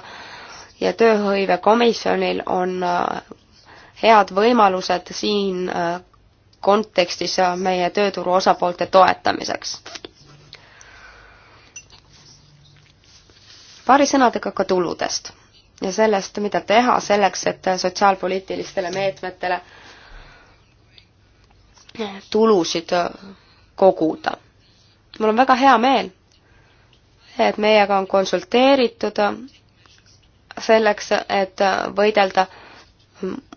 ja tööhõivekomisjonil on head võimalused siin äh, kontekstis meie tööturu osapoolte toetamiseks. paari sõnadega ka tuludest ja sellest, mida teha selleks, et sotsiaalpoliitilistele meetmetele tulusid koguda. mul on väga hea meel, et meiega on konsulteeritud selleks, et võidelda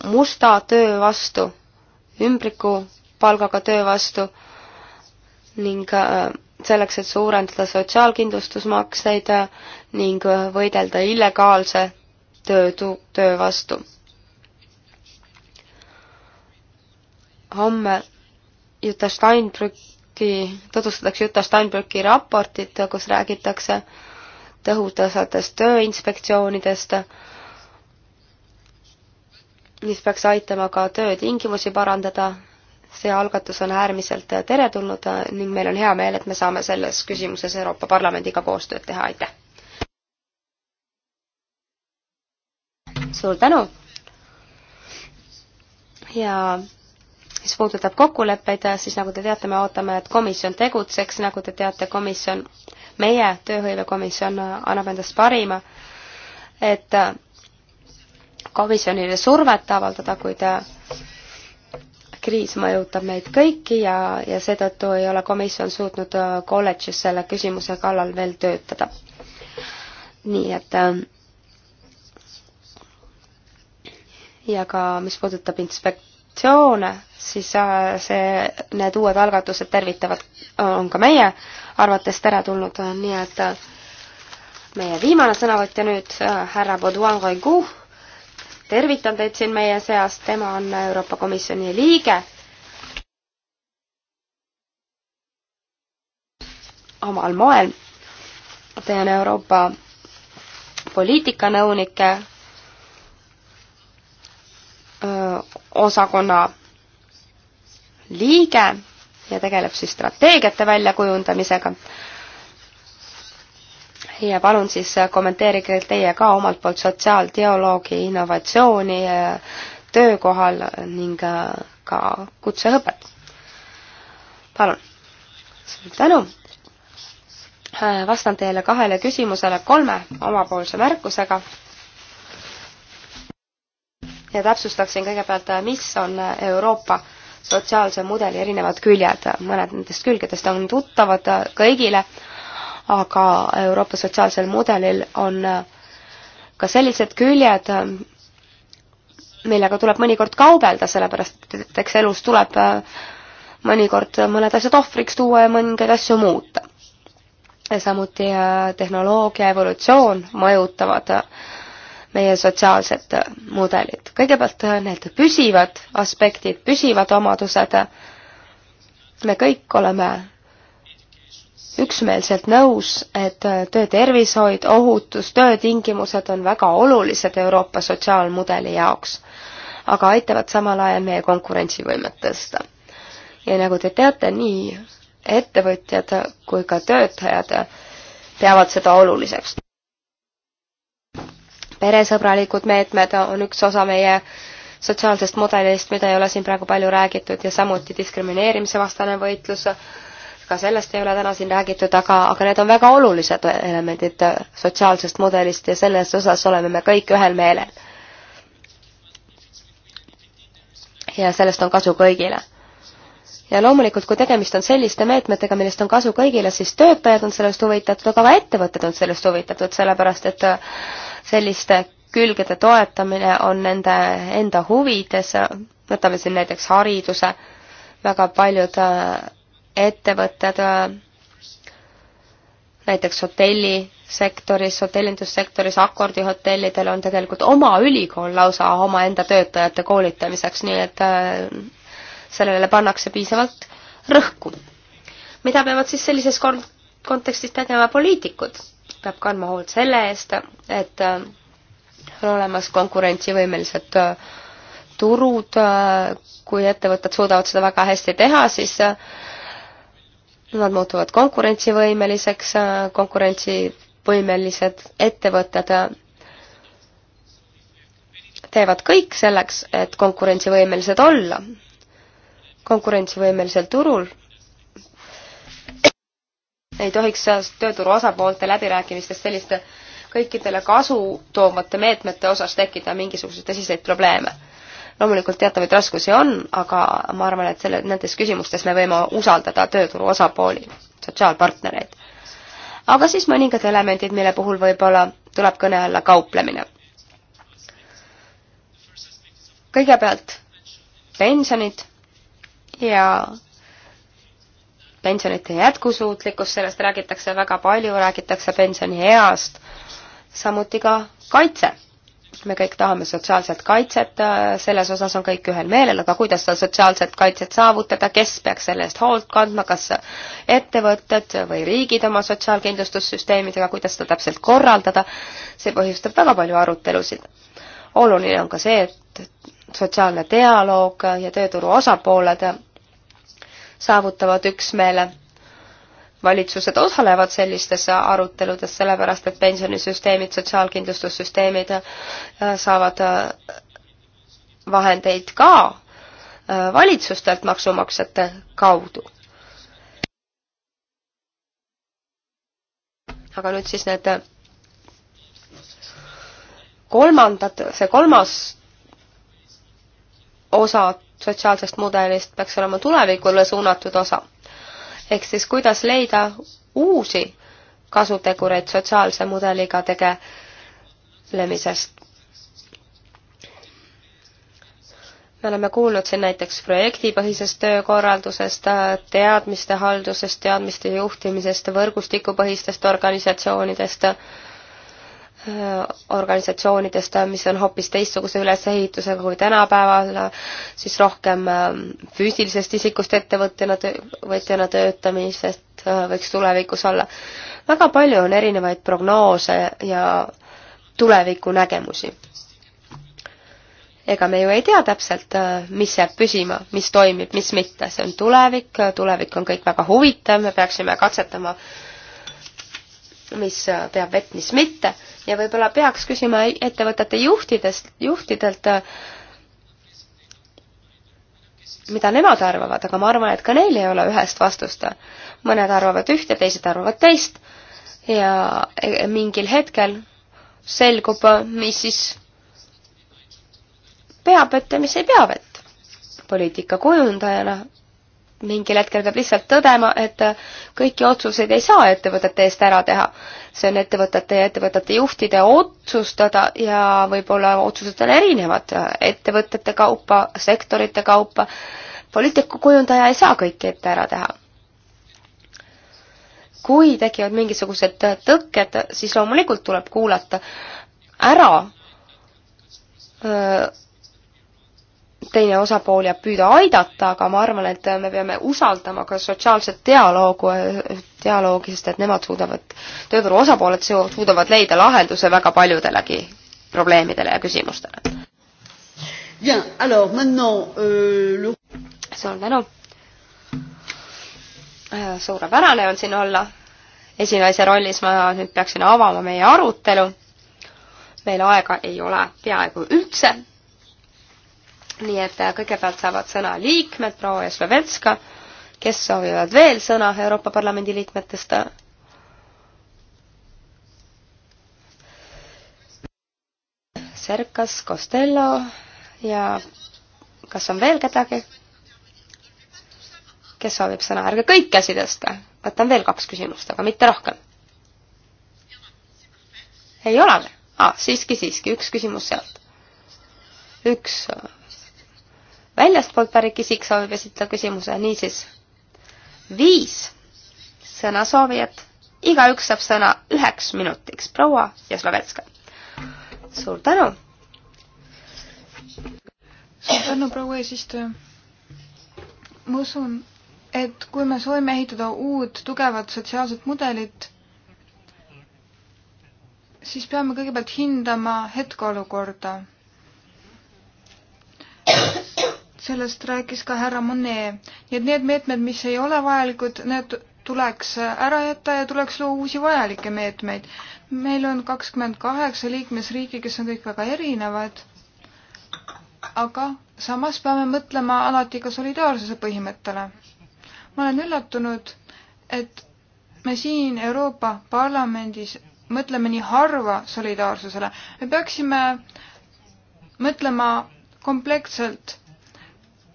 musta töö vastu, ümbrikupalgaga töö vastu ning äh, selleks, et suurendada sotsiaalkindlustusmakseid äh, ning äh, võidelda illegaalse töö, töö vastu. homme Jutta Steinbrücki, tutvustatakse Jutta Steinbrücki raportit, kus räägitakse tõhutõsatest tööinspektsioonidest mis peaks aitama ka töötingimusi parandada. see algatus on äärmiselt teretulnud ning meil on hea meel, et me saame selles küsimuses Euroopa Parlamendiga koostööd teha, aitäh! suur tänu! ja mis puudutab kokkuleppeid, siis nagu te teate, me ootame, et komisjon tegutseks, nagu te teate, komisjon, meie tööhõivekomisjon annab endast parima, et komisjonile survet avaldada, kuid äh, kriis mõjutab meid kõiki ja, ja seetõttu ei ole komisjon suutnud äh, kolledžis selle küsimuse kallal veel töötada. nii et äh, ja ka mis puudutab inspektsioone, siis see, need uued algatused tervitavad, on ka meie arvates teretulnud, nii et meie viimane sõnavõtja nüüd, härra Baudouin Roigou tervitan teid siin meie seas, tema on Euroopa Komisjoni liige. omal moel. ta on Euroopa poliitikanõunike osakonna liige ja tegeleb siis strateegiate väljakujundamisega ja palun siis kommenteerige teie ka omalt poolt sotsiaaldialoogi innovatsiooni äh, töökohal ning äh, ka kutseõpet. palun. suur tänu. Äh, vastan teile kahele küsimusele kolme omapoolse märkusega. ja täpsustaksin kõigepealt, mis on Euroopa sotsiaalse mudeli erinevad küljed. mõned nendest külgedest on tuttavad kõigile aga Euroopa sotsiaalsel mudelil on äh, ka sellised küljed, äh, millega tuleb mõnikord kaubelda, sellepärast et eks elus tuleb äh, mõnikord mõned asjad ohvriks tuua ja mõningaid asju muuta. samuti tehnoloogia evolutsioon mõjutavad meie sotsiaalsed mudelid. kõigepealt need püsivad aspektid, püsivad omadused, me kõik oleme üksmeelselt nõus, et äh, töötervishoid, ohutus, töötingimused on väga olulised Euroopa sotsiaalmudeli jaoks, aga aitavad samal ajal meie konkurentsivõimet tõsta. ja nagu te teate, nii ettevõtjad kui ka töötajad peavad seda oluliseks. peresõbralikud meetmed on üks osa meie sotsiaalsest mudelist, mida ei ole siin praegu palju räägitud ja samuti diskrimineerimise vastane võitlus ka sellest ei ole täna siin räägitud, aga, aga need on väga olulised elemendid sotsiaalsest mudelist ja selles osas oleme me kõik ühel meelel. ja sellest on kasu kõigile. ja loomulikult, kui tegemist on selliste meetmetega, millest on kasu kõigile, siis töötajad on sellest huvitatud, aga ka ettevõtted on sellest huvitatud, sellepärast et selliste külgede toetamine on nende enda huvides, võtame siin näiteks hariduse, väga paljud äh, ettevõtted äh, näiteks hotellisektoris, hotellindussektoris, akordihotellidel on tegelikult oma ülikool lausa omaenda töötajate koolitamiseks, nii et äh, sellele pannakse piisavalt rõhku. mida peavad siis sellises kon-, kontekstis tegema poliitikud? peab kandma hoolt selle eest, et äh, on olemas konkurentsivõimelised turud, kui ettevõtted suudavad seda väga hästi teha, siis Nad muutuvad konkurentsivõimeliseks, äh, konkurentsivõimelised ettevõtted äh, teevad kõik selleks, et konkurentsivõimelised olla, konkurentsivõimelisel turul. ei tohiks tööturu osapoolte läbirääkimistest selliste kõikidele kasu toovate meetmete osas tekkida mingisuguseid tõsiseid probleeme loomulikult teatavaid raskusi on, aga ma arvan, et selle, nendes küsimustes me võime usaldada tööturu osapooli, sotsiaalpartnereid. aga siis mõningad elemendid, mille puhul võib-olla tuleb kõne alla kauplemine. kõigepealt pensionid ja pensionite jätkusuutlikkus, sellest räägitakse väga palju, räägitakse pensionieast, samuti ka kaitse me kõik tahame sotsiaalset kaitset, äh, selles osas on kõik ühel meelel, aga kuidas seda sotsiaalset kaitset saavutada, kes peaks selle eest hoolt kandma, kas ettevõtted või riigid oma sotsiaalkindlustussüsteemidega, kuidas seda täpselt korraldada, see põhjustab väga palju arutelusid. oluline on ka see, et sotsiaalne dialoog ja tööturu osapooled saavutavad üksmeele valitsused osalevad sellistes aruteludes, sellepärast et pensionisüsteemid, sotsiaalkindlustussüsteemid äh, saavad äh, vahendeid ka äh, valitsustelt maksumaksjate kaudu. aga nüüd siis need kolmandad, see kolmas osa sotsiaalsest mudelist peaks olema tulevikule suunatud osa ehk siis kuidas leida uusi kasutegureid sotsiaalse mudeliga tegelemisest. me oleme kuulnud siin näiteks projektipõhisest töökorraldusest, teadmiste haldusest, teadmiste juhtimisest, võrgustikupõhistest organisatsioonidest Äh, organisatsioonidest, mis on hoopis teistsuguse ülesehitusega kui tänapäeval, siis rohkem ähm, füüsilisest isikust ettevõtjana, võtjana töötamisest äh, võiks tulevikus olla. väga palju on erinevaid prognoose ja tulevikunägemusi. ega me ju ei tea täpselt, äh, mis jääb püsima, mis toimib, mis mitte, see on tulevik, tulevik on kõik väga huvitav, me peaksime katsetama äh, mis äh, peab vett, mis mitte ja võib-olla peaks küsima ettevõtete juhtidest, juhtidelt, äh, mida nemad arvavad, aga ma arvan, et ka neil ei ole ühest vastust. mõned arvavad ühte, teised arvavad teist ja e, e, mingil hetkel selgub, mis siis peab vett ja mis ei pea vett. poliitika kujundajana mingil hetkel peab lihtsalt tõdema, et kõiki otsuseid ei saa ettevõtete eest ära teha. see on ettevõtete ja ettevõtete juhtide otsustada ja võib-olla otsused on erinevad ettevõtete kaupa, sektorite kaupa. poliitikakujundaja ei saa kõike ette ära teha. kui tekivad mingisugused tõkked, siis loomulikult tuleb kuulata ära öö, teine osapool ja püüda aidata, aga ma arvan, et me peame usaldama ka sotsiaalset dialoogu, dialoogi, sest et nemad suudavad, tööturu osapooled suudavad leida lahenduse väga paljudelegi probleemidele ja küsimustele. Euh, suur tänu. Äh, suurepärane on siin olla. esinaise rollis ma nüüd peaksin avama meie arutelu. meil aega ei ole peaaegu üldse nii et äh, kõigepealt saavad sõna liikmed, proua Jaslovetska, kes soovivad veel sõna Euroopa Parlamendi liikmetest? Serkas, Costello ja kas on veel kedagi, kes soovib sõna, ärge kõik käsi tõsta, võtan veel kaks küsimust, aga mitte rohkem. ei ole või? aa ah,, siiski, siiski, üks küsimus sealt. üks väljastpoolt pärit isik soovib esitada küsimuse, niisiis viis sõnasoovijat, igaüks saab sõna üheks minutiks, proua Jaslovetska. suur tänu! suur tänu, proua eesistuja! ma usun, et kui me soovime ehitada uut tugevat sotsiaalset mudelit, siis peame kõigepealt hindama hetkeolukorda sellest rääkis ka härra Monet. nii et need meetmed, mis ei ole vajalikud, need tuleks ära jätta ja tuleks luua uusi vajalikke meetmeid. meil on kakskümmend kaheksa liikmesriiki, kes on kõik väga erinevad. aga samas peame mõtlema alati ka solidaarsuse põhimõttele. ma olen üllatunud, et me siin Euroopa Parlamendis mõtleme nii harva solidaarsusele. me peaksime mõtlema kompleksselt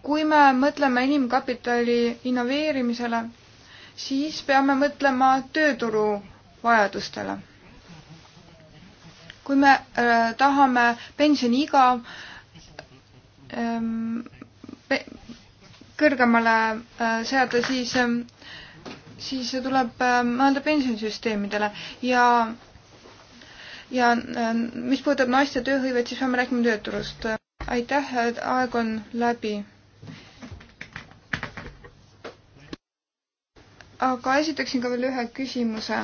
kui me mõtleme inimkapitali innoveerimisele, siis peame mõtlema tööturu vajadustele. kui me äh, tahame pensioniiga ähm, pe kõrgemale äh, seada, siis äh, siis tuleb äh, mõelda pensionisüsteemidele ja ja äh, mis puudutab naiste tööhõivet, siis peame rääkima tööturust. aitäh, aeg on läbi aga esitaksin ka veel ühe küsimuse.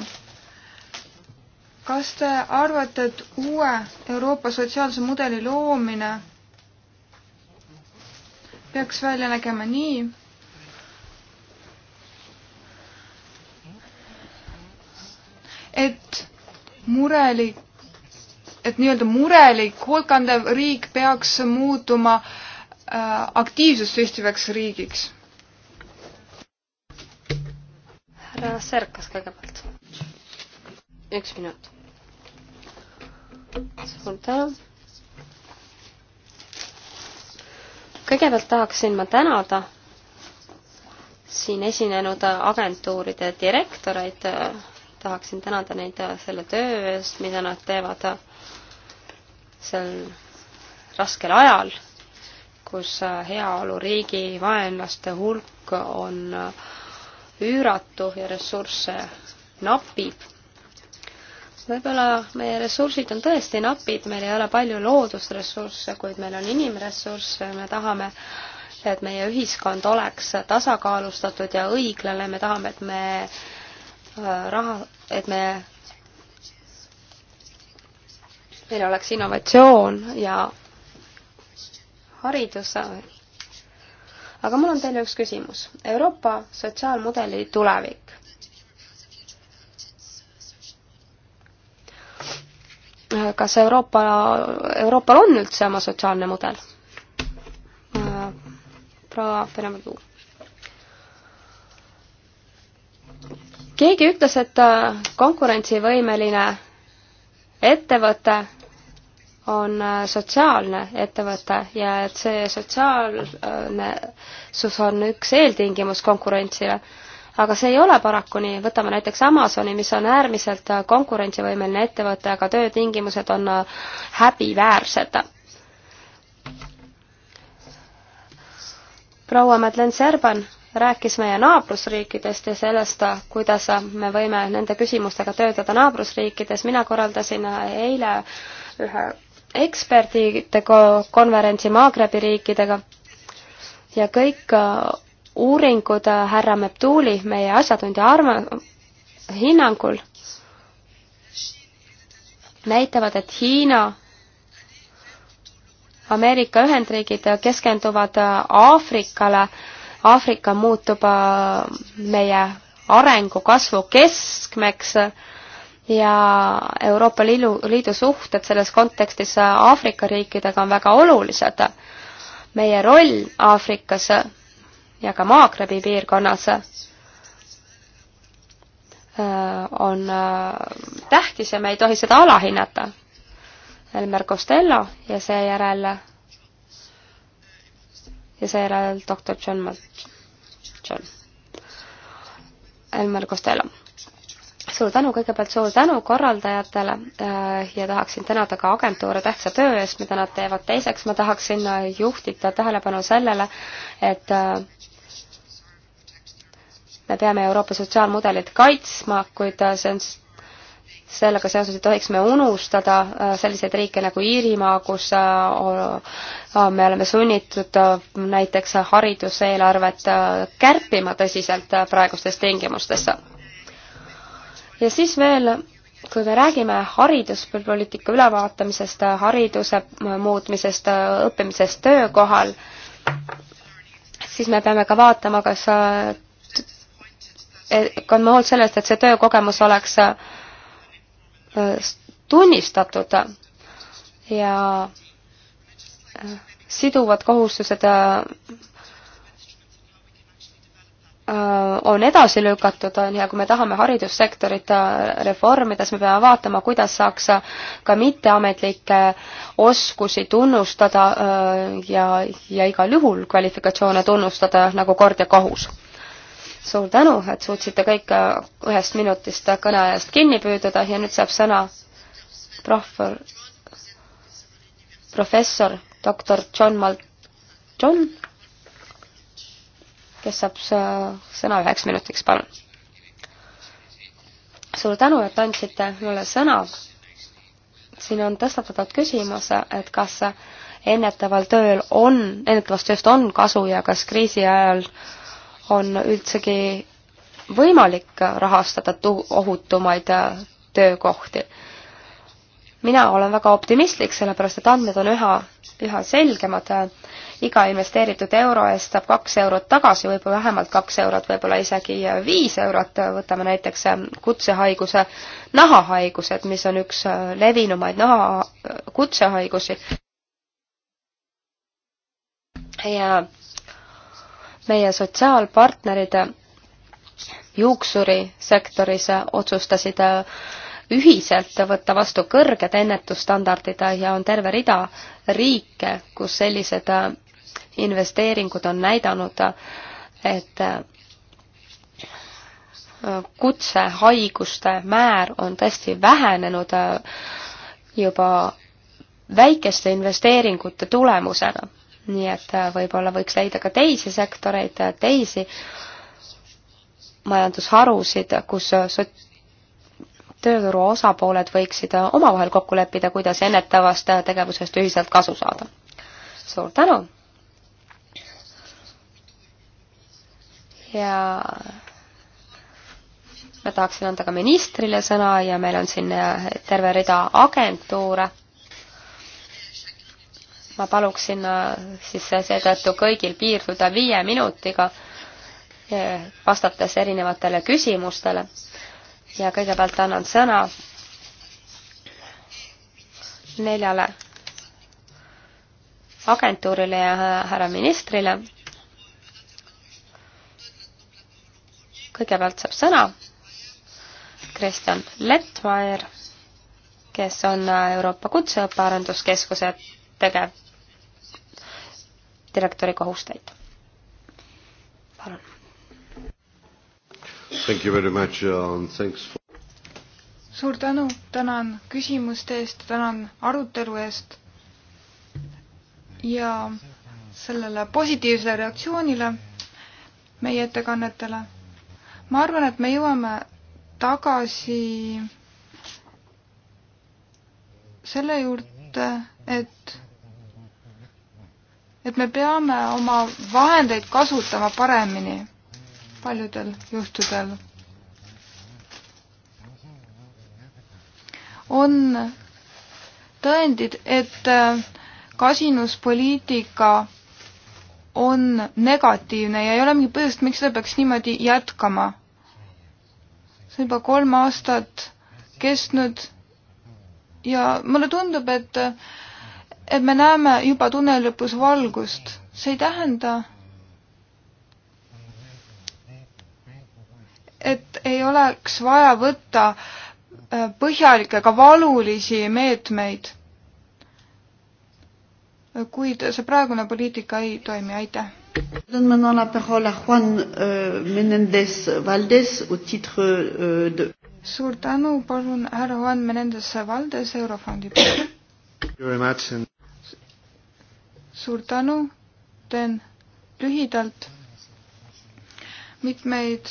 kas te arvate, et uue Euroopa sotsiaalse mudeli loomine peaks välja nägema nii, et murelik, et nii-öelda murelik hulkandev riik peaks muutuma äh, aktiivsust süstivaks riigiks härra Serkas kõigepealt. üks minut. suur tänu. kõigepealt tahaksin ma tänada siin esinenud agentuuride direktoreid, tahaksin tänada neid selle töö eest, mida nad teevad sel raskel ajal, kus heaoluriigi vaenlaste hulk on äh, üüratu ja ressursse napib. võib-olla meie ressursid on tõesti napid, meil ei ole palju loodusressursse, kuid meil on inimressursse, me tahame et meie ühiskond oleks tasakaalustatud ja õiglane, me tahame, et me äh, raha, et me, meil oleks innovatsioon ja haridus, aga mul on teile üks küsimus. Euroopa sotsiaalmudeli tulevik. kas Euroopa, Euroopal on üldse oma sotsiaalne mudel? proua Peremäe. keegi ütles, et konkurentsivõimeline ettevõte on äh, sotsiaalne ettevõte ja et see sotsiaalsus on üks eeltingimus konkurentsile. aga see ei ole paraku nii, võtame näiteks Amazoni, mis on äärmiselt äh, konkurentsivõimeline ettevõte, aga töötingimused on äh, häbiväärsed. proua Madeleine Serban rääkis meie naabrusriikidest ja sellest, kuidas me võime nende küsimustega töötada naabrusriikides. mina korraldasin eile ühe ekspertide konverentsi Maagrebi riikidega ja kõik äh, uuringud äh, härra Meptuuli, meie asjatundja arv-, hinnangul näitavad, et Hiina, Ameerika Ühendriigid keskenduvad äh, Aafrikale, Aafrika muutub meie arengu kasvu keskmeks ja Euroopa Liidu, Liidu suhted selles kontekstis Aafrika riikidega on väga olulised. meie roll Aafrikas ja ka Maagrebi piirkonnas äh, on äh, tähtis ja me ei tohi seda alahinnata. Elmer Costello ja seejärel ja seejärel doktor John Malt-, John. Elmer Costello suur tänu, kõigepealt suur tänu korraldajatele äh, ja tahaksin tänada ka agentuure tähtsa töö eest, mida nad teevad. teiseks ma tahaksin äh, juhtida tähelepanu sellele, et äh, me peame Euroopa sotsiaalmudelit kaitsma, kuid see on sellega seoses ei tohiks me unustada selliseid riike nagu Iirimaa, kus me oleme sunnitud näiteks hariduseelarvet kärpima tõsiselt praegustes tingimustes ja siis veel kui me räägime hariduspoliitika ülevaatamisest, hariduse muutmisest, õppimisest töökohal, siis me peame ka vaatama, kas on hoolt sellest, et see töökogemus oleks äh, tunnistatud ja äh, siduvad kohustused äh, Äh, on edasi lükatud, on ju, kui me tahame haridussektorit äh, reformida, siis me peame vaatama, kuidas saaks äh, ka mitteametlikke oskusi tunnustada ja, ja igal juhul kvalifikatsioone tunnustada nagu kord ja kohus. suur tänu, et suutsite kõik ühest minutist kõneajast kinni püüduda ja nüüd saab sõna prohver, professor doktor John Mal-, John kes saab sõna üheks minutiks, palun. suur tänu, et andsite mulle sõna. siin on tõstatatud küsimus, et kas ennetaval tööl on, ennetavast tööst on kasu ja kas kriisi ajal on üldsegi võimalik rahastada ohutumaid töökohti mina olen väga optimistlik, sellepärast et andmed on üha, üha selgemad iga investeeritud euro eest saab kaks eurot tagasi, võib-olla vähemalt kaks eurot, võib-olla isegi viis eurot, võtame näiteks äh, kutsehaiguse nahahaigused, mis on üks äh, levinumaid naha, äh, kutsehaigusi. ja meie sotsiaalpartnerid juuksurisektoris otsustasid ühiselt võtta vastu kõrged ennetusstandardid ja on terve rida riike, kus sellised investeeringud on näidanud, et äh, kutsehaiguste määr on tõesti vähenenud äh, juba väikeste investeeringute tulemusena. nii et äh, võib-olla võiks leida ka teisi sektoreid, teisi majandusharusid, kus tööturu osapooled võiksid omavahel kokku leppida, kuidas ennetavast tegevusest ühiselt kasu saada. suur tänu! ja ma tahaksin anda ka ministrile sõna ja meil on siin äh, terve rida agentuure. ma paluksin äh, siis seetõttu kõigil piirduda viie minutiga, äh, vastates erinevatele küsimustele ja kõigepealt annan sõna neljale agentuurile ja härra ministrile kõigepealt saab sõna Kristjan Lettmaier, kes on äh, Euroopa Kutseõppe Arenduskeskuse tegev direktori kohustäitja. palun. Uh, for... suur tänu, tänan küsimuste eest, tänan arutelu eest ja sellele positiivsele reaktsioonile meie ettekannetele ma arvan, et me jõuame tagasi selle juurde, et et me peame oma vahendeid kasutama paremini paljudel juhtudel. on tõendid, et kasinuspoliitika on negatiivne ja ei ole mingit põhjust, miks seda peaks niimoodi jätkama. see on juba kolm aastat kestnud ja mulle tundub, et, et me näeme juba tunneli lõpus valgust. see ei tähenda, et ei oleks vaja võtta äh, põhjalikke, ka valulisi meetmeid kuid see praegune poliitika ei toimi, aitäh. Donne maintenant la parole à Juan euh, Menendez Valdez au titre euh, de. Suur tänu, palun härra Juan Menendez Valdez Eurofondi poolt. suur tänu, teen lühidalt. mitmeid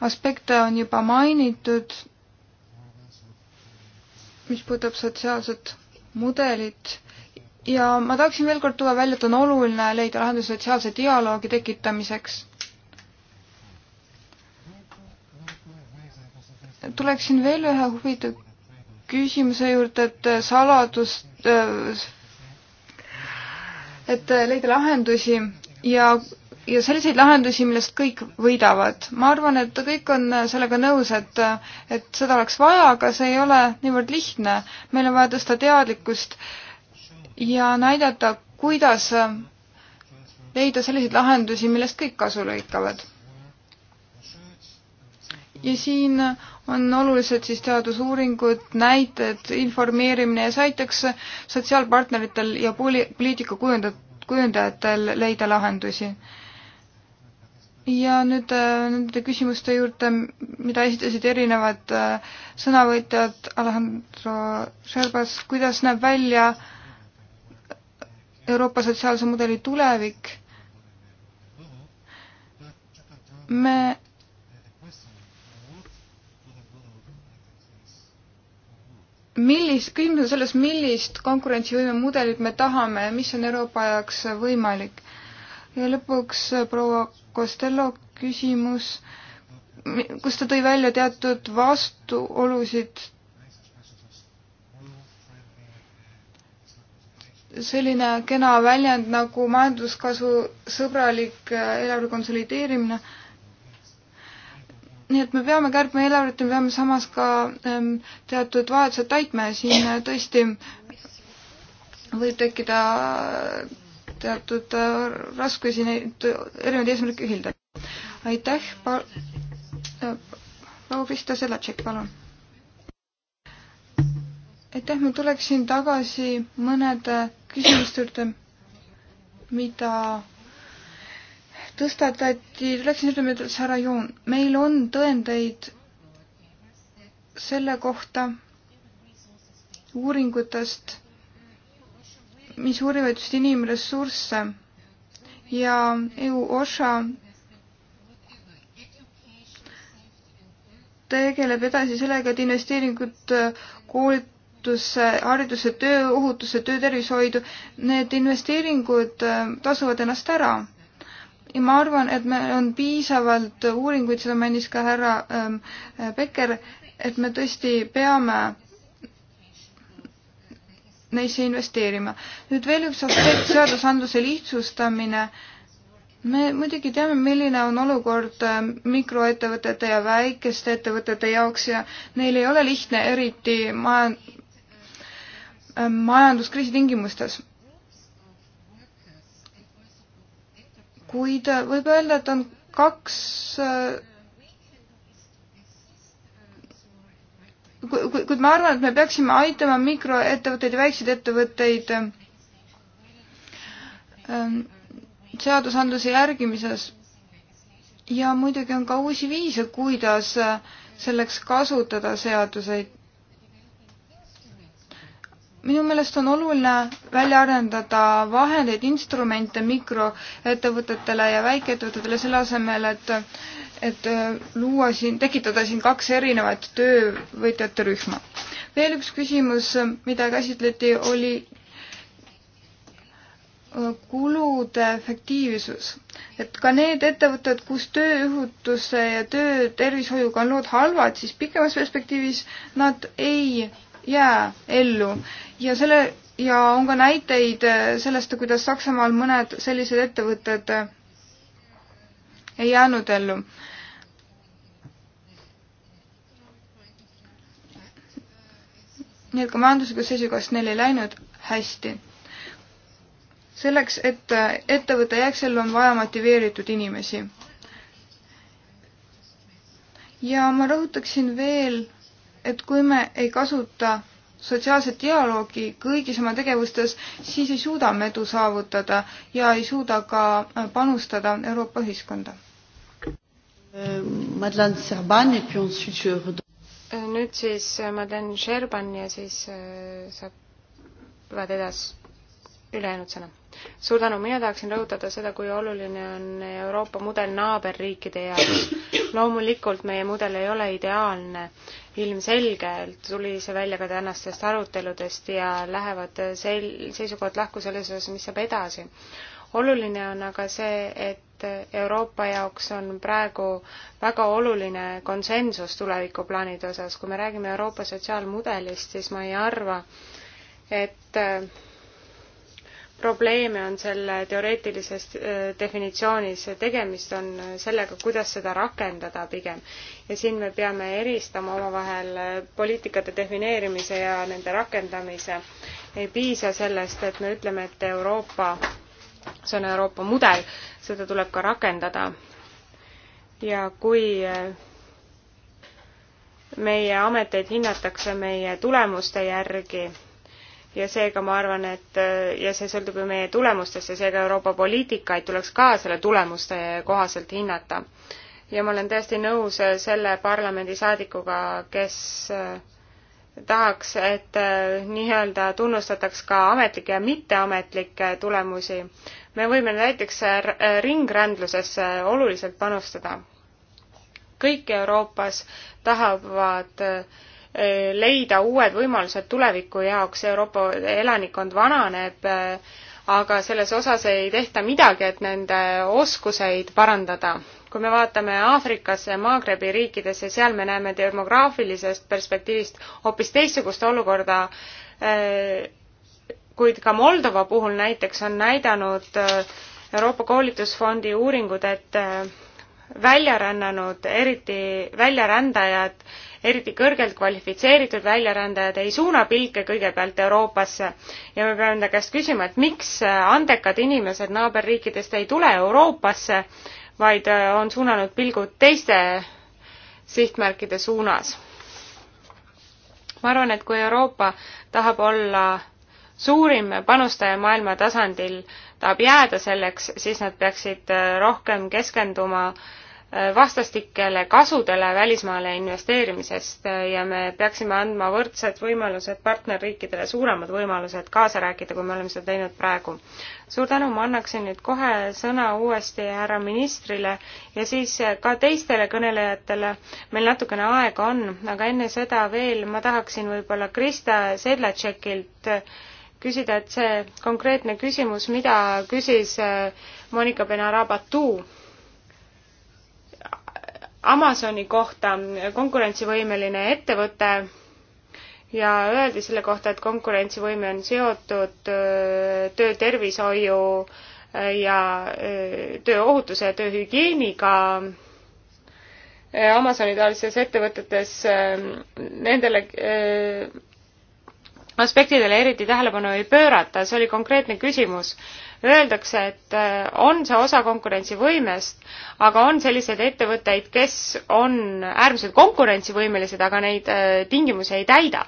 aspekte on juba mainitud, mis puudutab sotsiaalset mudelit ja ma tahaksin veel kord tuua välja, et on oluline leida lahendus sotsiaalse dialoogi tekitamiseks. tuleksin veel ühe huvitava küsimuse juurde, et saladust, et leida lahendusi ja, ja selliseid lahendusi, millest kõik võidavad. ma arvan, et kõik on sellega nõus, et, et seda oleks vaja, aga see ei ole niivõrd lihtne. meil on vaja tõsta teadlikkust äh, ja näidata, kuidas leida selliseid lahendusi, millest kõik kasu lõikavad. ja siin on olulised siis teadusuuringud, näited, informeerimine ja see aitaks sotsiaalpartneritel ja poli-, poliitika kujundajat-, kujundajatel leida lahendusi. ja nüüd äh, nende küsimuste juurde, mida esitasid erinevad äh, sõnavõtjad, Alejandro Šerbas, kuidas näeb välja äh, Euroopa sotsiaalse mudeli tulevik. me millist, küsimus on selles, millist konkurentsivõime mudelit me tahame ja mis on Euroopa jaoks võimalik. ja lõpuks proua Costello küsimus, kus ta tõi välja teatud vastuolusid selline kena väljend nagu majanduskasvu sõbralik äh, eelarve konsolideerimine. nii et me peame kärpima eelarvet ja me peame samas ka ähm, teatud vajadused täitma ja siin äh, tõesti võib tekkida äh, teatud raskusi neid erinevaid eesmärke ühilda. aitäh, proua Krista Selatšek, palun. aitäh, ma tuleksin tagasi mõnede küsimuste juurde, mida tõstatati, tuleksin ütlema, ütles härra Joon, meil on tõendeid selle kohta uuringutest, mis uurivad just inimressursse ja EU OSHA tegeleb edasi sellega, et investeeringud koolid tööohutuse, hariduse, tööohutuse, töötervishoidu, need investeeringud äh, tasuvad ennast ära. ja ma arvan, et meil on piisavalt uuringuid, seda mainis ka härra ähm, Becker, et me tõesti peame neisse investeerima. nüüd veel üks aspekt, seadusandluse lihtsustamine. me muidugi teame, milline on olukord ähm, mikroettevõtete ja väikeste ettevõtete jaoks ja neil ei ole lihtne eriti maja, Äh, majanduskriisi tingimustes. kuid äh, võib öelda, et on kaks äh, kuid ma arvan, et me peaksime aitama mikroettevõtteid ja väikseid ettevõtteid ähm, seadusandluse järgimises. ja muidugi on ka uusi viise, kuidas selleks kasutada seaduseid minu meelest on oluline välja arendada vahendeid, instrumente mikroettevõtetele ja väikeettevõtetele selle asemel, et et äh, luua siin, tekitada siin kaks erinevat töövõtjate rühma. veel üks küsimus, mida käsitleti, oli äh, kulude efektiivsus. et ka need ettevõtted, kus tööõhutuse ja töötervishoiuga on lood halvad, siis pikemas perspektiivis nad ei jää ellu ja selle ja on ka näiteid äh, sellest, kuidas Saksamaal mõned sellised ettevõtted äh, ei jäänud ellu. nii et ka majanduslikus seisukohast neil ei läinud hästi. selleks, et äh, ettevõte jääks ellu, on vaja motiveeritud inimesi. ja ma rõhutaksin veel, et kui me ei kasuta sotsiaalset dialoogi kõigis oma tegevustes, siis ei suuda me edu saavutada ja ei suuda ka äh, panustada Euroopa ühiskonda. Euh, euh, nüüd siis euh, Madeleine Sherban ja siis saab, võivad edasi ülejäänud sõna. suur tänu, mina tahaksin rõhutada seda, kui oluline on Euroopa mudel naaberriikide jaoks. loomulikult meie mudel ei ole ideaalne, ilmselgelt tuli see välja ka tänastest aruteludest ja lähevad sel-, seisukohad lahku selles osas, mis saab edasi. oluline on aga see, et Euroopa jaoks on praegu väga oluline konsensus tulevikuplaanide osas, kui me räägime Euroopa sotsiaalmudelist, siis ma ei arva, et äh, probleeme on selle teoreetilises äh, definitsioonis, tegemist on äh, sellega, kuidas seda rakendada pigem. ja siin me peame eristama omavahel äh, poliitikate defineerimise ja nende rakendamise. ei piisa sellest, et me ütleme, et Euroopa, see on Euroopa mudel, seda tuleb ka rakendada. ja kui meie ameteid hinnatakse meie tulemuste järgi ja seega ma arvan, et äh, ja see sõltub ju meie tulemustest ja seega Euroopa poliitikaid tuleks ka selle tulemuste kohaselt hinnata. ja ma olen täiesti nõus äh, selle parlamendisaadikuga, kes äh, tahaks, et nii-öelda tunnustataks ka ametlikke ja mitteametlikke tulemusi. me võime näiteks ringrändlusesse oluliselt panustada. kõik Euroopas tahavad äh, leida uued võimalused tuleviku jaoks, Euroopa elanikkond vananeb, aga selles osas ei tehta midagi, et nende oskuseid parandada. kui me vaatame Aafrikasse, Maagrebi riikidesse, seal me näeme demograafilisest perspektiivist hoopis teistsugust olukorda, kuid ka Moldova puhul näiteks on näidanud Euroopa koolitusfondi uuringud, et väljarännanud, eriti väljarändajad, eriti kõrgelt kvalifitseeritud väljarändajad ei suuna pilke kõigepealt Euroopasse ja me peame enda käest küsima, et miks andekad inimesed naaberriikidest ei tule Euroopasse, vaid äh, on suunanud pilgud teiste sihtmärkide suunas. ma arvan, et kui Euroopa tahab olla suurim panustaja maailma tasandil tahab jääda selleks, siis nad peaksid äh, rohkem keskenduma äh, vastastikele kasudele välismaale investeerimisest äh, ja me peaksime andma võrdsed võimalused partnerriikidele, suuremad võimalused kaasa rääkida, kui me oleme seda teinud praegu. suur tänu, ma annaksin nüüd kohe sõna uuesti härra ministrile ja siis ka teistele kõnelejatele. meil natukene aega on, aga enne seda veel ma tahaksin võib-olla Krista Sedlatšekilt küsida, et see konkreetne küsimus, mida küsis äh, Monika Benarabatu Amazoni kohta, konkurentsivõimeline ettevõte, ja öeldi selle kohta, et konkurentsivõime on seotud äh, töötervishoiu äh, ja tööohutuse ja tööhügieeniga Amazoni taolises ettevõtetes nendele aspektidele eriti tähelepanu ei pöörata, see oli konkreetne küsimus. Öeldakse, et äh, on see osa konkurentsivõimest, aga on selliseid ettevõtteid, kes on äärmiselt konkurentsivõimelised, aga neid äh, tingimusi ei täida.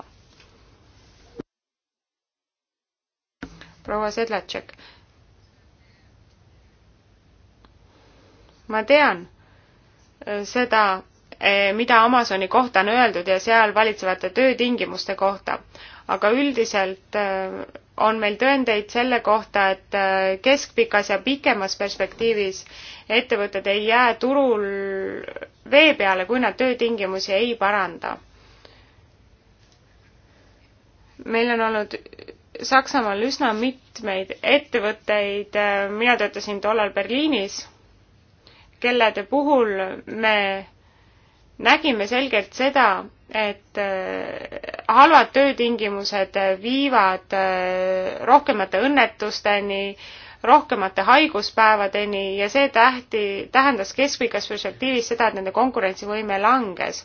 proua Sedlatšek. ma tean äh, seda mida Amazoni kohta on öeldud ja seal valitsevate töötingimuste kohta aga üldiselt äh, on meil tõendeid selle kohta, et äh, keskpikas ja pikemas perspektiivis ettevõtted ei jää turul vee peale, kui nad töötingimusi ei paranda. meil on olnud Saksamaal üsna mitmeid ettevõtteid, äh, mina töötasin tollal Berliinis, kellede puhul me nägime selgelt seda, et äh, halvad töötingimused viivad äh, rohkemate õnnetusteni, rohkemate haiguspäevadeni ja see tähti, tähendas keskpikas perspektiivis seda, et nende konkurentsivõime langes.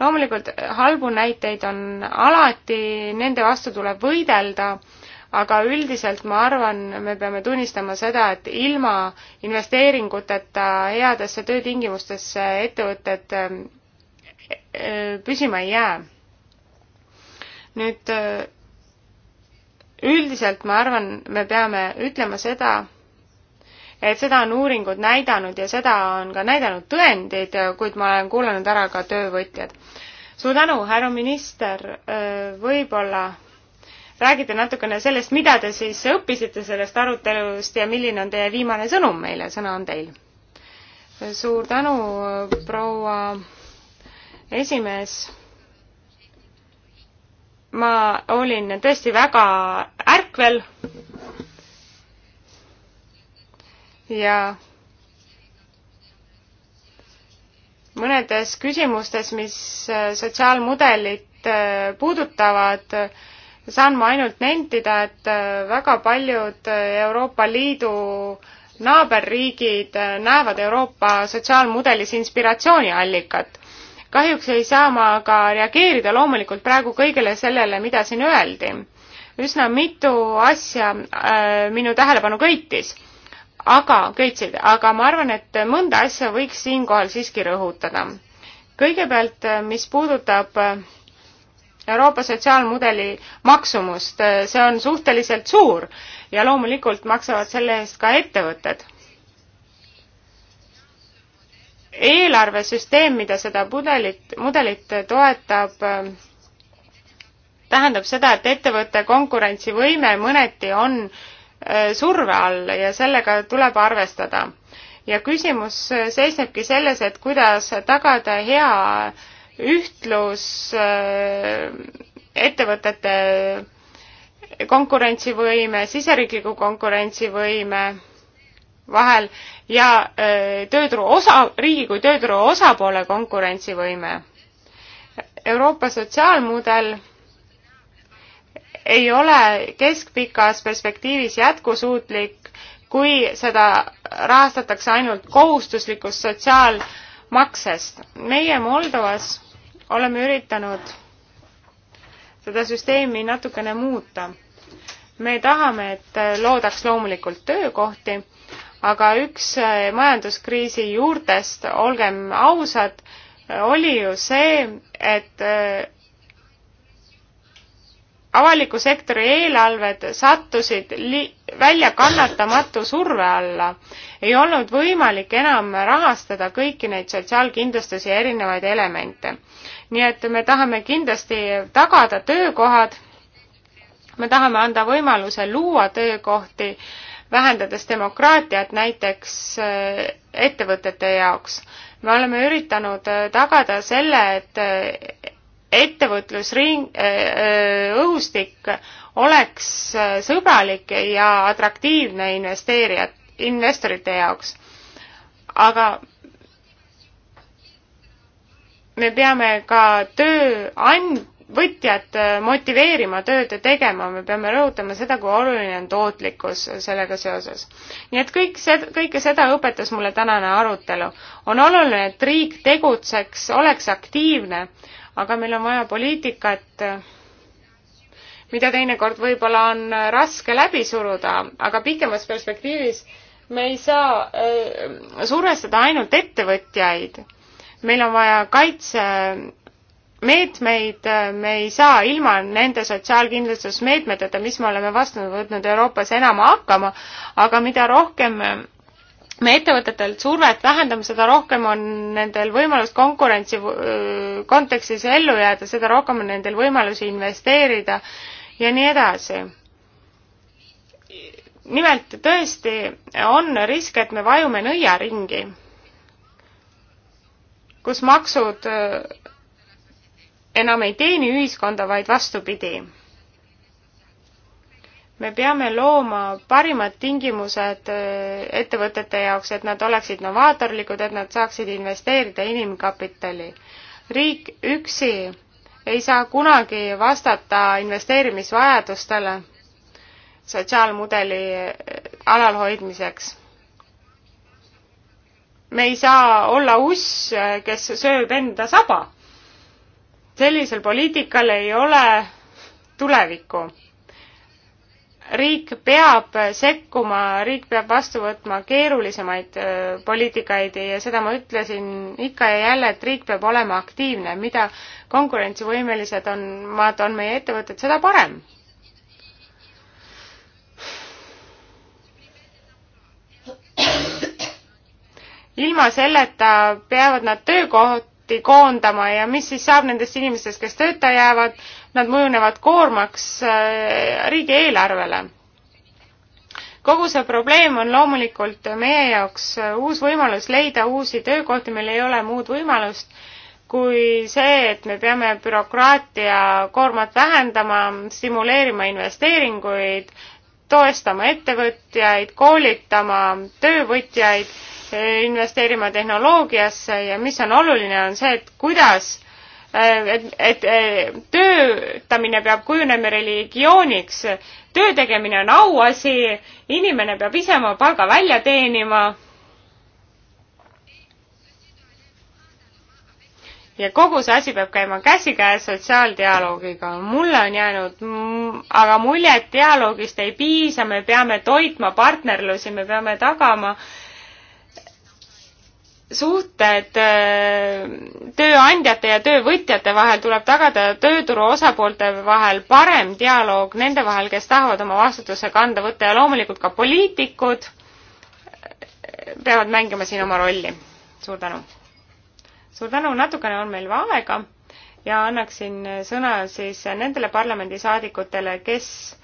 loomulikult halbu näiteid on alati, nende vastu tuleb võidelda, aga üldiselt ma arvan, me peame tunnistama seda, et ilma investeeringuteta headesse töötingimustesse ettevõtted ähm, Äh, püsima ei jää. nüüd äh, üldiselt ma arvan, me peame ütlema seda, et seda on uuringud näidanud ja seda on ka näidanud tõendid, kuid ma olen kuulanud ära ka töövõtjad. suur tänu, härra minister, äh, võib-olla räägite natukene sellest, mida te siis õppisite sellest arutelust ja milline on teie viimane sõnum meile, sõna on teil. suur tänu, proua esimees, ma olin tõesti väga ärkvel ja mõnedes küsimustes, mis sotsiaalmudelit puudutavad, saan ma ainult nentida, et väga paljud Euroopa Liidu naaberriigid näevad Euroopa sotsiaalmudelis inspiratsiooniallikat kahjuks ei saa ma aga reageerida loomulikult praegu kõigele sellele, mida siin öeldi. üsna mitu asja äh, minu tähelepanu köitis, aga, köitsid, aga ma arvan, et mõnda asja võiks siinkohal siiski rõhutada. kõigepealt, äh, mis puudutab äh, Euroopa sotsiaalmudeli maksumust, äh, see on suhteliselt suur ja loomulikult maksavad selle eest ka ettevõtted eelarvesüsteem, mida seda pudelit, mudelit toetab, tähendab seda, et ettevõtte konkurentsivõime mõneti on äh, surve all ja sellega tuleb arvestada. ja küsimus äh, seisnebki selles, et kuidas tagada hea ühtlus äh, ettevõtete konkurentsivõime, siseriikliku konkurentsivõime vahel ja tööturu osa, riigi kui tööturu osapoole konkurentsivõime. Euroopa sotsiaalmudel ei ole keskpikas perspektiivis jätkusuutlik, kui seda rahastatakse ainult kohustuslikust sotsiaalmaksest. meie Moldovas oleme üritanud seda süsteemi natukene muuta. me tahame, et loodaks loomulikult töökohti aga üks eh, majanduskriisi juurtest, olgem ausad, eh, oli ju see, et eh, avaliku sektori eelarved sattusid li-, välja kannatamatu surve alla. ei olnud võimalik enam rahastada kõiki neid sotsiaalkindlustusi ja erinevaid elemente. nii et me tahame kindlasti tagada töökohad, me tahame anda võimaluse luua töökohti äh, vähendades demokraatiat näiteks äh, ettevõtete jaoks. me oleme üritanud äh, tagada selle, et äh, ettevõtlusring, õhustik oleks sõbralik ja atraktiivne investeerijad, investorite jaoks. aga me peame ka tööand-, võtjad äh, motiveerima tööd tegema, me peame rõhutama seda, kui oluline on tootlikkus sellega seoses. nii et kõik see, kõike seda õpetas mulle tänane arutelu. on oluline, et riik tegutseks, oleks aktiivne, aga meil on vaja poliitikat, mida teinekord võib-olla on äh, raske läbi suruda, aga pikemas perspektiivis me ei saa äh, survestada ainult ettevõtjaid. meil on vaja kaitse meetmeid äh, me ei saa ilma nende sotsiaalkindlustusmeetmeteta, mis me oleme vastu võtnud Euroopas enam hakkama, aga mida rohkem äh, me ettevõtetelt survet vähendame, seda rohkem on nendel võimalust konkurentsi äh, kontekstis ellu jääda, seda rohkem on nendel võimalusi investeerida ja nii edasi. nimelt tõesti on risk, et me vajume nõiaringi, kus maksud enam ei teeni ühiskonda, vaid vastupidi. me peame looma parimad tingimused äh, ettevõtete jaoks, et nad oleksid novaatorlikud, et nad saaksid investeerida inimkapitali. riik üksi ei saa kunagi vastata investeerimisvajadustele sotsiaalmudeli äh, alalhoidmiseks. me ei saa olla uss, äh, kes sööb enda saba sellisel poliitikal ei ole tulevikku. riik peab sekkuma, riik peab vastu võtma keerulisemaid poliitikaid ja seda ma ütlesin ikka ja jälle, et riik peab olema aktiivne, mida konkurentsivõimelised on, maad on meie ettevõtted, seda parem. ilma selleta peavad nad töökoht, hakati koondama ja mis siis saab nendest inimestest, kes tööta jäävad, nad mõjunevad koormaks äh, riigieelarvele. kogu see probleem on loomulikult meie jaoks äh, uus võimalus leida uusi töökohti, meil ei ole muud võimalust kui see, et me peame bürokraatia koormat vähendama, stimuleerima investeeringuid, toestama ettevõtjaid, koolitama töövõtjaid investeerima tehnoloogiasse ja mis on oluline, on see, et kuidas äh, et, et, et äh, töötamine peab kujunema religiooniks, töö tegemine on auasi, inimene peab ise oma palga välja teenima. ja kogu see asi peab käima käsikäes sotsiaaldialoogiga. mulle on jäänud aga mulje, et dialoogist ei piisa, me peame toitma partnerlusi, me peame tagama äh, suhted äh, tööandjate ja töövõtjate vahel tuleb tagada tööturu osapoolte vahel parem dialoog nende vahel, kes tahavad oma vastutuse kanda võtta ja loomulikult ka poliitikud peavad mängima siin oma rolli. suur tänu! suur tänu, natukene on meil aega ja annaksin sõna siis nendele parlamendisaadikutele, kes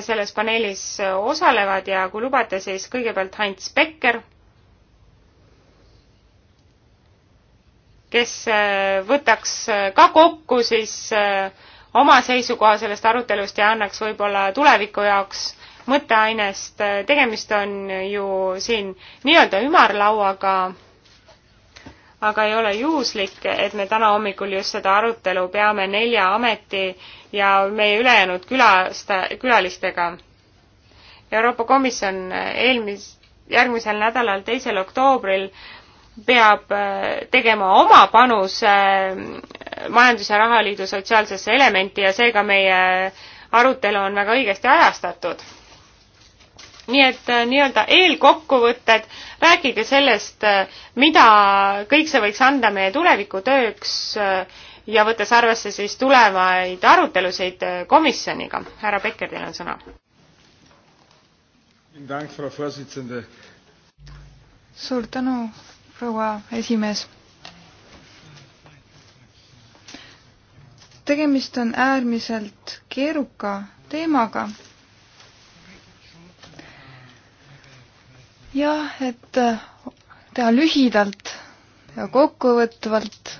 selles paneelis osalevad ja kui lubate, siis kõigepealt Heinz Becker kes äh, võtaks äh, ka kokku siis äh, oma seisukoha sellest arutelust ja annaks võib-olla tuleviku jaoks mõtteainest. tegemist on ju siin nii-öelda ümarlauaga, aga ei ole juhuslik, et me täna hommikul just seda arutelu peame nelja ameti ja meie ülejäänud külasta-, külalistega. Euroopa Komisjon eelmis-, järgmisel nädalal, teisel oktoobril äh, peab äh, tegema oma panuse äh, majandus- ja rahaliidu sotsiaalsesse elementi ja seega meie arutelu on väga õigesti ajastatud. nii et äh, nii-öelda eelkokkuvõtted, rääkige sellest, mida kõik see võiks anda meie tulevikutööks ja võttes arvesse siis tulevaid arutelusid komisjoniga. härra Becker, teil on sõna. suur tänu, proua esimees. tegemist on äärmiselt keeruka teemaga. jah, et teha lühidalt ja kokkuvõtvalt,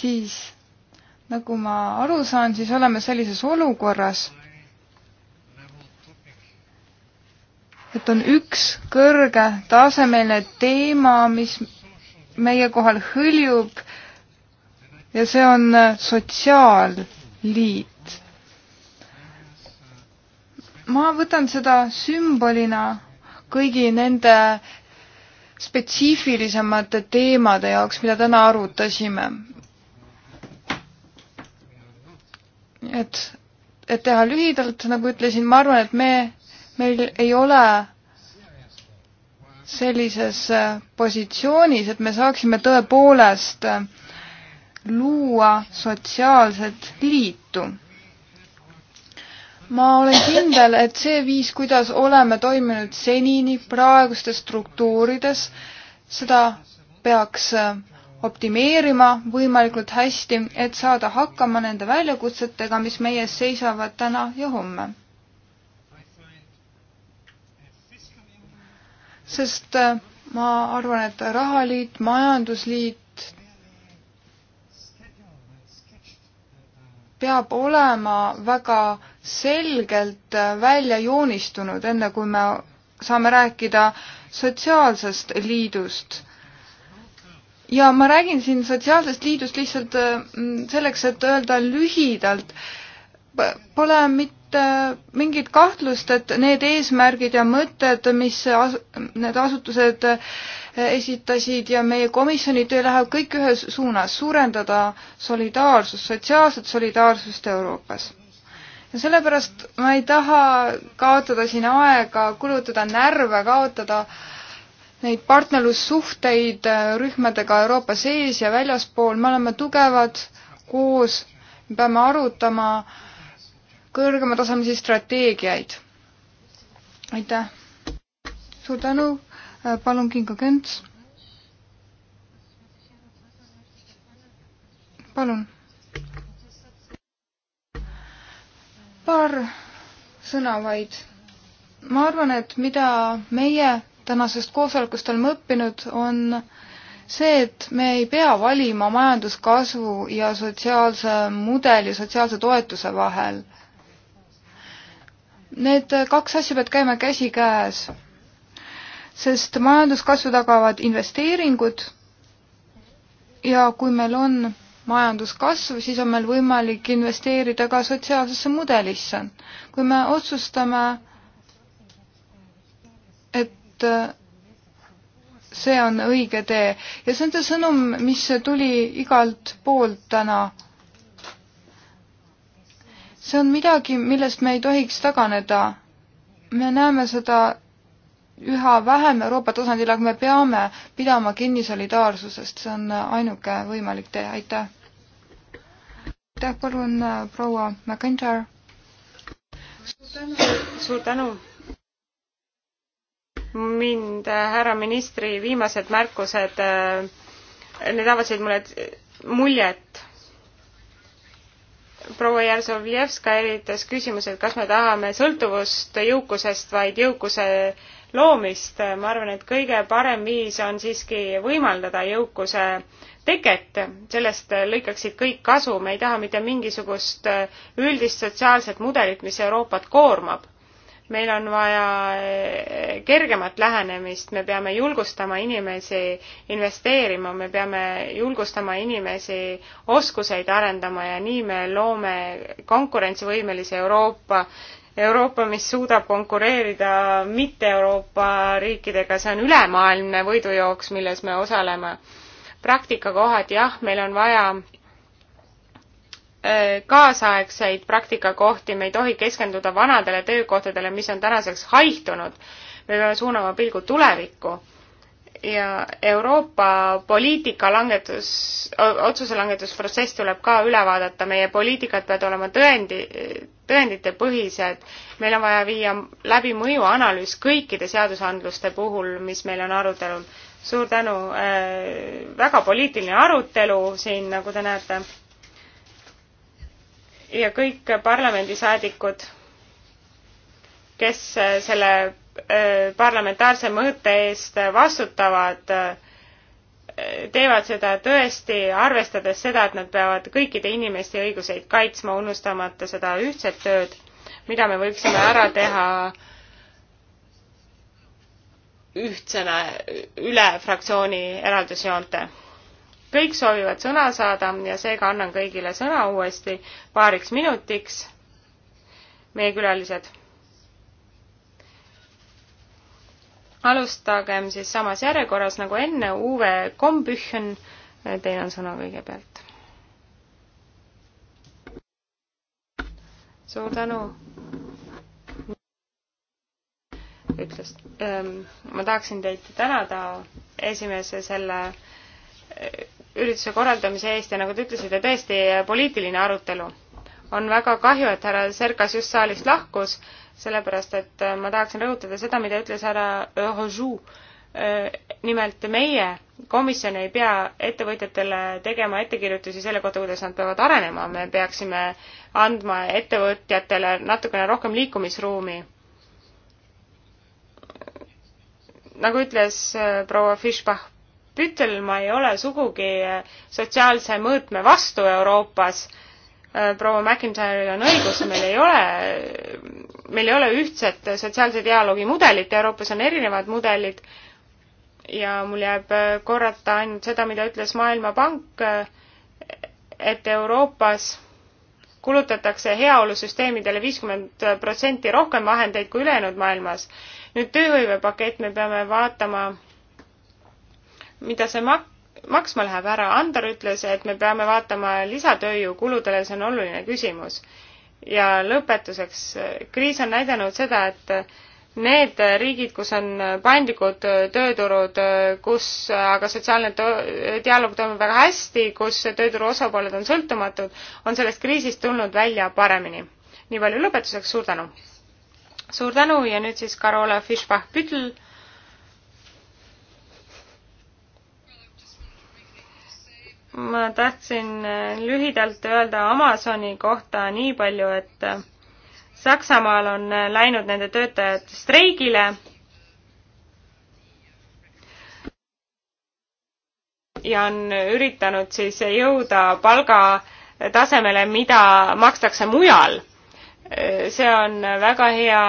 siis nagu ma aru saan, siis oleme sellises olukorras, et on üks kõrgetasemeline teema, mis meie kohal hõljub ja see on äh, sotsiaalliit. ma võtan seda sümbolina kõigi nende spetsiifilisemate teemade jaoks, mida täna arutasime. et, et teha lühidalt, nagu ütlesin, ma arvan, et me meil ei ole sellises äh, positsioonis, et me saaksime tõepoolest äh, luua sotsiaalset liitu. ma olen kindel, et see viis, kuidas oleme toiminud senini praegustes struktuurides, seda peaks äh, optimeerima võimalikult hästi, et saada hakkama nende väljakutsetega, mis meie ees seisavad täna ja homme sest äh, ma arvan, et rahaliit, majandusliit peab olema väga selgelt äh, välja joonistunud, enne kui me saame rääkida sotsiaalsest liidust. ja ma räägin siin sotsiaalsest liidust lihtsalt äh, selleks, et öelda lühidalt, pole mitte Äh, mingit kahtlust, et need eesmärgid ja mõtted, mis as, need asutused äh, esitasid ja meie komisjoni töö läheb kõik ühes suunas, suurendada solidaarsust, sotsiaalset solidaarsust Euroopas. ja sellepärast ma ei taha kaotada siin aega, kulutada närve, kaotada neid partnerlussuhteid äh, rühmadega Euroopa sees ja väljaspool, me oleme tugevad koos, me peame arutama äh, kõrgematasemelisi strateegiaid. aitäh! suur tänu, äh, palun Kingo Kents. palun. paar sõna vaid. ma arvan, et mida meie tänasest koosolekust oleme õppinud, on see, et me ei pea valima majanduskasvu ja sotsiaalse mudeli, sotsiaalse toetuse vahel Need kaks asja peavad käima käsikäes, sest majanduskasvu tagavad investeeringud ja kui meil on majanduskasv, siis on meil võimalik investeerida ka sotsiaalsesse mudelisse. kui me otsustame, et see on õige tee ja see on see sõnum, mis tuli igalt poolt täna see on midagi, millest me ei tohiks taganeda. me näeme seda üha vähem Euroopa tasandil, aga me peame pidama kinni solidaarsusest, see on ainuke võimalik tee, aitäh. aitäh, palun proua McIntyre. suur tänu. mind, härra ministri viimased märkused, eh, need avasid mulle muljet proua Järsovjevska eritas küsimuse, et kas me tahame sõltuvust jõukusest, vaid jõukuse loomist. ma arvan, et kõige parem viis on siiski võimaldada jõukuse teket, sellest lõikaksid kõik kasu, me ei taha mitte mingisugust üldist sotsiaalset mudelit, mis Euroopat koormab meil on vaja eh, kergemat lähenemist, me peame julgustama inimesi investeerima, me peame julgustama inimesi oskuseid arendama ja nii me loome konkurentsivõimelise Euroopa, Euroopa, mis suudab konkureerida mitte Euroopa riikidega, see on ülemaailmne võidujooks, milles me osaleme. praktikakohad, jah, meil on vaja Äh, kaasaegseid praktikakohti, me ei tohi keskenduda vanadele töökohtadele, mis on tänaseks haihtunud. me peame suunama pilgu tulevikku. ja Euroopa poliitika langetus, otsuse langetusprotsess tuleb ka üle vaadata, meie poliitikad peavad olema tõendi, tõenditepõhised. meil on vaja viia läbi mõjuanalüüs kõikide seadusandluste puhul, mis meil on arutelul. suur tänu äh,, väga poliitiline arutelu siin, nagu te näete ja kõik parlamendisaadikud, kes äh, selle äh, parlamentaarse mõõte eest vastutavad, äh, teevad seda tõesti, arvestades seda, et nad peavad kõikide inimeste õiguseid kaitsma, unustamata seda ühtset tööd, mida me võiksime ära teha ühtsena üle fraktsiooni eraldusjoonte kõik soovivad sõna saada ja seega annan kõigile sõna uuesti paariks minutiks. meie külalised. alustagem siis samas järjekorras nagu enne, Uwe Kombüchen, teil on sõna kõigepealt. suur tänu ütles ähm,. ma tahaksin teid tänada esimese selle äh, ürituse korraldamise eest ja nagu te ütlesite, tõesti poliitiline arutelu. on väga kahju, et härra Serkas just saalist lahkus, sellepärast et äh, ma tahaksin rõhutada seda, mida ütles härra Rožu. Äh, äh, nimelt meie komisjon ei pea ettevõtjatele tegema ettekirjutusi selle kohta, kuidas nad peavad arenema, me peaksime andma ettevõtjatele natukene rohkem liikumisruumi nagu ütles proua Fischbach Brüssel ma ei ole sugugi sotsiaalse mõõtme vastu Euroopas. Äh, proua McIntyre'il on õigus, meil ei ole, meil ei ole ühtset sotsiaalse dialoogi mudelit, Euroopas on erinevad mudelid ja mul jääb äh, korrata ainult seda, mida ütles Maailmapank, äh, et Euroopas kulutatakse heaolusüsteemidele viiskümmend protsenti rohkem vahendeid kui ülejäänud maailmas. nüüd tööhõivepakett, me peame vaatama mida see mak-, maksma läheb, härra Andor ütles, et me peame vaatama lisatööjõukuludele, see on oluline küsimus. ja lõpetuseks, kriis on näidanud seda, et need riigid, kus on paindlikud tööturud, kus aga sotsiaalne dialoog toimub väga hästi, kus tööturu osapooled on sõltumatud, on sellest kriisist tulnud välja paremini. nii palju lõpetuseks, suur tänu! suur tänu ja nüüd siis Karola Fischbach-Kütl ma tahtsin äh, lühidalt öelda Amazoni kohta nii palju, et äh, Saksamaal on äh, läinud nende töötajad streigile. ja on üritanud siis jõuda palgatasemele, mida makstakse mujal see on väga hea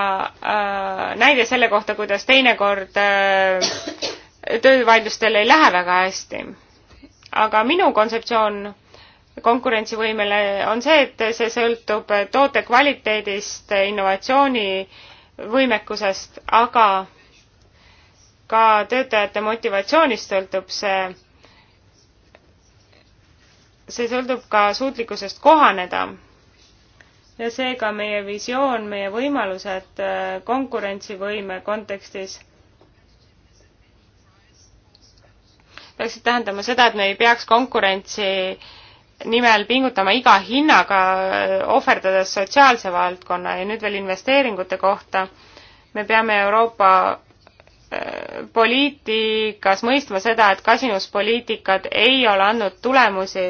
äh, näide selle kohta, kuidas teinekord äh, töövaidlustel ei lähe väga hästi aga minu kontseptsioon konkurentsivõimele on see, et see sõltub toote kvaliteedist, innovatsioonivõimekusest, aga ka töötajate motivatsioonist sõltub see, see sõltub ka suutlikkusest kohaneda. ja seega meie visioon, meie võimalused konkurentsivõime kontekstis peaksid tähendama seda, et me ei peaks konkurentsi nimel pingutama iga hinnaga, äh, ohverdades sotsiaalse valdkonna ja nüüd veel investeeringute kohta. me peame Euroopa äh, poliitikas mõistma seda, et kasinuspoliitikad ei ole andnud tulemusi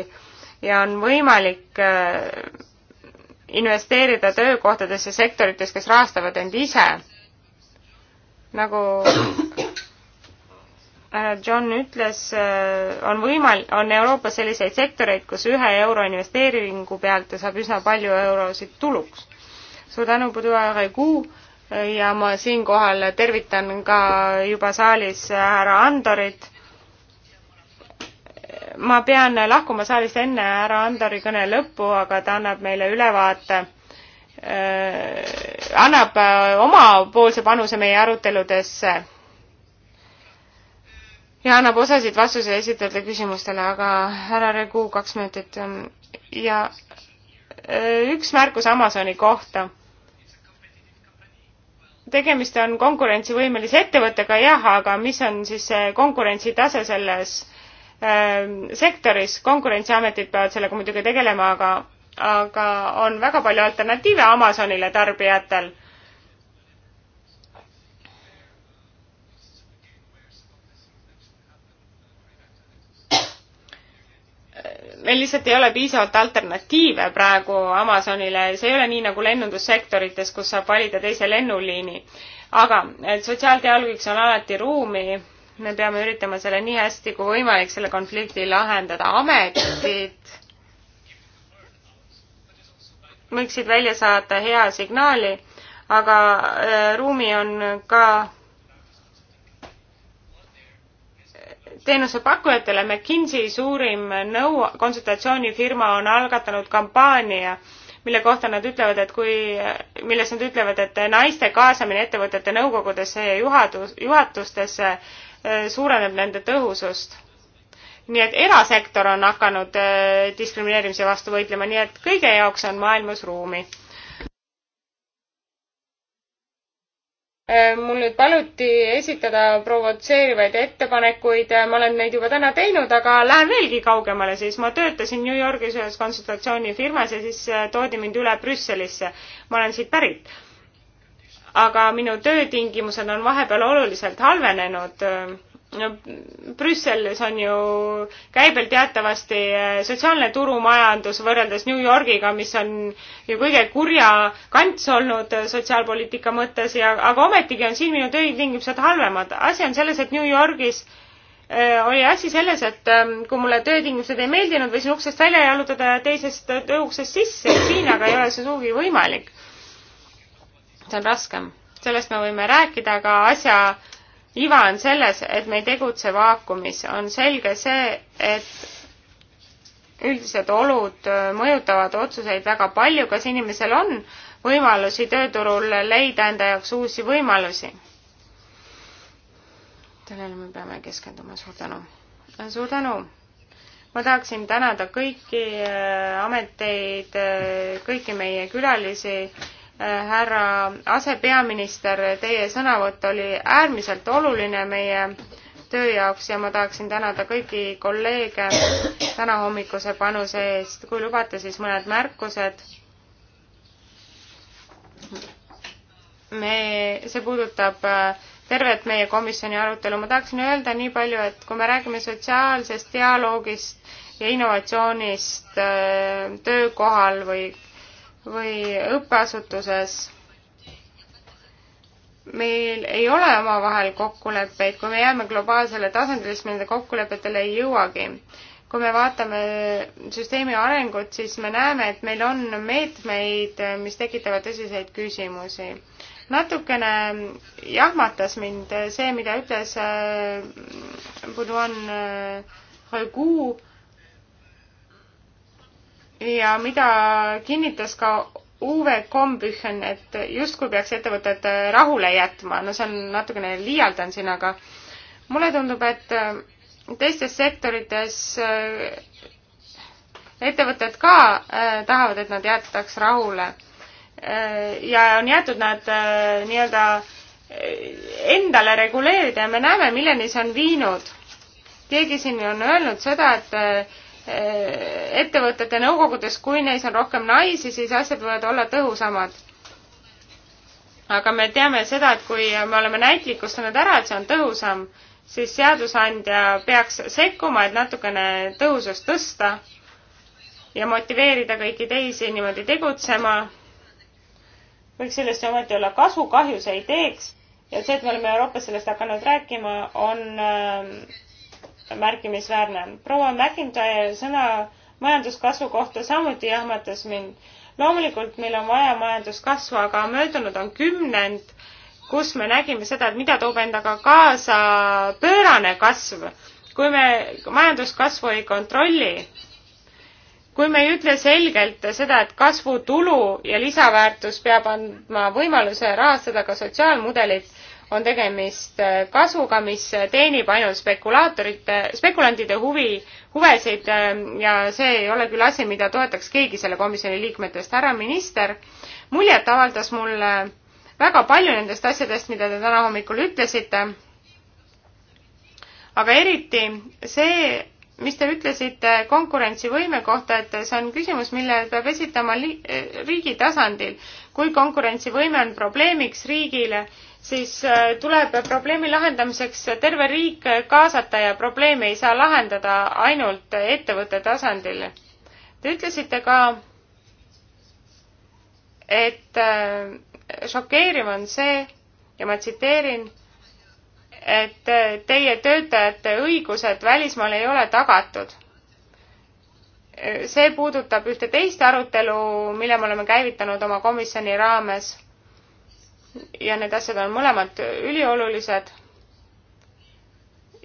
ja on võimalik äh, investeerida töökohtadesse sektorites, kes rahastavad end ise. nagu Äh, John ütles, äh, on võimalik, on Euroopas selliseid sektoreid, kus ühe euro investeeringu pealt saab üsna palju eurosid tuluks. suur tänu, Pudu ja ma siinkohal tervitan ka juba saalis äh, härra Andorit. ma pean lahkuma saalist enne härra Andori kõne lõppu, aga ta annab meile ülevaate annab omapoolse panuse meie aruteludesse ja annab osasid vastuseid esitada küsimustele, aga härra Regu, kaks minutit. ja äh, üks märkus Amazoni kohta. tegemist on konkurentsivõimelise ettevõttega, jah, aga mis on siis see konkurentsitase selles ähm, sektoris, konkurentsiametid peavad sellega muidugi tegelema, aga, aga on väga palju alternatiive Amazonile tarbijatel meil lihtsalt ei ole piisavalt alternatiive praegu Amazonile, see ei ole nii nagu lennundussektorites, kus saab valida teise lennuliini. aga sotsiaaldialoogiks on alati ruumi, me peame üritama selle nii hästi kui võimalik, selle konflikti lahendada, ametid võiksid välja saata hea signaali, aga äh, ruumi on ka teenusepakkujatele. McKinsey suurim nõu-, konsultatsioonifirma on algatanud kampaania, mille kohta nad ütlevad, et kui, milles nad ütlevad, et naiste kaasamine ettevõtete nõukogudesse ja juhatus, juhatustesse äh, suureneb nende tõhusust. nii et erasektor on hakanud äh, diskrimineerimise vastu võitlema, nii et kõige jaoks on maailmas ruumi Äh, mul nüüd paluti esitada provotseerivaid ettepanekuid, äh, ma olen neid juba täna teinud, aga lähen veelgi kaugemale siis. ma töötasin New Yorgis ühes konsultatsioonifirmas ja siis äh, toodi mind üle Brüsselisse. ma olen siit pärit. aga minu töötingimused on vahepeal oluliselt halvenenud Brüsselis on ju käibel teatavasti eh, sotsiaalne turumajandus võrreldes New Yorgiga, mis on ju kõige kurja kants olnud eh, sotsiaalpoliitika mõttes ja, aga ometigi on siin minu töötingimused halvemad. asi on selles, et New Yorgis eh, oli asi selles, et kui mulle töötingimused ei meeldinud, võisin uksest välja jalutada ja teisest uksest sisse, siin aga ei ole see sugugi võimalik. see on raskem, sellest me võime rääkida, aga asja iva on selles, et me ei tegutse vaakumis, on selge see, et üldised olud äh, mõjutavad otsuseid väga palju, kas inimesel on võimalusi tööturul leida enda jaoks uusi võimalusi. sellele me peame keskenduma, suur tänu. Äh, suur tänu. ma tahaksin tänada kõiki äh, ameteid, kõiki meie külalisi härra asepeaminister, teie sõnavõtt oli äärmiselt oluline meie töö jaoks ja ma tahaksin tänada kõiki kolleege tänahommikuse panuse eest. kui lubate, siis mõned märkused. me, see puudutab äh, tervet meie komisjoni arutelu. ma tahaksin öelda nii palju, et kui me räägime sotsiaalsest dialoogist ja innovatsioonist äh, töökohal või või õppeasutuses meil ei ole omavahel kokkuleppeid, kui me jääme globaalsele tasandile, siis me nende kokkulepetele ei jõuagi. kui me vaatame süsteemi arengut, siis me näeme, et meil on meetmeid, mis tekitavad tõsiseid küsimusi. natukene jahmatas mind see, mida ütles Boudouin Haigu äh, äh ja mida kinnitas ka Uwe Kombüchen, et justkui peaks ettevõtted rahule jätma, no see on natukene liialdan siin, aga mulle tundub, et äh, teistes sektorites äh, ettevõtted ka äh, tahavad, et nad jäetaks rahule äh,. ja on jäetud nad äh, nii-öelda äh, endale reguleerida ja me näeme, milleni see on viinud. keegi siin on öelnud seda, et Eh, ettevõtete nõukogudes, kui neis on rohkem naisi, siis asjad võivad olla tõhusamad. aga me teame seda, et kui me oleme näitlikustanud ära, et see on tõhusam, siis seadusandja peaks sekkuma, et natukene tõhusust tõsta ja motiveerida kõiki teisi niimoodi tegutsema. võiks sellest ju ometi olla kasu, kahju see ei teeks. ja see, et me oleme Euroopas sellest hakanud rääkima, on äh, märkimisväärne. proua McIntyre sõna majanduskasvu kohta samuti jahmatas mind. loomulikult meil on vaja majanduskasvu, aga möödunud on kümnend, kus me nägime seda, et mida toob endaga kaasa pöörane kasv. kui me majanduskasvu ei kontrolli, kui me ei ütle selgelt seda, et kasvutulu ja lisaväärtus peab andma võimaluse rahastada ka sotsiaalmudelit, on tegemist äh, kasuga, mis teenib ainult spekulaatorite, spekulantide huvi, huvesid äh, ja see ei ole küll asi, mida toetaks keegi selle komisjoni liikmetest. härra minister, muljet avaldas mulle väga palju nendest asjadest, mida te täna hommikul ütlesite. aga eriti see, mis te ütlesite konkurentsivõime kohta, et see on küsimus, mille peab esitama riigi tasandil. kui konkurentsivõime on probleemiks riigile, siis äh, tuleb probleemi lahendamiseks terve riik kaasata ja probleemi ei saa lahendada ainult ettevõtte tasandil. Te ütlesite ka, et äh, šokeeriv on see ja ma tsiteerin, et teie töötajate õigused välismaal ei ole tagatud. see puudutab ühte teist arutelu, mille me oleme käivitanud oma komisjoni raames ja need asjad on mõlemad üliolulised.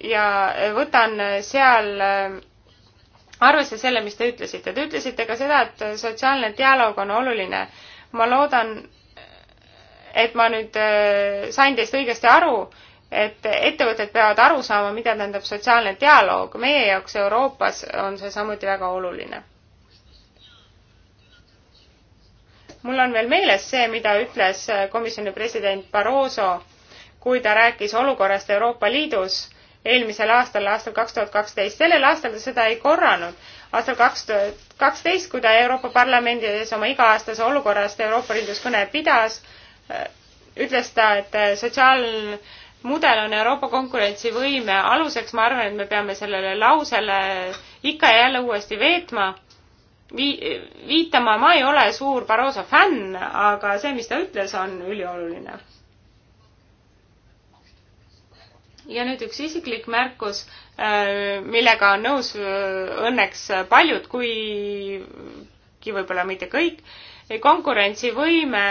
ja võtan seal äh, arvesse selle, mis te ütlesite. Te ütlesite ka seda, et sotsiaalne dialoog on oluline. ma loodan, et ma nüüd äh, sain teist õigesti aru, et ettevõtted peavad aru saama, mida tähendab sotsiaalne dialoog. meie jaoks Euroopas on see samuti väga oluline mul on veel meeles see, mida ütles äh, komisjoni president Barroso, kui ta rääkis olukorrast Euroopa Liidus eelmisel aastal, aastal kaks tuhat kaksteist. sellel aastal ta seda ei korranud. aastal kaks tuhat kaksteist, kui ta Euroopa Parlamendi ees oma iga-aastase olukorrast Euroopa Liidus kõne pidas, äh, ütles ta, et äh, sotsiaalmudel on Euroopa konkurentsivõime aluseks. ma arvan, et me peame sellele lausele ikka ja jälle uuesti veetma vi-, viitama, ma ei ole suur Barroso fänn, aga see, mis ta ütles, on ülioluline. ja nüüd üks isiklik märkus, äh, millega on nõus äh, õnneks paljud, kuigi võib-olla mitte kõik, konkurentsivõime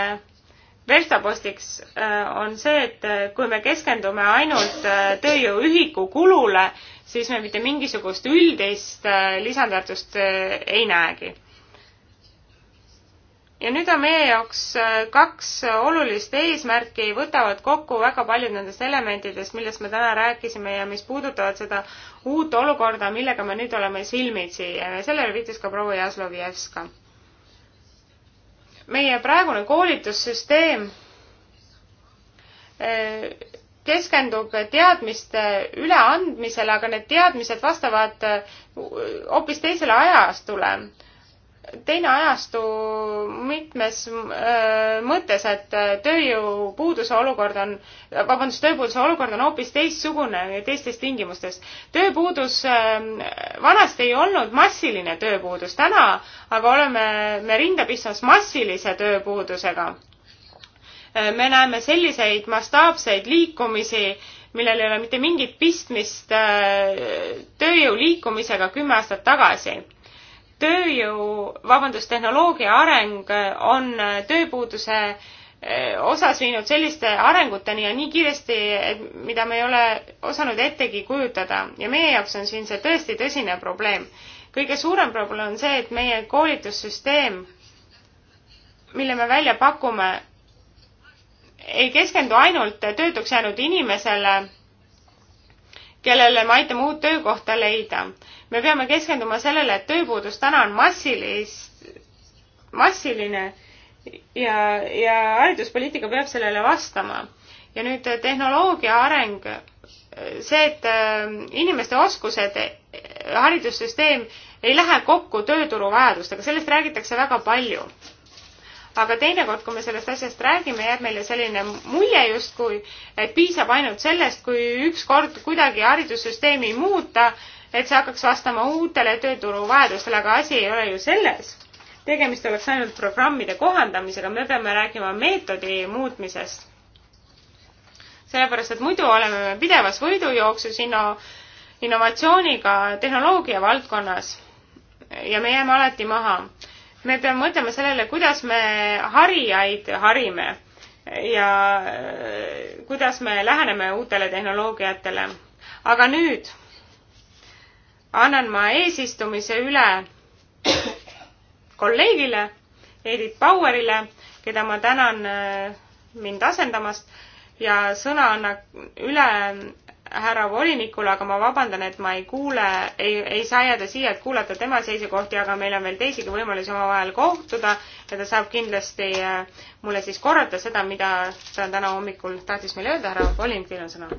verstapostiks äh, on see, et kui me keskendume ainult tööjõuühiku kulule, siis me mitte mingisugust üldist äh, lisandväärtust äh, ei näegi. ja nüüd on meie jaoks äh, kaks olulist eesmärki, võtavad kokku väga paljud nendest elementidest, millest me täna rääkisime ja mis puudutavad seda uut olukorda, millega me nüüd oleme silmitsi ja sellele viitas ka proua Jaslovjevska. meie praegune koolitussüsteem keskendub teadmiste üleandmisele, aga need teadmised vastavad äh, hoopis teisele ajastule. teine ajastu mitmes äh, mõttes, et äh, tööjõupuuduse olukord on, vabandust, tööpuuduse olukord on hoopis teistsugune teistes tingimustes. tööpuudus ähm, vanasti ei olnud massiline tööpuudus, täna aga oleme me rinda pistmas massilise tööpuudusega Äh, me näeme selliseid mastaapseid liikumisi, millel ei ole mitte mingit pistmist äh, tööjõu liikumisega kümme aastat tagasi. tööjõu, vabandust, tehnoloogia areng äh, on tööpuuduse osas viinud selliste arenguteni ja nii kiiresti, et mida me ei ole osanud ettegi kujutada ja meie jaoks on siin see tõesti tõsine probleem. kõige suurem probleem on see, et meie koolitussüsteem, mille me välja pakume, ei keskendu ainult töötuks jäänud inimesele, kellele me aitame uut töökohta leida. me peame keskenduma sellele, et tööpuudus täna on massilist, massiline ja, ja hariduspoliitika peab sellele vastama. ja nüüd tehnoloogia areng, see, et äh, inimeste oskused, äh, haridussüsteem ei lähe kokku tööturu vajadustega, sellest räägitakse väga palju aga teinekord, kui me sellest asjast räägime, jääb meile selline mulje justkui, et piisab ainult sellest, kui ükskord kuidagi haridussüsteemi muuta, et see hakkaks vastama uutele tööturu vajadustele, aga asi ei ole ju selles. tegemist oleks ainult programmide kohandamisega, me peame rääkima meetodi muutmisest. sellepärast, et muidu oleme me pidevas võidujooksus inno-, innovatsiooniga tehnoloogia valdkonnas ja me jääme alati maha me peame mõtlema sellele, kuidas me harijaid harime ja äh, kuidas me läheneme uutele tehnoloogiatele. aga nüüd annan ma eesistumise üle kolleegile Edith Bauerile, keda ma tänan äh, mind asendamast ja sõna annan üle härra volinikule, aga ma vabandan, et ma ei kuule, ei, ei saa jääda siia, et kuulata tema seisukohti, aga meil on veel teisigi võimalusi omavahel kohtuda ja ta saab kindlasti äh, mulle siis korrata seda, mida ta täna hommikul tahtis meile öelda. härra volinik, teil on sõna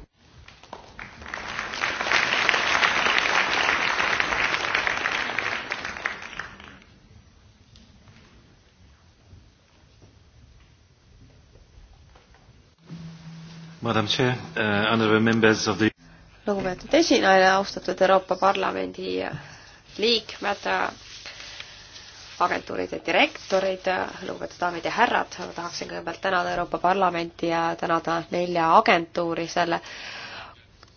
Uh, the... lugupeetud esinaine, austatud Euroopa Parlamendi liikmed, agentuuride direktorid, lugupeetud daamid ja härrad, ma tahaksin kõigepealt tänada Euroopa Parlamenti ja tänada nelja agentuuri selle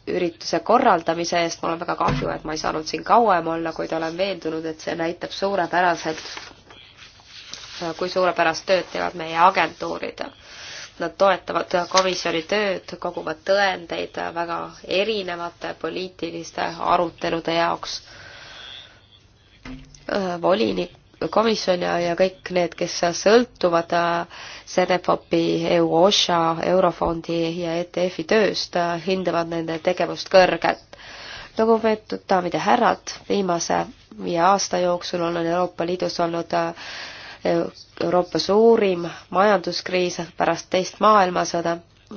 ürituse korraldamise eest, mul on väga kahju, et ma ei saanud siin kauem olla, kuid olen veendunud, et see näitab suurepäraselt, kui suurepärast tööd teevad meie agentuurid Nad toetavad komisjoni tööd, koguvad tõendeid väga erinevate poliitiliste arutelude jaoks. volinik, komisjon ja, ja kõik need, kes sõltuvad Senefopi, EU OSHA, Eurofondi ja ETF-i tööst, hindavad nende tegevust kõrgelt. lugupeetud daamid ja härrad, viimase viie aasta jooksul olen Euroopa Liidus olnud äh, Euroopa suurim majanduskriis pärast teist maailmasõda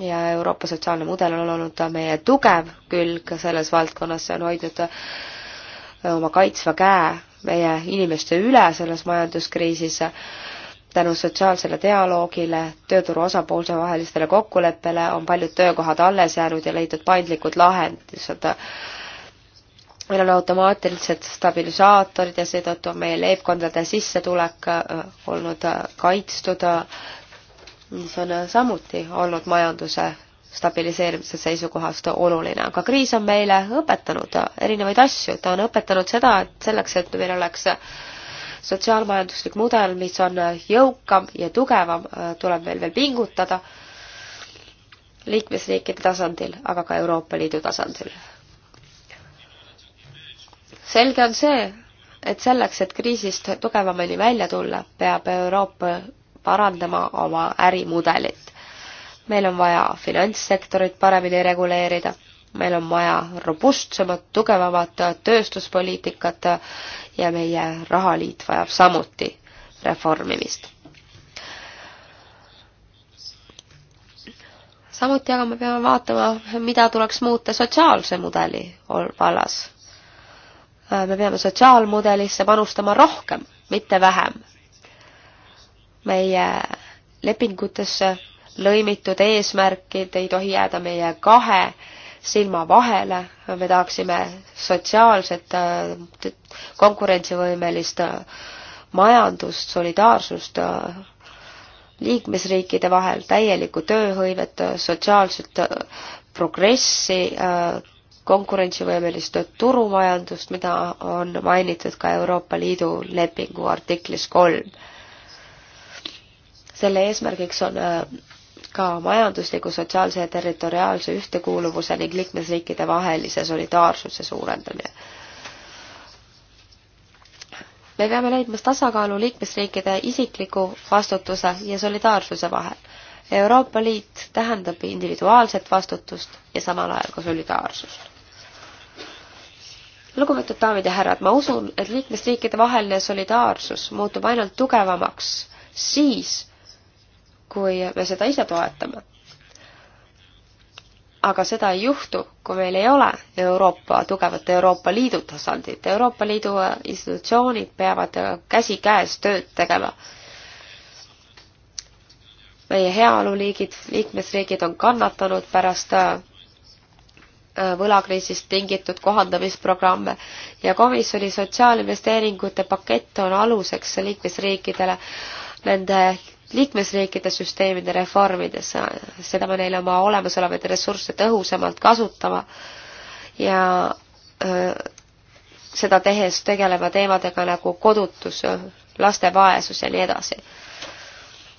ja Euroopa sotsiaalne mudel on olnud meie tugev külg selles valdkonnas, see on hoidnud oma kaitsva käe meie inimeste üle selles majanduskriisis tänu sotsiaalsele dialoogile, tööturu osapoolte vahelistele kokkuleppele on paljud töökohad alles jäänud ja leitud paindlikud lahendused meil on automaatilised stabilisaatorid ja seetõttu on meie leibkondade sissetulek äh, olnud äh, kaitstud, äh, mis on samuti olnud majanduse stabiliseerimise seisukohast oluline, aga kriis on meile õpetanud erinevaid asju, ta on õpetanud seda, et selleks, et meil oleks sotsiaalmajanduslik mudel, mis on jõukam ja tugevam, tuleb meil veel pingutada liikmesriikide tasandil, aga ka Euroopa Liidu tasandil selge on see, et selleks, et kriisist tugevamini välja tulla, peab Euroopa parandama oma ärimudelit. meil on vaja finantssektorit paremini reguleerida, meil on vaja robustsemat, tugevamat tööstuspoliitikat ja meie rahaliit vajab samuti reformimist. samuti aga me peame vaatama, mida tuleks muuta sotsiaalse mudeli vallas Äh, me peame sotsiaalmudelisse panustama rohkem, mitte vähem. meie lepingutesse lõimitud eesmärkid ei tohi jääda meie kahe silma vahele, me tahaksime sotsiaalset äh, konkurentsivõimelist äh, majandust, solidaarsust liikmesriikide vahel, täielikku tööhõivet, sotsiaalset progressi, konkurentsivõimelist turumajandust, mida on mainitud ka Euroopa Liidu lepingu artiklis kolm. selle eesmärgiks on äh, ka majandusliku, sotsiaalse ja territoriaalse ühtekuuluvuse ning liikmesriikide vahelise solidaarsuse suurendamine. me peame leidma tasakaalu liikmesriikide isikliku vastutuse ja solidaarsuse vahel. Euroopa Liit tähendab individuaalset vastutust ja samal ajal ka solidaarsust lugupeetud daamid ja härrad, ma usun, et liikmesriikide vaheline solidaarsus muutub ainult tugevamaks siis, kui me seda ise toetame. aga seda ei juhtu, kui meil ei ole Euroopa, tugevat Euroopa Liidu tasandit. Euroopa Liidu institutsioonid peavad käsikäes tööd tegema. meie heaoluliigid, liikmesriigid on kannatanud pärast äh, võlakriisist tingitud kohandamisprogramme ja komisjoni sotsiaalinvesteeringute pakett on aluseks liikmesriikidele nende liikmesriikide süsteemide reformides, seda me neile oma olemasolevaid ressursse tõhusamalt kasutama ja öö, seda tehes tegelema teemadega nagu kodutus, laste vaesus ja nii edasi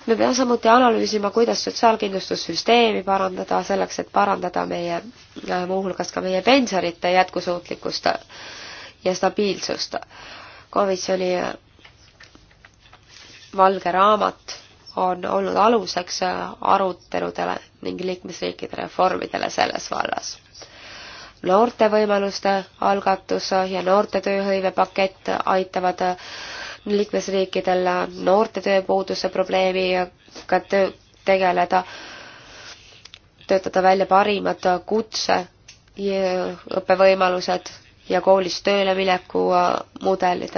me peame samuti analüüsima, kuidas sotsiaalkindlustussüsteemi parandada, selleks et parandada meie, äh, muuhulgas ka meie pensionite jätkusuutlikkust ja stabiilsust. komisjoni äh, valge raamat on olnud aluseks äh, aruteludele ning liikmesriikide reformidele selles vallas. noorte võimaluste algatus ja noorte tööhõivepakett aitavad liikmesriikidel noorte tööpuuduse probleemiga töö, tegeleda, töötada välja parimad kutse ja õppevõimalused ja koolist tööle mineku äh, mudelid.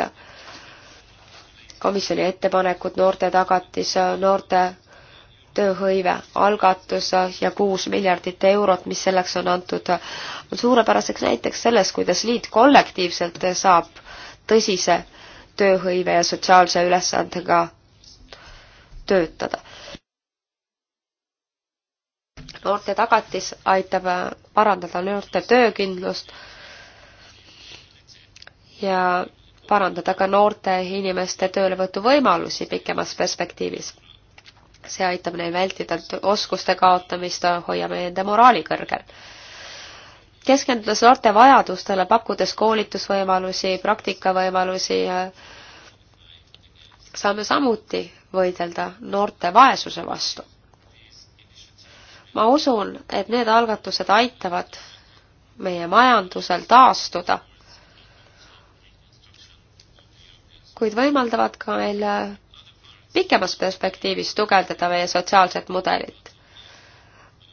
komisjoni ettepanekud, noorte tagatis, äh, noorte tööhõive algatus äh, ja kuus miljardit eurot, mis selleks on antud, on suurepäraseks näiteks selles, kuidas liit kollektiivselt saab tõsise tööhõive ja sotsiaalse ülesandega töötada. noorte tagatis aitab parandada noorte töökindlust ja parandada ka noorte inimeste töölevõtuvõimalusi pikemas perspektiivis. see aitab neil vältida oskuste kaotamist, hoiame enda moraali kõrgel keskendudes noorte vajadustele, pakkudes koolitusvõimalusi, praktikavõimalusi, äh, saame samuti võidelda noorte vaesuse vastu. ma usun, et need algatused aitavad meie majandusel taastuda, kuid võimaldavad ka meil äh, pikemas perspektiivis tugevdada meie sotsiaalset mudelit.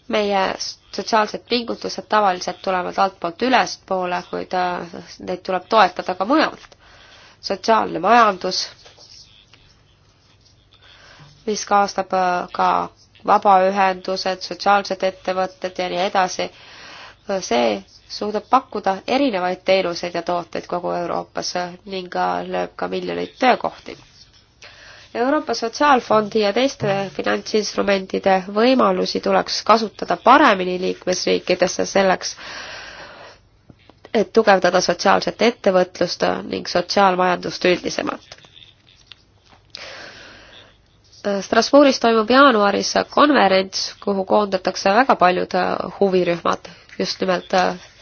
meie sotsiaalsed pingutused tavaliselt tulevad altpoolt ülespoole, kuid äh, neid tuleb toetada ka mujalt. sotsiaalne majandus, mis kaasneb äh, ka vabaühendused, sotsiaalsed ettevõtted ja nii edasi, äh, see suudab pakkuda erinevaid teenuseid ja tooteid kogu Euroopas ning lööb ka miljoneid töökohti Euroopa Sotsiaalfondi ja teiste finantsinstrumentide võimalusi tuleks kasutada paremini liikmesriikidesse selleks, et tugevdada sotsiaalset ettevõtlust ning sotsiaalmajandust üldisemalt. Strasbourgis toimub jaanuaris konverents, kuhu koondatakse väga paljud huvirühmad just nimelt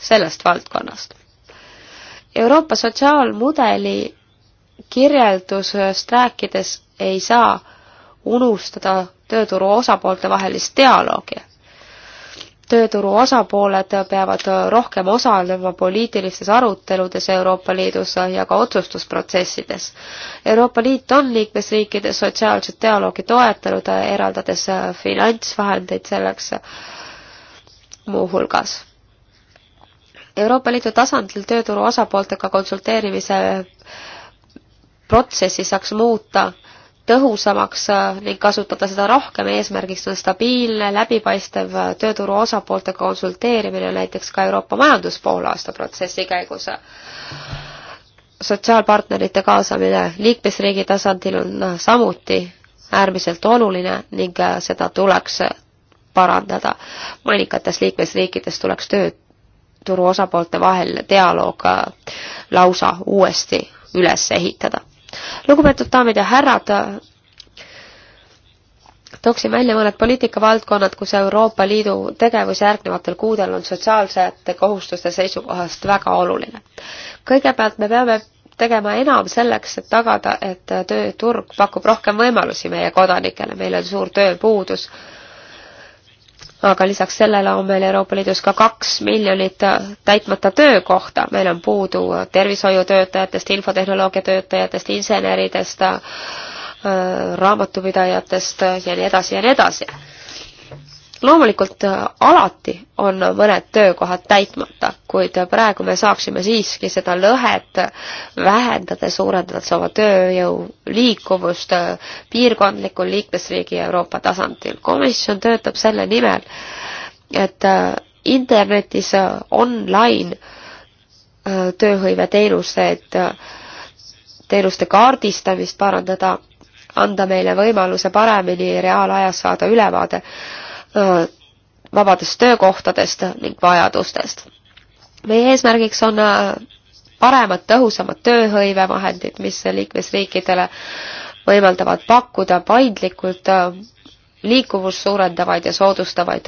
sellest valdkonnast. Euroopa sotsiaalmudeli kirjeldusest rääkides ei saa unustada tööturu osapoolte vahelist dialoogi. tööturu osapooled peavad rohkem osalema poliitilistes aruteludes Euroopa Liidus ja ka otsustusprotsessides. Euroopa Liit on liikmesriikides sotsiaalset dialoogi toetanud, eraldades finantsvahendeid selleks muuhulgas Euroopa Liidu tasandil tööturu osapooltega konsulteerimise protsessi saaks muuta tõhusamaks äh, ning kasutada seda rohkem, eesmärgiks on stabiilne, läbipaistev äh, tööturu osapoolte konsulteerimine näiteks ka Euroopa majandus poolaasta protsessi käigus. sotsiaalpartnerite kaasamine liikmesriigi tasandil on äh, samuti äärmiselt oluline ning seda tuleks parandada. mõningates liikmesriikides tuleks tööturu osapoolte vahel dialoog lausa uuesti üles ehitada lugupeetud daamid ja härrad, tooksin välja mõned poliitikavaldkonnad, kus Euroopa Liidu tegevus järgnevatel kuudel on sotsiaalsete kohustuste seisukohast väga oluline. kõigepealt me peame tegema enam selleks, et tagada, et tööturg pakub rohkem võimalusi meie kodanikele, meil on suur tööpuudus aga lisaks sellele on meil Euroopa Liidus ka kaks miljonit täitmata töökohta, meil on puudu tervishoiutöötajatest, infotehnoloogia töötajatest, inseneridest, äh, raamatupidajatest ja nii edasi ja nii edasi loomulikult äh, alati on mõned töökohad täitmata, kuid praegu me saaksime siiski seda lõhet vähendada, suurendades oma tööjõu liikuvust äh, piirkondlikul liikmesriigi ja Euroopa tasandil. komisjon töötab selle nimel, et äh, internetis online tööhõiveteenuseid, teenuste kaardistamist parandada, anda meile võimaluse paremini reaalajas saada ülevaade vabadest töökohtadest ning vajadustest. meie eesmärgiks on paremad, tõhusamad tööhõivevahendid, mis liikmesriikidele võimaldavad pakkuda paindlikult liikuvust suurendavaid ja soodustavaid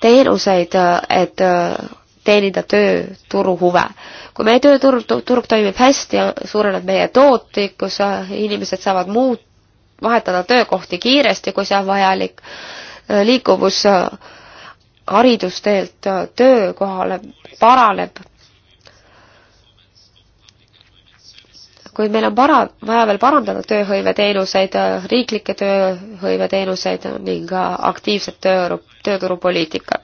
teenuseid, et teenida tööturu huve. kui meie tööturg, turg toimib hästi, suureneb meie tootlikkus, inimesed saavad muud, vahetada töökohti kiiresti, kui see on vajalik liikuvus haridusteelt äh, töökohale paraneb. kuid meil on para-, vaja veel parandada tööhõiveteenuseid, äh, riiklikke tööhõiveteenuseid ning äh, aktiivset töö, tööturupoliitikat.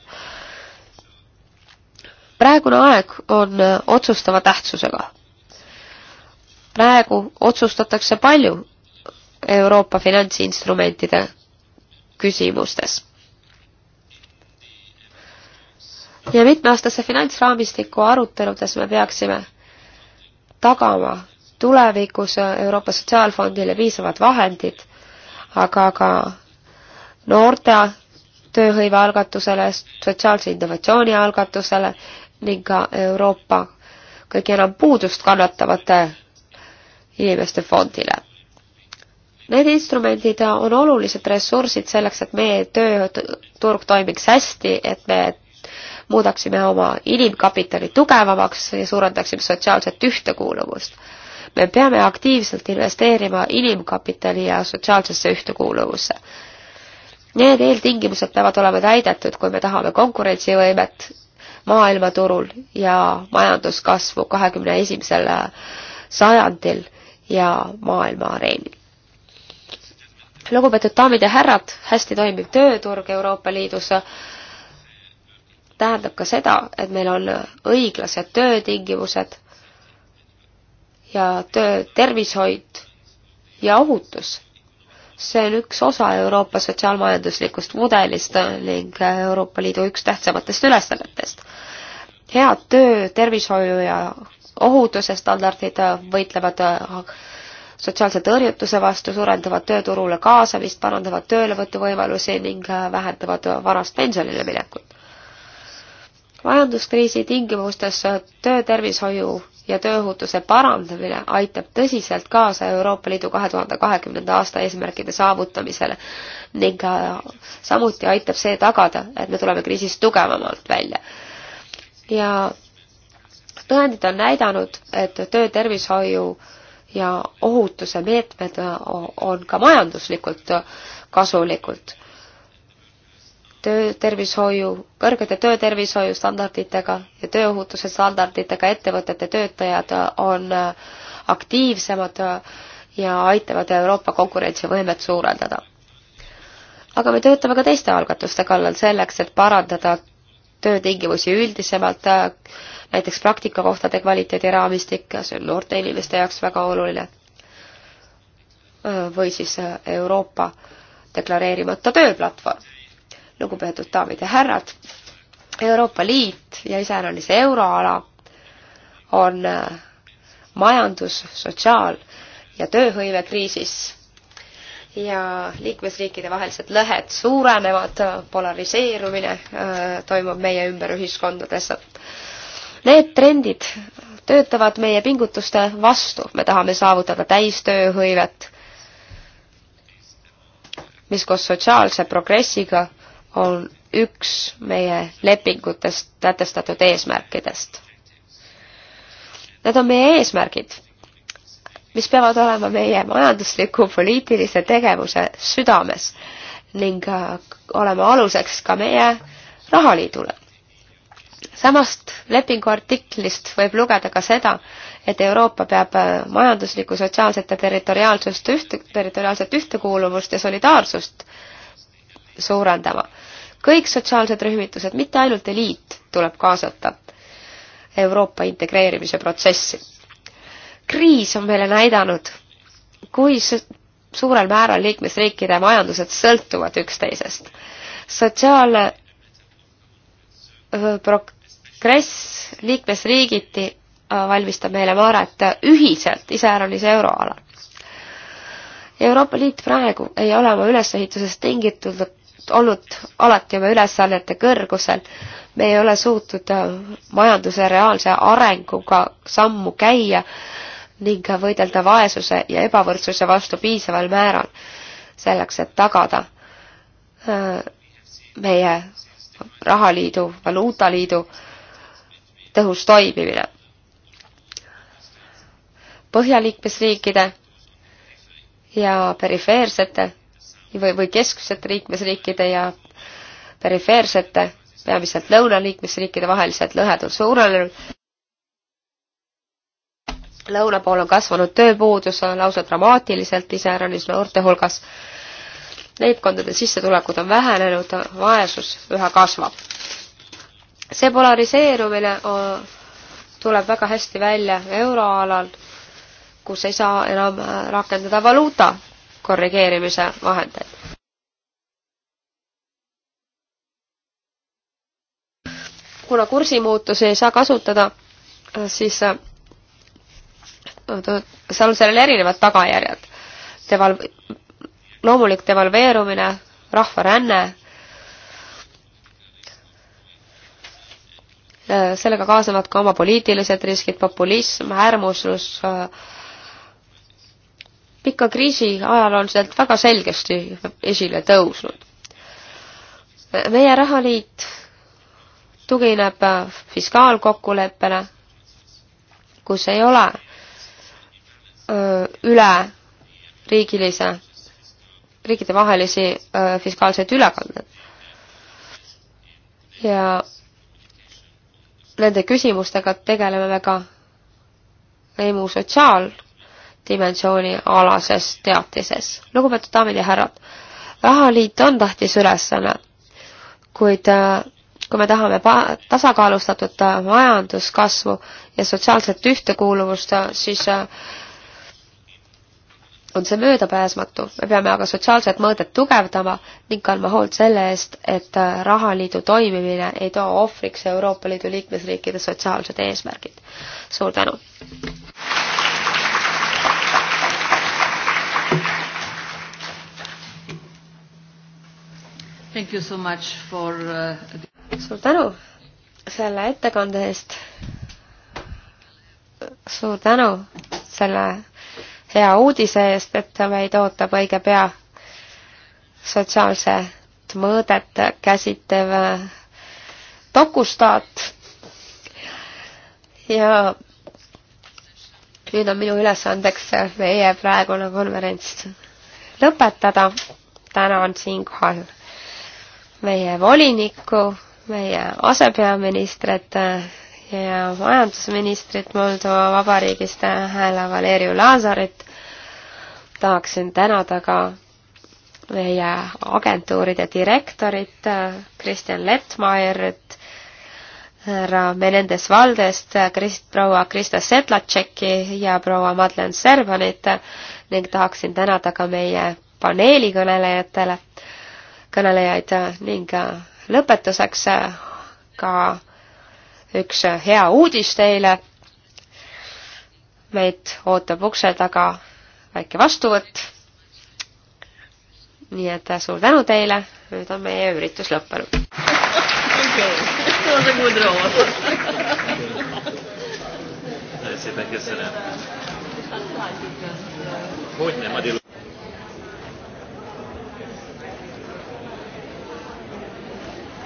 praegune aeg on otsustava tähtsusega. praegu otsustatakse palju Euroopa finantsinstrumentide küsimustes. ja mitmeaastase finantsraamistiku aruteludes me peaksime tagama tulevikus Euroopa Sotsiaalfondile piisavad vahendid, aga ka noorte tööhõive algatusele, sotsiaalse innovatsiooni algatusele ning ka Euroopa kõige enam puudust kannatavate inimeste fondile. Need instrumendid on olulised ressursid selleks, et meie tööturg toimiks hästi, et me muudaksime oma inimkapitali tugevamaks ja suurendaksime sotsiaalset ühtekuuluvust. me peame aktiivselt investeerima inimkapitali ja sotsiaalsesse ühtekuuluvusse. Need eeltingimused peavad olema täidetud, kui me tahame konkurentsivõimet maailmaturul ja majanduskasvu kahekümne esimesel sajandil ja maailma areenil lugupeetud daamid ja härrad, hästi toimiv tööturg Euroopa Liidus tähendab ka seda, et meil on õiglased töötingimused ja töö tervishoid ja ohutus. see on üks osa Euroopa sotsiaalmajanduslikust mudelist ning Euroopa Liidu üks tähtsamatest ülesannetest. head töö, tervishoiu ja ohutuse standardid võitlevad sotsiaalse tõrjutuse vastu, suurendavad tööturule kaasamist, parandavad töölevõtuvõimalusi ning äh, vähendavad varast pensionile minekut. majanduskriisi tingimustes äh, töötervishoiu ja tööohutuse parandamine aitab tõsiselt kaasa Euroopa Liidu kahe tuhande kahekümnenda aasta eesmärkide saavutamisele ning äh, samuti aitab see tagada, et me tuleme kriisist tugevamalt välja. ja tõendid on näidanud, et töötervishoiu ja ohutuse meetmed äh, on ka majanduslikult äh, kasulikud. töötervishoiu, kõrgete töötervishoiu standarditega ja tööohutuse standarditega ettevõtete töötajad äh, on aktiivsemad ja aitavad Euroopa konkurentsivõimet suurendada. aga me töötame ka teiste algatuste kallal selleks, et parandada töötingimusi üldisemalt, äh, näiteks praktikakohtade kvaliteediraamistik, see on noorte inimeste jaoks väga oluline, äh, või siis äh, Euroopa deklareerimata tööplatvorm. lugupeetud daamid ja härrad, Euroopa Liit ja iseäranis euroala on majandus, sotsiaal- ja tööhõivekriisis ja liikmesriikide vahelised lõhed suurenevad, polariseerumine äh, toimub meie ümber ühiskondades. Need trendid töötavad meie pingutuste vastu, me tahame saavutada täistööhõivet, mis koos sotsiaalse progressiga on üks meie lepingutest sätestatud eesmärkidest. Need on meie eesmärgid mis peavad olema meie majandusliku poliitilise tegevuse südames ning äh, olema aluseks ka meie rahaliidule. samast lepingu artiklist võib lugeda ka seda, et Euroopa peab äh, majanduslikku, sotsiaalset ja territoriaalsust üht, territoriaalset ühtekuuluvust ja solidaarsust suurendama. kõik sotsiaalsed rühmitused, mitte ainult eliit, tuleb kaasata Euroopa integreerimise protsessi kriis on meile näidanud, kui suurel määral liikmesriikide majandused sõltuvad üksteisest. sotsiaalne progress liikmesriigiti äh, valmistab meile muret ühiselt, iseäranis euroalal. Euroopa Liit praegu ei ole oma ülesehitusest tingitud olnud alati oma ülesannete kõrgusel, me ei ole suutnud äh, majanduse reaalse arenguga sammu käia ning võidelda vaesuse ja ebavõrdsuse vastu piisaval määral, selleks et tagada meie rahaliidu, valuutaliidu tõhus toimimine. põhjaliikmesriikide ja perifeersete või, või kesksete liikmesriikide ja perifeersete, peamiselt lõunaliikmesriikide vahelised lõhed on suurenenud lõuna pool on kasvanud tööpuudus lausa dramaatiliselt, iseäranis noorte hulgas. leibkondade sissetulekud on vähenenud, vaesus üha kasvab. see polariseerumine on, tuleb väga hästi välja euroalal, kus ei saa enam rakendada valuuta korrigeerimise vahendeid. kuna kursimuutusi ei saa kasutada, siis seal on sellel erinevad tagajärjed. Deval-, loomulik devalveerumine, rahvaränne, sellega kaasnevad ka oma poliitilised riskid, populism, äärmuslus, pika kriisi ajal on sealt väga selgesti esile tõusnud. meie rahaliit tugineb fiskaalkokkuleppele, kus ei ole üle riigilise, riikidevahelisi fiskaalseid ülekandeid. ja nende küsimustega tegeleme me ka EMU sotsiaaldimensiooni alases teatises. lugupeetud daamid ja härrad, rahaliit on tähtis ülesanne, kuid kui me tahame tasakaalustatud majanduskasvu ja sotsiaalset ühtekuuluvust, siis on see möödapääsmatu. me peame aga sotsiaalset mõõdet tugevdama ning kandma hoolt selle eest, et äh, rahaliidu toimimine ei too ohvriks Euroopa Liidu liikmesriikide sotsiaalsed eesmärgid. suur tänu! Thank you so much for uh... suur tänu selle ettekande eest. suur tänu selle hea uudise eest, et meid ootab õige pea sotsiaalset mõõdet käsitlev äh, dokustaat. ja nüüd on minu ülesandeks meie praegune konverents lõpetada. tänan siinkohal meie volinikku, meie asepeaministrit äh, ja majandusministrit Moldova Vabariigist, härra Valeriu Laazarit. tahaksin tänada ka meie agentuuride direktorit Kristjan Lettmaierit, härra Menendez Valdest, Krist-, proua Krista Sedlatšeki ja proua Madlen Servanit ning tahaksin tänada ka meie paneeli kõnelejatele, kõnelejaid ning lõpetuseks ka üks hea uudis teile. meid ootab ukse taga väike vastuvõtt. nii et suur tänu teile, nüüd on meie üritus lõppenud. okei, see on nagu see kuulda loo. szépen köszönöm. Hogy nem, Adil?